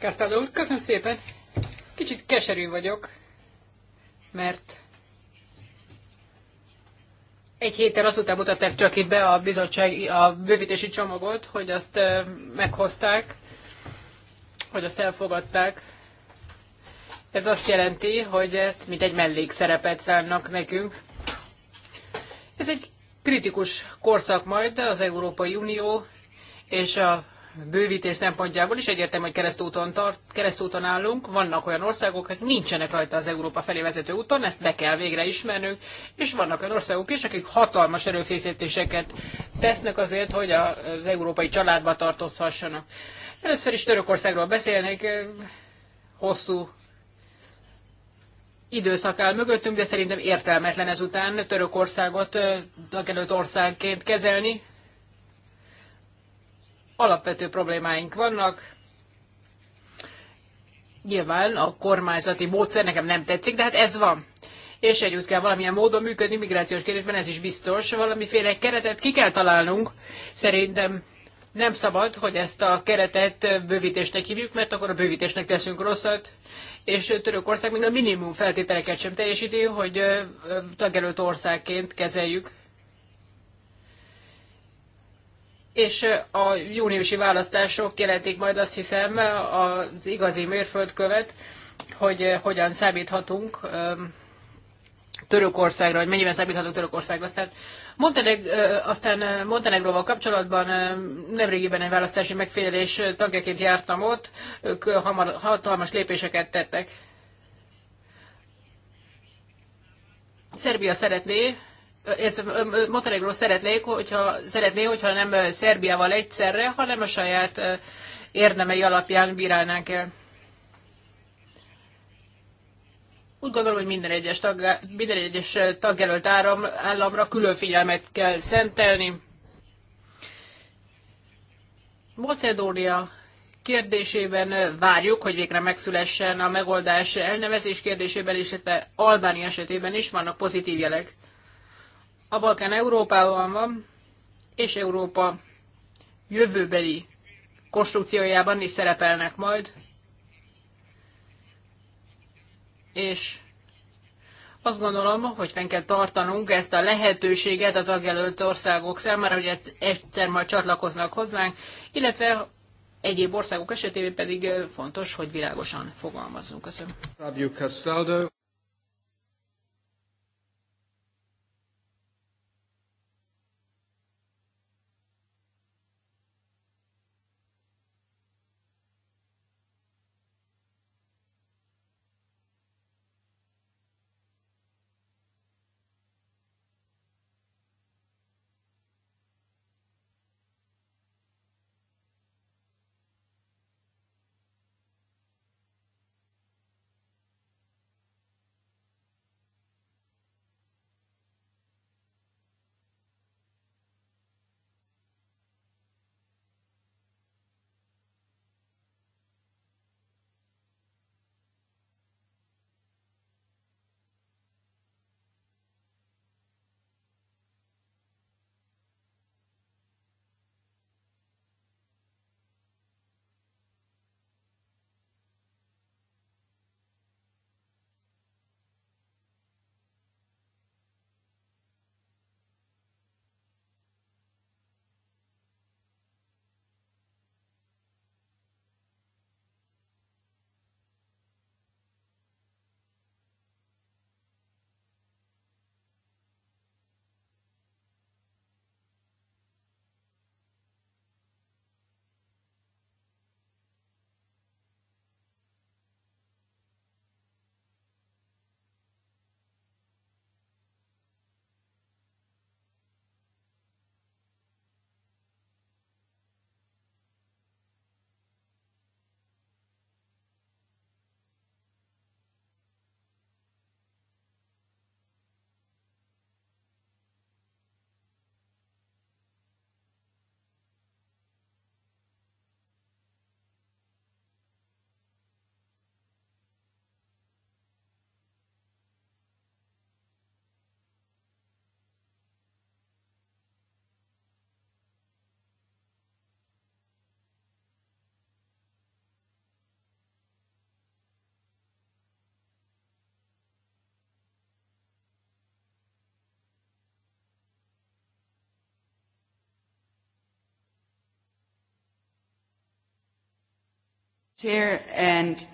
Kasztáló úr, köszönöm szépen. Kicsit keserű vagyok, mert egy héttel azután mutatták csak itt be a bizottság, a bővítési csomagot, hogy azt meghozták, hogy azt elfogadták. Ez azt jelenti, hogy mint egy mellékszerepet szánnak nekünk. Ez egy kritikus korszak majd az Európai Unió és a bővítés szempontjából is egyértelmű, hogy keresztúton, tart, keresztúton állunk. Vannak olyan országok, akik nincsenek rajta az Európa felé vezető úton, ezt be kell végre ismernünk, és vannak olyan országok is, akik hatalmas erőfészítéseket tesznek azért, hogy az európai családba tartozhassanak. Először is Törökországról beszélnék, hosszú időszak áll mögöttünk, de szerintem értelmetlen ezután Törökországot tagjelölt országként kezelni alapvető problémáink vannak. Nyilván a kormányzati módszer nekem nem tetszik, de hát ez van. És együtt kell valamilyen módon működni migrációs kérdésben, ez is biztos. Valamiféle keretet ki kell találnunk. Szerintem nem szabad, hogy ezt a keretet bővítésnek hívjuk, mert akkor a bővítésnek teszünk rosszat, és Törökország még a minimum feltételeket sem teljesíti, hogy tagjelölt országként kezeljük és a júniusi választások jelentik majd azt hiszem az igazi mérföldkövet, hogy hogyan számíthatunk Törökországra, hogy mennyiben számíthatunk Törökországra. Aztán, Monteneg, aztán Montenegróval kapcsolatban nemrégiben egy választási megfigyelés tagjaként jártam ott, ők hamar, hatalmas lépéseket tettek. Szerbia szeretné, Montenegro szeretnék, hogyha, szeretné, hogyha nem Szerbiával egyszerre, hanem a saját érdemei alapján bírálnánk el. Úgy gondolom, hogy minden egyes, tag, minden egyes tagjelölt áram, államra külön figyelmet kell szentelni. Macedónia kérdésében várjuk, hogy végre megszülessen a megoldás elnevezés kérdésében, és Albánia esetében is vannak pozitív jelek. A Balkán Európában van, és Európa jövőbeli konstrukciójában is szerepelnek majd, és azt gondolom, hogy fenn kell tartanunk ezt a lehetőséget a tagjelölt országok számára, hogy egyszer majd csatlakoznak hozzánk, illetve egyéb országok esetében pedig fontos, hogy világosan fogalmazzunk. Köszönöm. Chair and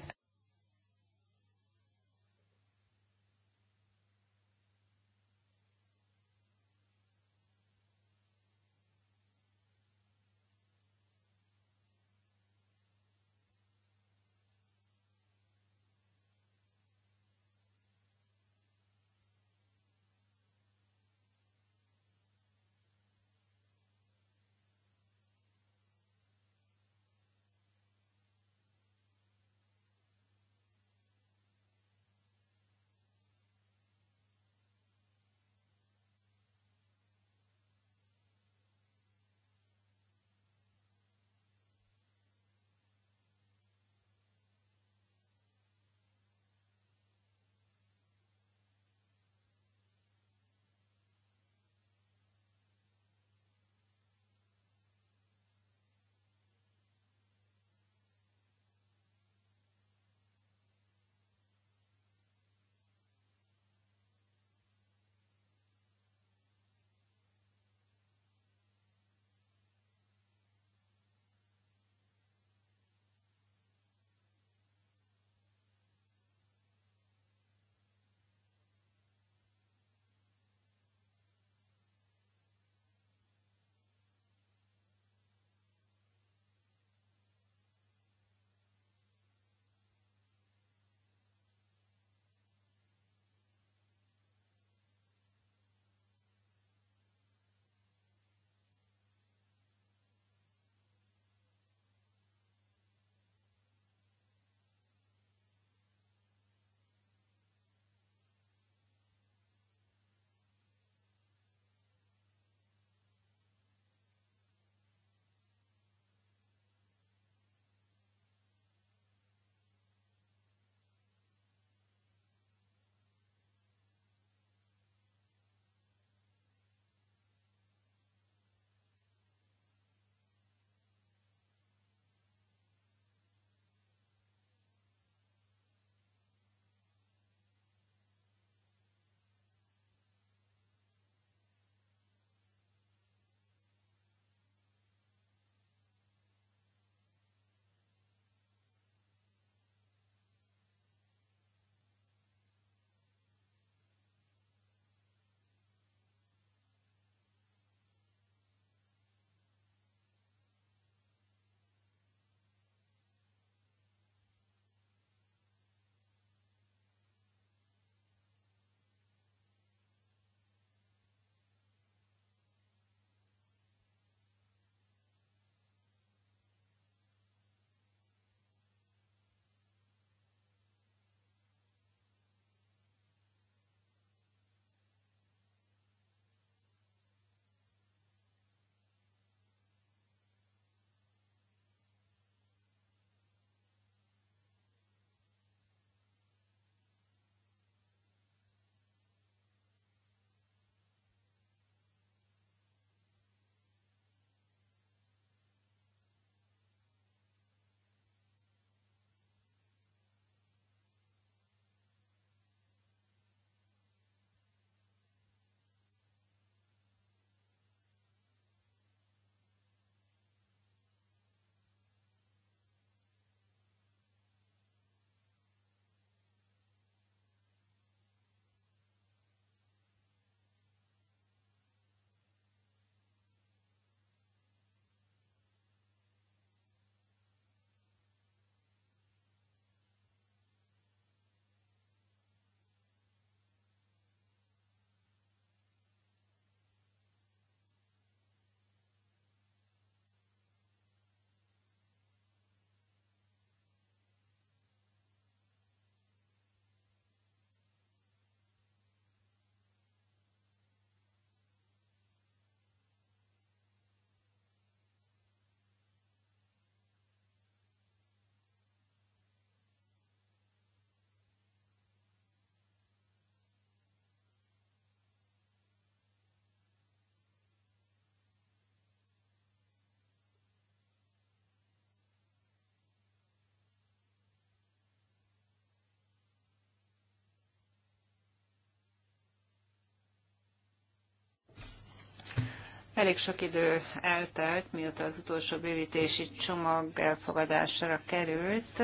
Elég sok idő eltelt, mióta az utolsó bővítési csomag elfogadásra került.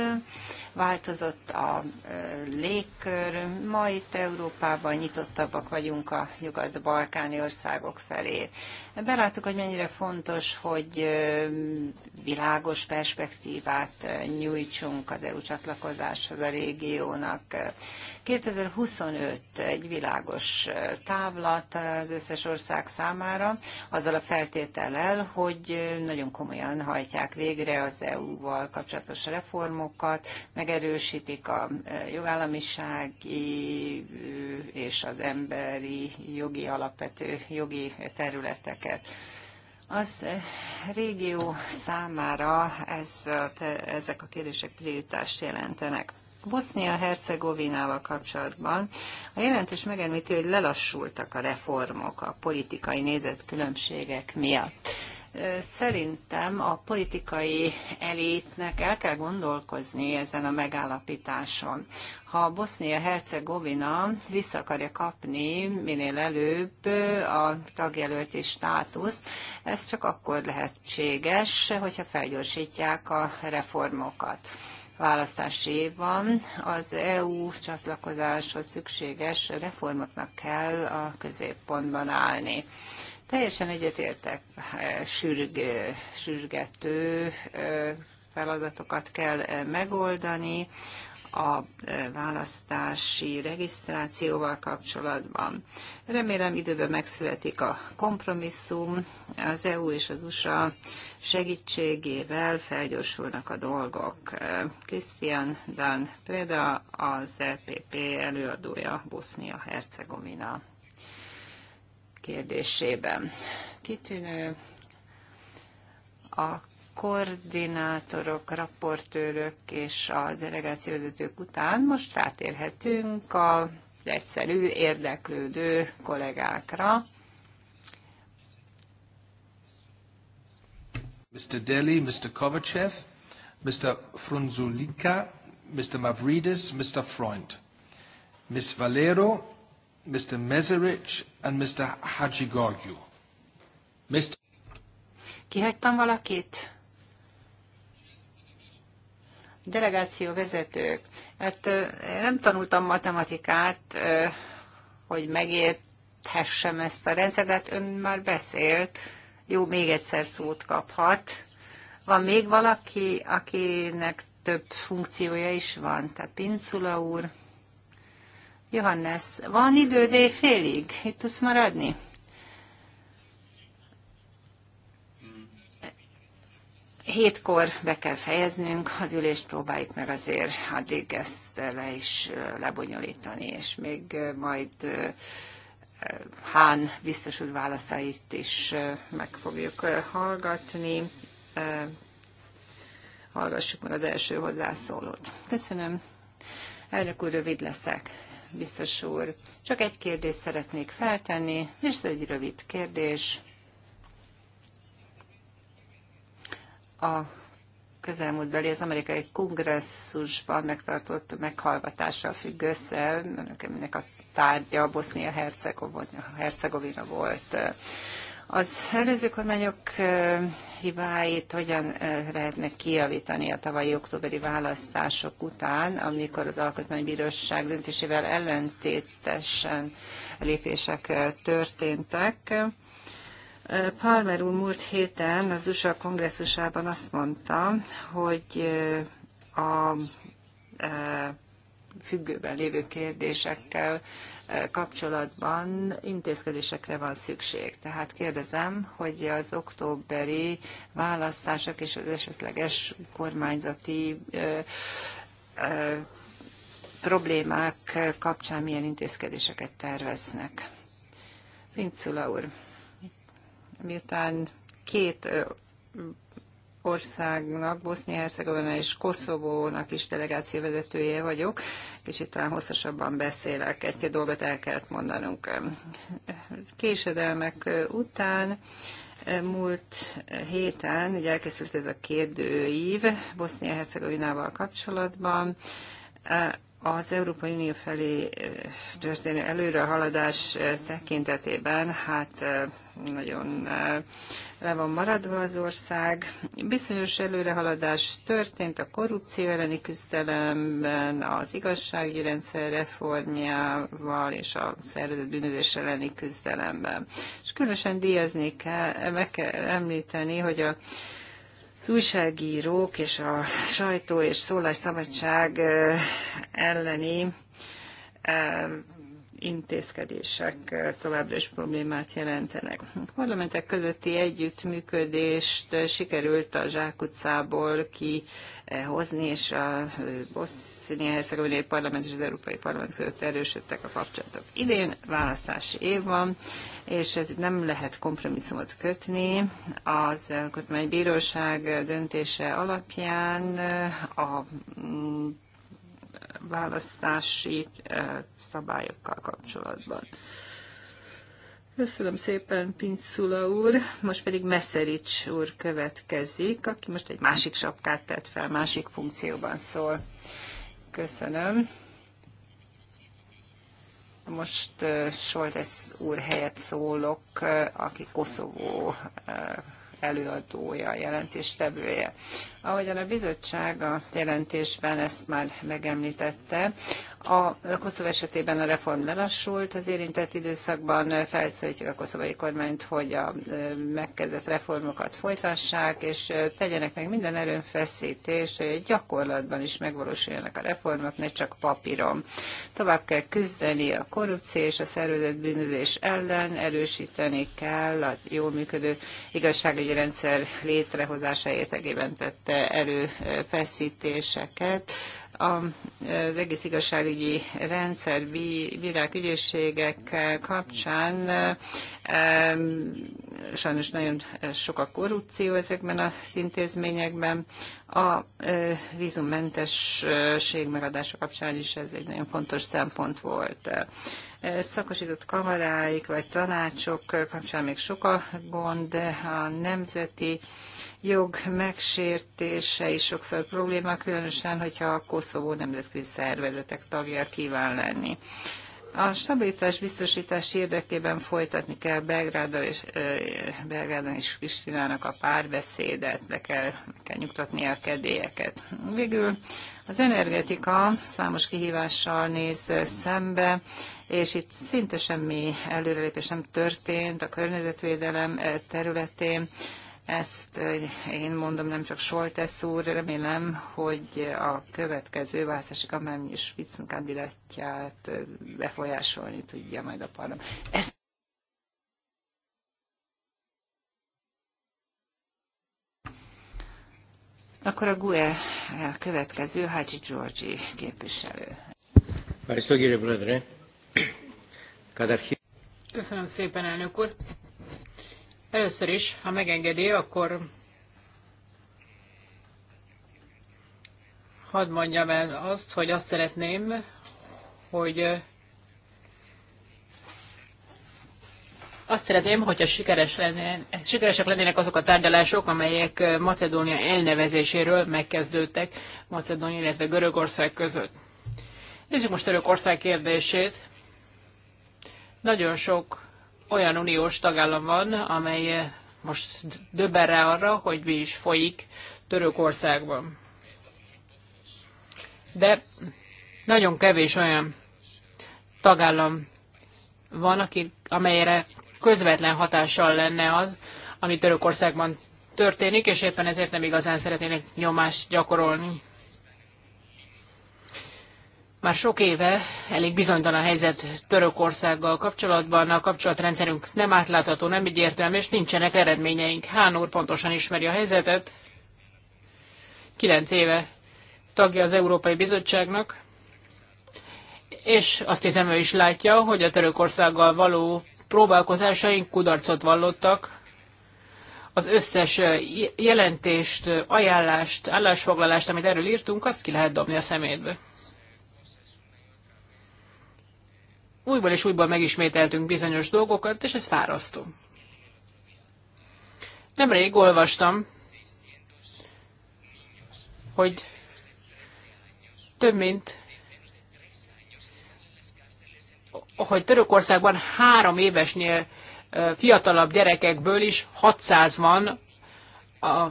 Változott a légkör, ma itt Európában nyitottabbak vagyunk a nyugat-balkáni országok felé. Beláttuk, hogy mennyire fontos, hogy világos perspektívát nyújtsunk az EU csatlakozáshoz a régiónak. 2025 egy világos távlat az összes ország számára. A azzal a feltétellel, hogy nagyon komolyan hajtják végre az EU-val kapcsolatos reformokat, megerősítik a e, jogállamisági e, és az emberi jogi alapvető jogi területeket. Az e, régió számára ez a, ezek a kérdések prioritást jelentenek. Bosznia-Hercegovinával kapcsolatban a jelentés megemlíti, hogy lelassultak a reformok a politikai nézetkülönbségek miatt. Szerintem a politikai elitnek el kell gondolkozni ezen a megállapításon. Ha Bosznia-Hercegovina vissza akarja kapni minél előbb a tagjelölti státuszt, ez csak akkor lehetséges, hogyha felgyorsítják a reformokat választási évban az EU csatlakozáshoz szükséges reformoknak kell a középpontban állni. Teljesen egyetértek, sürg, sürgető feladatokat kell megoldani, a e, választási regisztrációval kapcsolatban. Remélem időben megszületik a kompromisszum, az EU és az USA segítségével felgyorsulnak a dolgok. Krisztián e, Dan Preda, az LPP e előadója Bosznia-Hercegovina kérdésében. Kitűnő a koordinátorok, raportőrök és a delegációvezetők után most rátérhetünk a egyszerű, érdeklődő kollégákra. Mr. Deli, Mr. Kovacev, Mr. Frunzulika, Mr. Mavridis, Mr. Freund, Ms. Valero, Mr. Mezerich and Mr. Hajigogiu. Mr. Kihagytam valakit? delegáció vezetők. Hát nem tanultam matematikát, hogy megérthessem ezt a rendszert, hát ön már beszélt. Jó, még egyszer szót kaphat. Van még valaki, akinek több funkciója is van? Tehát Pincula úr, Johannes, van idő félig? Itt tudsz maradni? Hétkor be kell fejeznünk az ülést, próbáljuk meg azért addig ezt le is lebonyolítani, és még majd Hán biztos úr válaszait is meg fogjuk hallgatni. Hallgassuk meg az első hozzászólót. Köszönöm. Elnök úr, rövid leszek. Biztos úr, csak egy kérdést szeretnék feltenni, és ez egy rövid kérdés. a közelmúltbeli az amerikai kongresszusban megtartott meghallgatással függ össze, aminek a tárgya Bosznia-Hercegovina volt. Az előző kormányok hibáit hogyan lehetne kiavítani a tavalyi októberi választások után, amikor az Alkotmánybíróság döntésével ellentétesen lépések történtek? Palmer úr múlt héten az USA kongresszusában azt mondta, hogy a függőben lévő kérdésekkel kapcsolatban intézkedésekre van szükség. Tehát kérdezem, hogy az októberi választások és az esetleges kormányzati problémák kapcsán milyen intézkedéseket terveznek. Vincula úr miután két országnak, Bosznia-Hercegovina és Koszovónak is delegáció vezetője vagyok. Kicsit talán hosszasabban beszélek, egy-két dolgot el kellett mondanunk. Késedelmek után múlt héten ugye elkészült ez a kérdőív Bosznia-Hercegovinával kapcsolatban. Az Európai Unió felé történő előrehaladás tekintetében hát nagyon le van maradva az ország. Bizonyos előrehaladás történt a korrupció elleni küzdelemben, az igazsági rendszer reformjával és a szervezett bűnözés elleni küzdelemben. És különösen díjazni kell, meg kell említeni, hogy a az újságírók és a sajtó és szólásszabadság elleni intézkedések eh, továbbra is problémát jelentenek. A parlamentek közötti együttműködést eh, sikerült a zsákutcából kihozni, és a eh, Bosznia-Hercegovinai Parlament és az Európai Parlament között erősödtek a kapcsolatok. Idén választási év van, és ez nem lehet kompromisszumot kötni. Az Alkotmánybíróság döntése alapján a mm, választási eh, szabályokkal kapcsolatban. Köszönöm szépen, Pincula úr. Most pedig Meszerics úr következik, aki most egy másik sapkát tett fel, másik funkcióban szól. Köszönöm. Most eh, Soltes úr helyett szólok, eh, aki Koszovó előadója, jelentéstevője. Ahogyan a bizottság a jelentésben ezt már megemlítette, a Koszov esetében a reform lelassult az érintett időszakban, felszólítjuk a koszovai kormányt, hogy a megkezdett reformokat folytassák, és tegyenek meg minden erőnfeszítést, hogy gyakorlatban is megvalósuljanak a reformok, ne csak papíron. Tovább kell küzdeni a korrupció és a szervezett bűnözés ellen, erősíteni kell a jól működő igazságügyi rendszer létrehozása értegében tett előfeszítéseket az egész igazságügyi rendszer, virágügyészségek kapcsán sajnos nagyon sok a korrupció ezekben az intézményekben. A vízummentesség megadása kapcsán is ez egy nagyon fontos szempont volt. Szakosított kamaráik vagy tanácsok kapcsán még sok a gond, a nemzeti jog megsértése is sokszor probléma, különösen, hogyha a Koszovó nemzetközi szervezetek tagja kíván lenni. A stabilitás biztosítás érdekében folytatni kell Belgrádon és, Belgrádon és Pristinának a párbeszédet, le kell, le kell nyugtatni a kedélyeket. Végül az energetika számos kihívással néz szembe, és itt szinte semmi előrelépés nem történt a környezetvédelem területén. Ezt eh, én mondom, nem csak Soltesz úr, remélem, hogy a következő választási kampány is Spitzen kandidátját eh, befolyásolni tudja majd a parlament. Ezt Akkor a GUE a eh, következő, Hágyi Georgi képviselő. Köszönöm szépen, elnök úr. Először is, ha megengedi, akkor hadd mondjam el azt, hogy azt szeretném, hogy azt szeretném, hogyha sikeres lenne, sikeresek lennének azok a tárgyalások, amelyek Macedónia elnevezéséről megkezdődtek Macedónia, illetve Görögország között. Nézzük most Törökország kérdését. Nagyon sok olyan uniós tagállam van, amely eh, most döbben rá arra, hogy mi is folyik Törökországban. De nagyon kevés olyan tagállam van, aki, amelyre közvetlen hatással lenne az, ami Törökországban történik, és éppen ezért nem igazán szeretnének nyomást gyakorolni. Már sok éve elég bizonytalan helyzet Törökországgal kapcsolatban, a kapcsolatrendszerünk nem átlátható, nem egyértelmű, és nincsenek eredményeink. Hán úr pontosan ismeri a helyzetet. Kilenc éve tagja az Európai Bizottságnak, és azt hiszem ő is látja, hogy a Törökországgal való próbálkozásaink kudarcot vallottak. Az összes jelentést, ajánlást, állásfoglalást, amit erről írtunk, azt ki lehet dobni a szemétbe. újból és újból megismételtünk bizonyos dolgokat, és ez fárasztó. Nemrég olvastam, hogy több mint hogy Törökországban három évesnél fiatalabb gyerekekből is 600 van a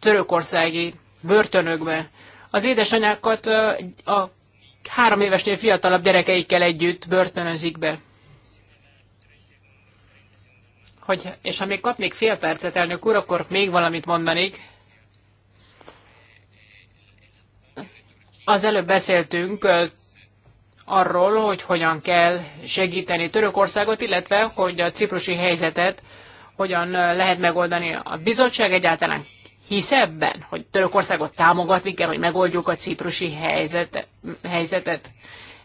törökországi börtönökben. Az édesanyákat a három évesnél fiatalabb gyerekeikkel együtt börtönözik be. Hogy, és ha még kapnék fél percet, elnök úr, akkor még valamit mondanék. Az előbb beszéltünk arról, hogy hogyan kell segíteni Törökországot, illetve hogy a ciprusi helyzetet hogyan lehet megoldani. A bizottság egyáltalán hisz ebben, hogy Törökországot támogatni kell, hogy megoldjuk a ciprusi helyzet, helyzetet.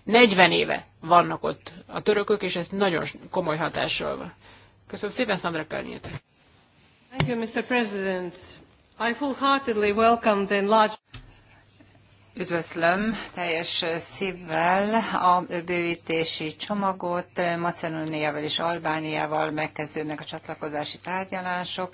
40 éve vannak ott a törökök, és ez nagyon komoly hatással van. Köszönöm szépen, Sandra Kölnyét. Thank you, Mr. President. I full-heartedly welcome the enlarged... Üdvözlöm teljes szívvel a bővítési csomagot. Macedóniával és Albániával megkezdődnek a csatlakozási tárgyalások.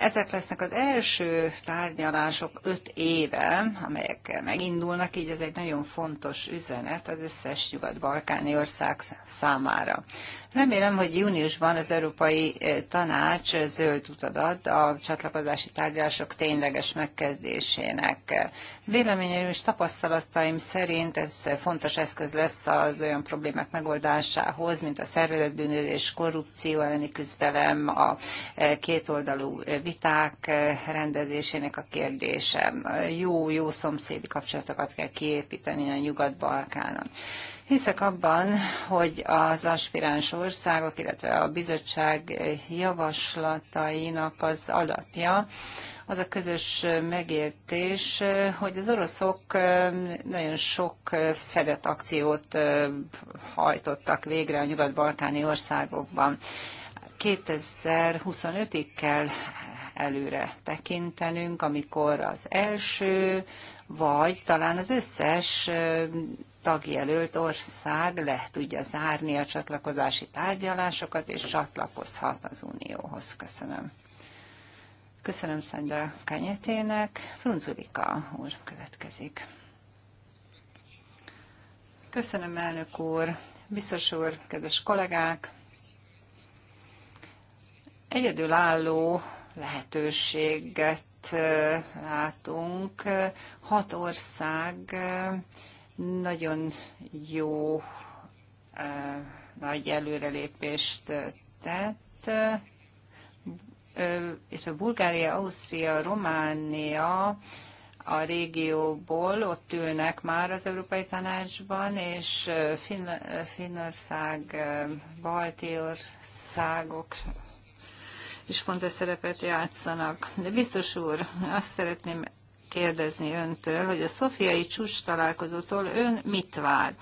Ezek lesznek az első tárgyalások öt éve, amelyek megindulnak, így ez egy nagyon fontos üzenet az összes nyugat-balkáni ország számára. Remélem, hogy júniusban az Európai eh, Tanács zöld utat ad a csatlakozási tárgyalások tényleges megkezdésének. Eh, Véleményem és tapasztalataim szerint ez fontos eszköz lesz az olyan problémák megoldásához, mint a szervezetbűnözés, korrupció elleni küzdelem, a e, kétoldalú viták e, rendezésének a kérdése. Jó, jó szomszédi kapcsolatokat kell kiépíteni a Nyugat-Balkánon. Hiszek abban, hogy az aspiráns országok, illetve a bizottság javaslatainak az alapja az a közös megértés, hogy az oroszok nagyon sok fedett akciót hajtottak végre a nyugat-balkáni országokban. 2025-ig kell előre tekintenünk, amikor az első, vagy talán az összes tagjelölt ország le tudja zárni a csatlakozási tárgyalásokat, és csatlakozhat az Unióhoz. Köszönöm. Köszönöm Szendra Kenyetének. Frunzulika úr következik. Köszönöm, elnök úr, biztos úr, kedves kollégák. Egyedülálló lehetőséget eh, látunk. Hat ország eh, nagyon jó nagy előrelépést tett, és a Bulgária, Ausztria, Románia a régióból ott ülnek már az Európai Tanácsban, és Finn- Finnország, Balti országok is fontos szerepet játszanak. De biztos úr, azt szeretném kérdezni öntől, hogy a szofiai csúcs találkozótól ön mit vár?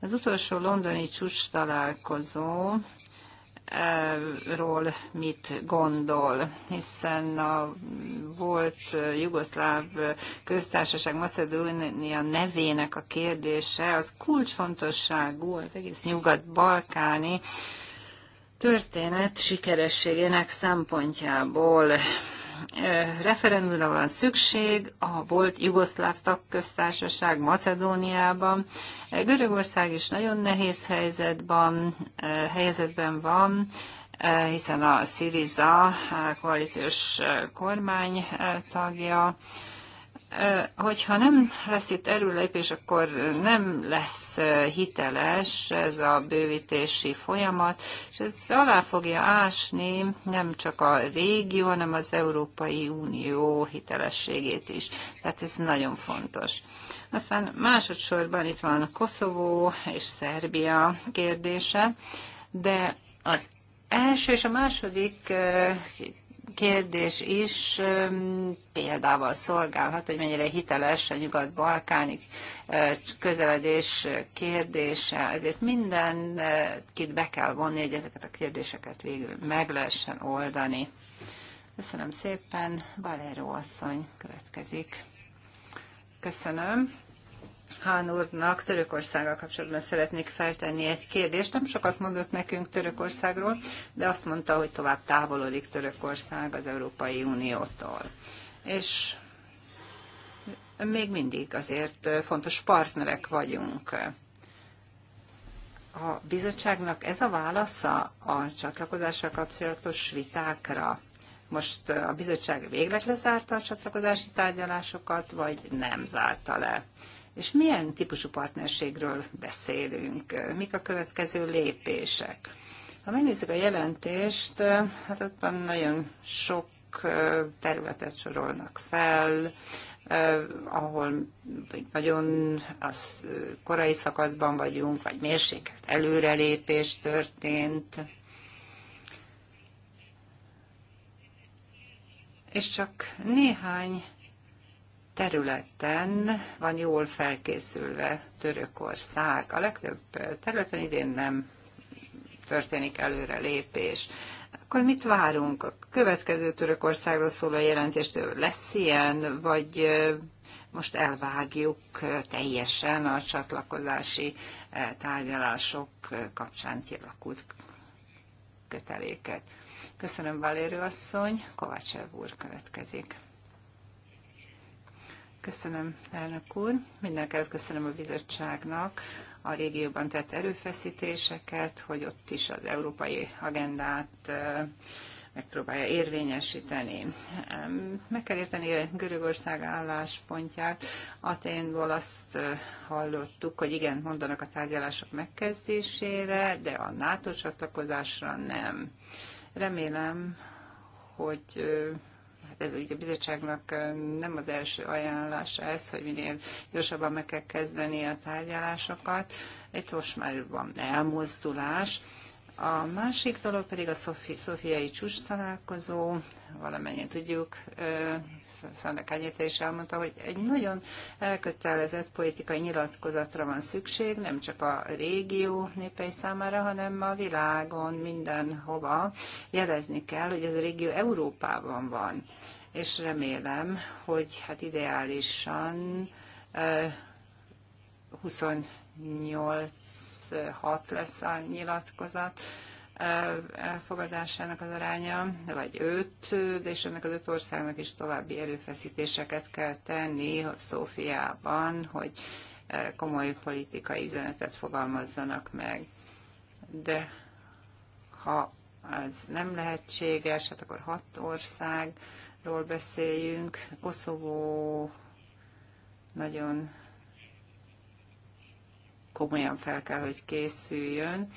Az utolsó londoni csúcs találkozó eh, ról mit gondol, hiszen a volt eh, jugoszláv eh, köztársaság Macedónia nevének a kérdése az kulcsfontosságú az egész nyugat-balkáni történet sikerességének szempontjából referendumra van szükség, a volt Jugoszláv tagköztársaság Macedóniában. Görögország is nagyon nehéz helyzetben, helyzetben van, hiszen a Syriza koalíciós kormány tagja, hogyha nem lesz itt erőlépés, akkor nem lesz hiteles ez a bővítési folyamat, és ez alá fogja ásni nem csak a régió, hanem az Európai Unió hitelességét is. Tehát ez nagyon fontos. Aztán másodszorban itt van a Koszovó és Szerbia kérdése, de az első és a második kérdés is példával szolgálhat, hogy mennyire hiteles a nyugat-balkáni közeledés kérdése. Ezért mindenkit be kell vonni, hogy ezeket a kérdéseket végül meg lehessen oldani. Köszönöm szépen. Valero asszony következik. Köszönöm. Hán úrnak Törökországgal kapcsolatban szeretnék feltenni egy kérdést. Nem sokat mondott nekünk Törökországról, de azt mondta, hogy tovább távolodik Törökország az Európai Uniótól. És még mindig azért fontos partnerek vagyunk. A bizottságnak ez a válasza a csatlakozással kapcsolatos vitákra. Most a bizottság végleg lezárta a csatlakozási tárgyalásokat, vagy nem zárta le? És milyen típusú partnerségről beszélünk? Mik a következő lépések? Ha megnézzük a jelentést, hát ott van nagyon sok területet sorolnak fel, eh, ahol nagyon az korai szakaszban vagyunk, vagy mérsékelt előrelépés történt. És csak néhány területen van jól felkészülve Törökország. A legtöbb területen idén nem történik előrelépés. Akkor mit várunk? A következő Törökországról szóló jelentéstől lesz ilyen, vagy most elvágjuk teljesen a csatlakozási tárgyalások kapcsán kialakult köteléket. Köszönöm, Valérő asszony. Kovácsev úr következik. Köszönöm, elnök úr. Mindenkelőtt köszönöm a bizottságnak a régióban tett erőfeszítéseket, hogy ott is az európai agendát megpróbálja érvényesíteni. Meg kell érteni a Görögország álláspontját. Aténból azt hallottuk, hogy igen, mondanak a tárgyalások megkezdésére, de a NATO csatlakozásra nem. Remélem, hogy Hát ez ugye a bizottságnak nem az első ajánlása ez, hogy minél gyorsabban meg kell kezdeni a tárgyalásokat. Itt most már van elmozdulás, a másik dolog pedig a Szofi, szofiai csúcs találkozó, valamennyien tudjuk, Szanda Kányéta is elmondta, hogy egy nagyon elkötelezett politikai nyilatkozatra van szükség, nem csak a régió népei számára, hanem a világon mindenhova jelezni kell, hogy ez a régió Európában van. És remélem, hogy hát ideálisan 28 36 lesz a nyilatkozat elfogadásának az aránya, vagy 5, de és ennek az öt országnak is további erőfeszítéseket kell tenni Szófiában, hogy komoly politikai üzenetet fogalmazzanak meg. De ha ez nem lehetséges, hát akkor hat országról beszéljünk. Koszovó nagyon komolyan fel kell, hogy készüljön.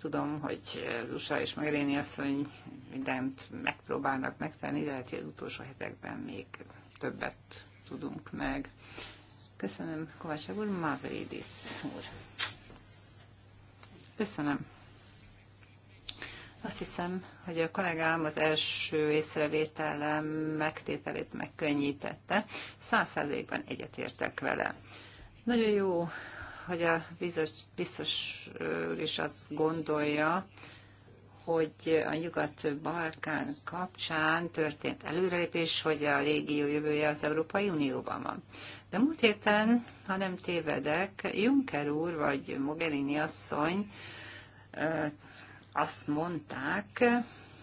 Tudom, hogy az USA és Mogherini asszony mindent megpróbálnak megtenni, de lehet, hogy az utolsó hetekben még többet tudunk meg. Köszönöm, Kovács úr, Mavridis úr. Köszönöm. Azt hiszem, hogy a kollégám az első észrevételem megtételét megkönnyítette. Száz százalékban egyetértek vele. Nagyon jó hogy a biztos, biztos is azt gondolja, hogy a Nyugat-Balkán kapcsán történt előrelépés, hogy a régió jövője az Európai Unióban van. De múlt héten, ha nem tévedek, Juncker úr vagy Mogherini asszony azt mondták,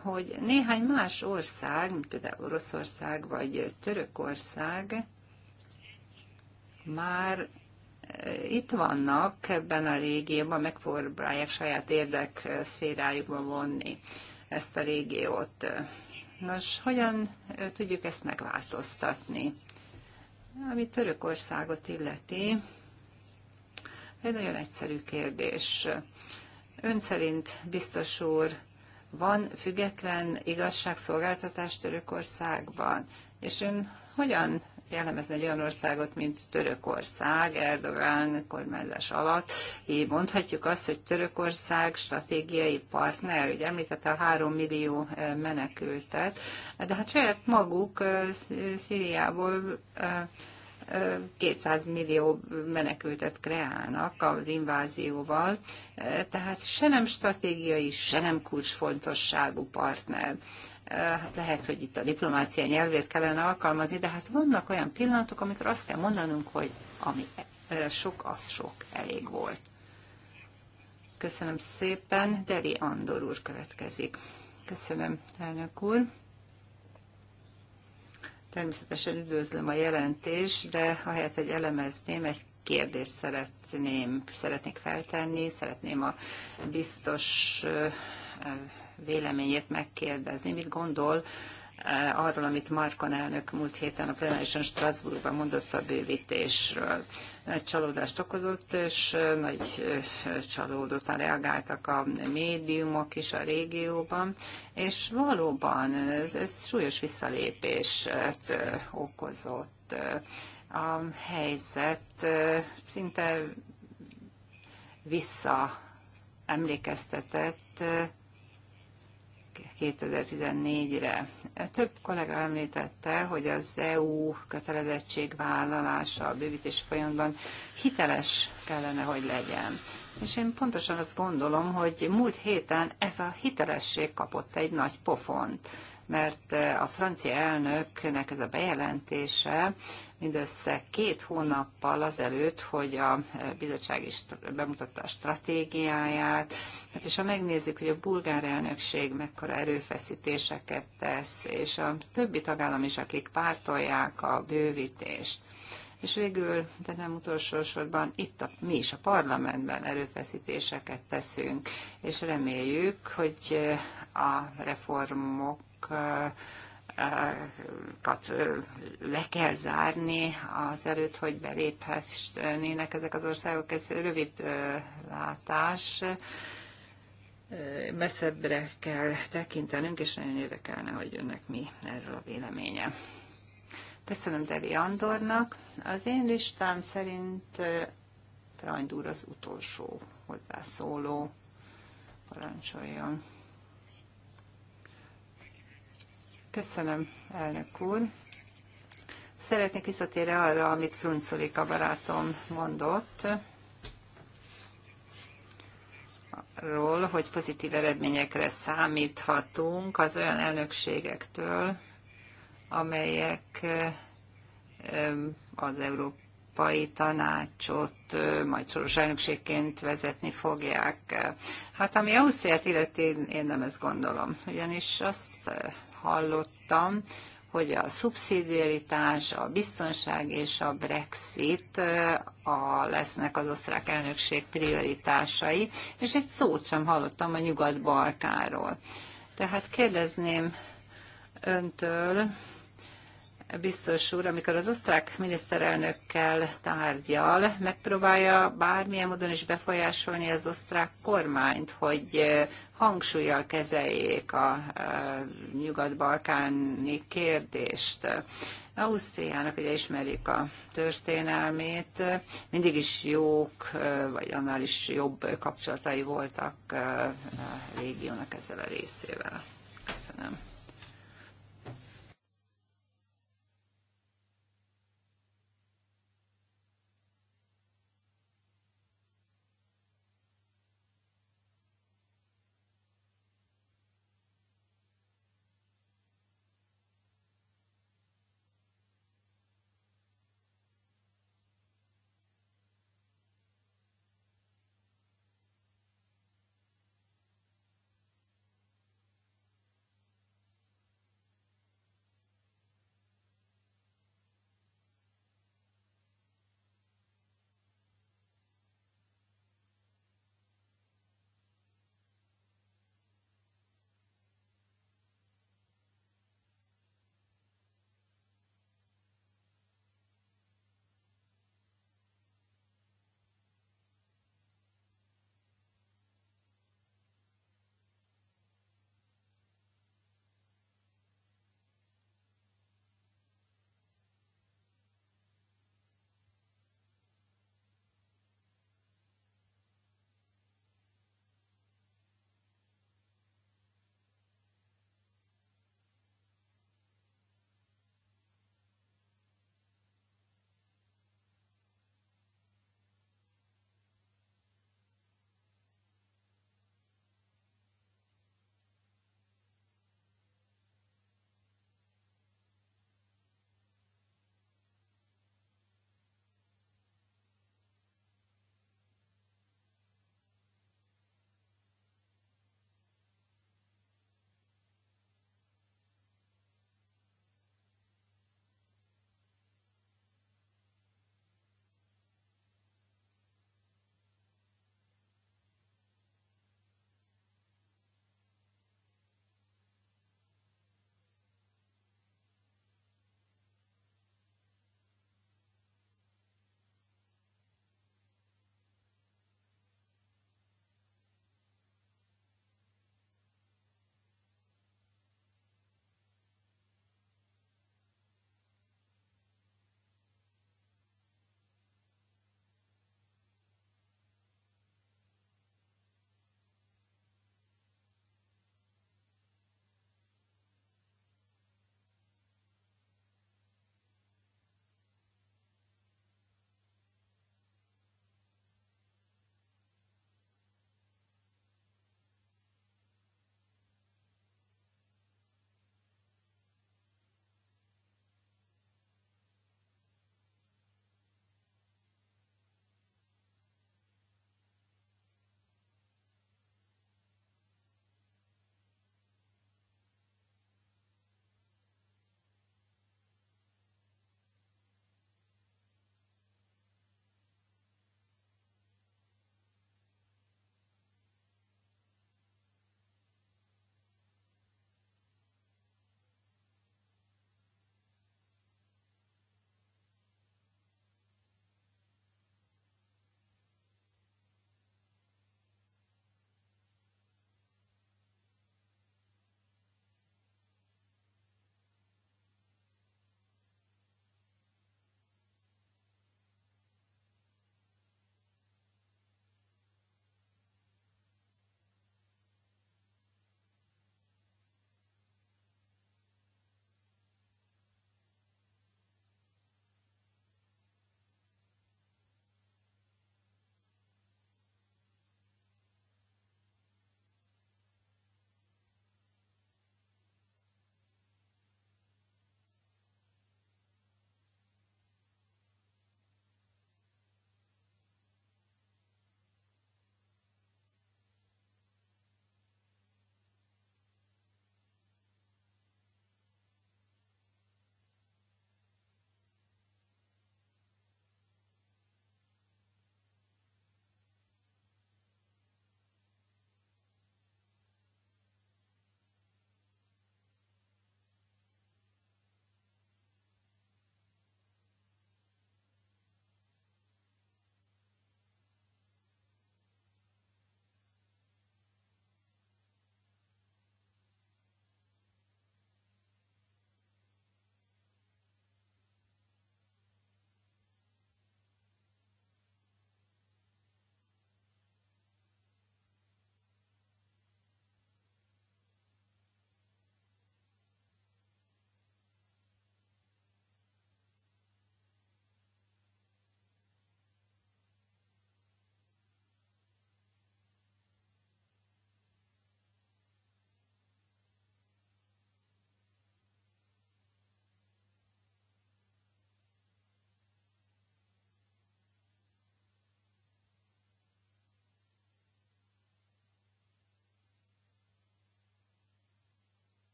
hogy néhány más ország, mint például Oroszország vagy Törökország már itt vannak ebben a régióban, megpróbálják saját érdek szférájukba vonni ezt a régiót. Nos, hogyan tudjuk ezt megváltoztatni? Ami Törökországot illeti, egy nagyon egyszerű kérdés. Ön szerint, biztos úr, van független igazságszolgáltatás Törökországban, és ön hogyan jellemezni egy olyan országot, mint Törökország, Erdogán kormányzás alatt. Így mondhatjuk azt, hogy Törökország stratégiai partner, ugye említette a három millió eh, menekültet, de hát saját maguk eh, Szíriából 200 eh, millió menekültet kreálnak az invázióval, tehát se nem stratégiai, se nem kulcsfontosságú partner hát lehet, hogy itt a diplomácia nyelvét kellene alkalmazni, de hát vannak olyan pillanatok, amikor azt kell mondanunk, hogy ami eh, sok, az sok, elég volt. Köszönöm szépen, Deli Andor úr következik. Köszönöm, elnök úr. Természetesen üdvözlöm a jelentést, de ahelyett, hogy elemezném, egy kérdést szeretném, szeretnék feltenni, szeretném a biztos eh, véleményét megkérdezni, mit gondol eh, arról, amit Markon elnök múlt héten a plenárison Strasbourgban mondott a bővítésről. Nagy csalódást okozott, és eh, nagy eh, csalódottan reagáltak a médiumok is a régióban, és valóban ez, ez súlyos visszalépést okozott. A helyzet szinte vissza emlékeztetett 2014-re. Több kollega említette, hogy az EU kötelezettségvállalása a bővítés folyamban hiteles kellene, hogy legyen. És én pontosan azt gondolom, hogy múlt héten ez a hitelesség kapott egy nagy pofont mert a francia elnöknek ez a bejelentése mindössze két hónappal azelőtt, hogy a bizottság is bemutatta a stratégiáját, hát és ha megnézzük, hogy a bulgár elnökség mekkora erőfeszítéseket tesz, és a többi tagállam is, akik pártolják a bővítést, és végül, de nem utolsó sorban, itt a, mi is a parlamentben erőfeszítéseket teszünk, és reméljük, hogy a reformok le kell zárni az előtt, hogy beléphessenének ezek az országok. Ez rövid látás. Messzebbre kell tekintenünk, és nagyon érdekelne, hogy önnek mi erről a véleménye. Köszönöm Deli Andornak. Az én listám szerint Trajnd úr az utolsó hozzászóló. Parancsoljon. Köszönöm, elnök úr. Szeretnék visszatérni arra, amit Frunculika barátom mondott, arról, hogy pozitív eredményekre számíthatunk az olyan elnökségektől, amelyek az Európai Tanácsot majd soros elnökségként vezetni fogják. Hát ami Ausztriát illeti, én nem ezt gondolom, ugyanis azt hallottam, hogy a szubszidiaritás, a biztonság és a Brexit a, lesznek az osztrák elnökség prioritásai, és egy szót sem hallottam a Nyugat-Balkáról. Tehát kérdezném öntől, biztos úr, amikor az osztrák miniszterelnökkel tárgyal, megpróbálja bármilyen módon is befolyásolni az osztrák kormányt, hogy hangsúlyjal kezeljék a nyugat-balkáni kérdést. Ausztriának ugye ismerik a történelmét, mindig is jók, vagy annál is jobb kapcsolatai voltak a régiónak ezzel a részével. Köszönöm.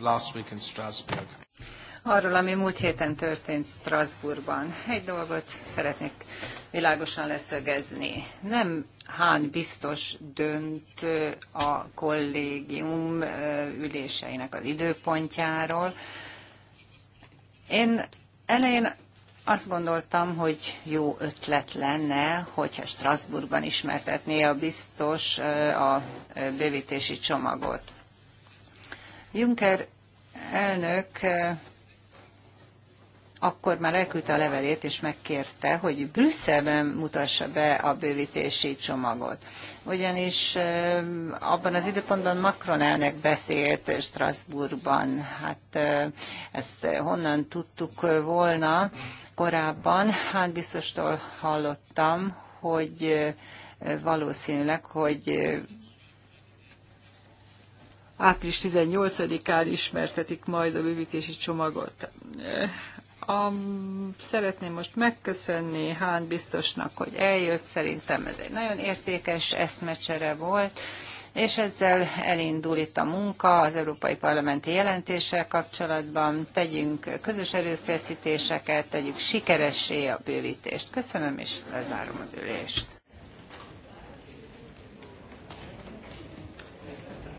last week in Strasbourg. Arról, ami múlt héten történt Strasbourgban. Egy dolgot szeretnék világosan leszögezni. Nem hány biztos dönt a kollégium üléseinek az időpontjáról. Én elején azt gondoltam, hogy jó ötlet lenne, hogyha Strasbourgban ismertetné a biztos a bővítési csomagot. Juncker elnök eh, akkor már elküldte a levelét, és megkérte, hogy Brüsszelben mutassa be a bővítési csomagot. Ugyanis eh, abban az időpontban Macron elnök beszélt Strasbourgban. Hát eh, ezt honnan tudtuk volna korábban? Hát biztostól hallottam, hogy valószínűleg, hogy április 18-án ismertetik majd a bővítési csomagot. A, szeretném most megköszönni Hán biztosnak, hogy eljött. Szerintem ez egy nagyon értékes eszmecsere volt, és ezzel elindul itt a munka az Európai Parlamenti jelentéssel kapcsolatban. Tegyünk közös erőfeszítéseket, tegyük sikeressé a bővítést. Köszönöm, és lezárom az ülést.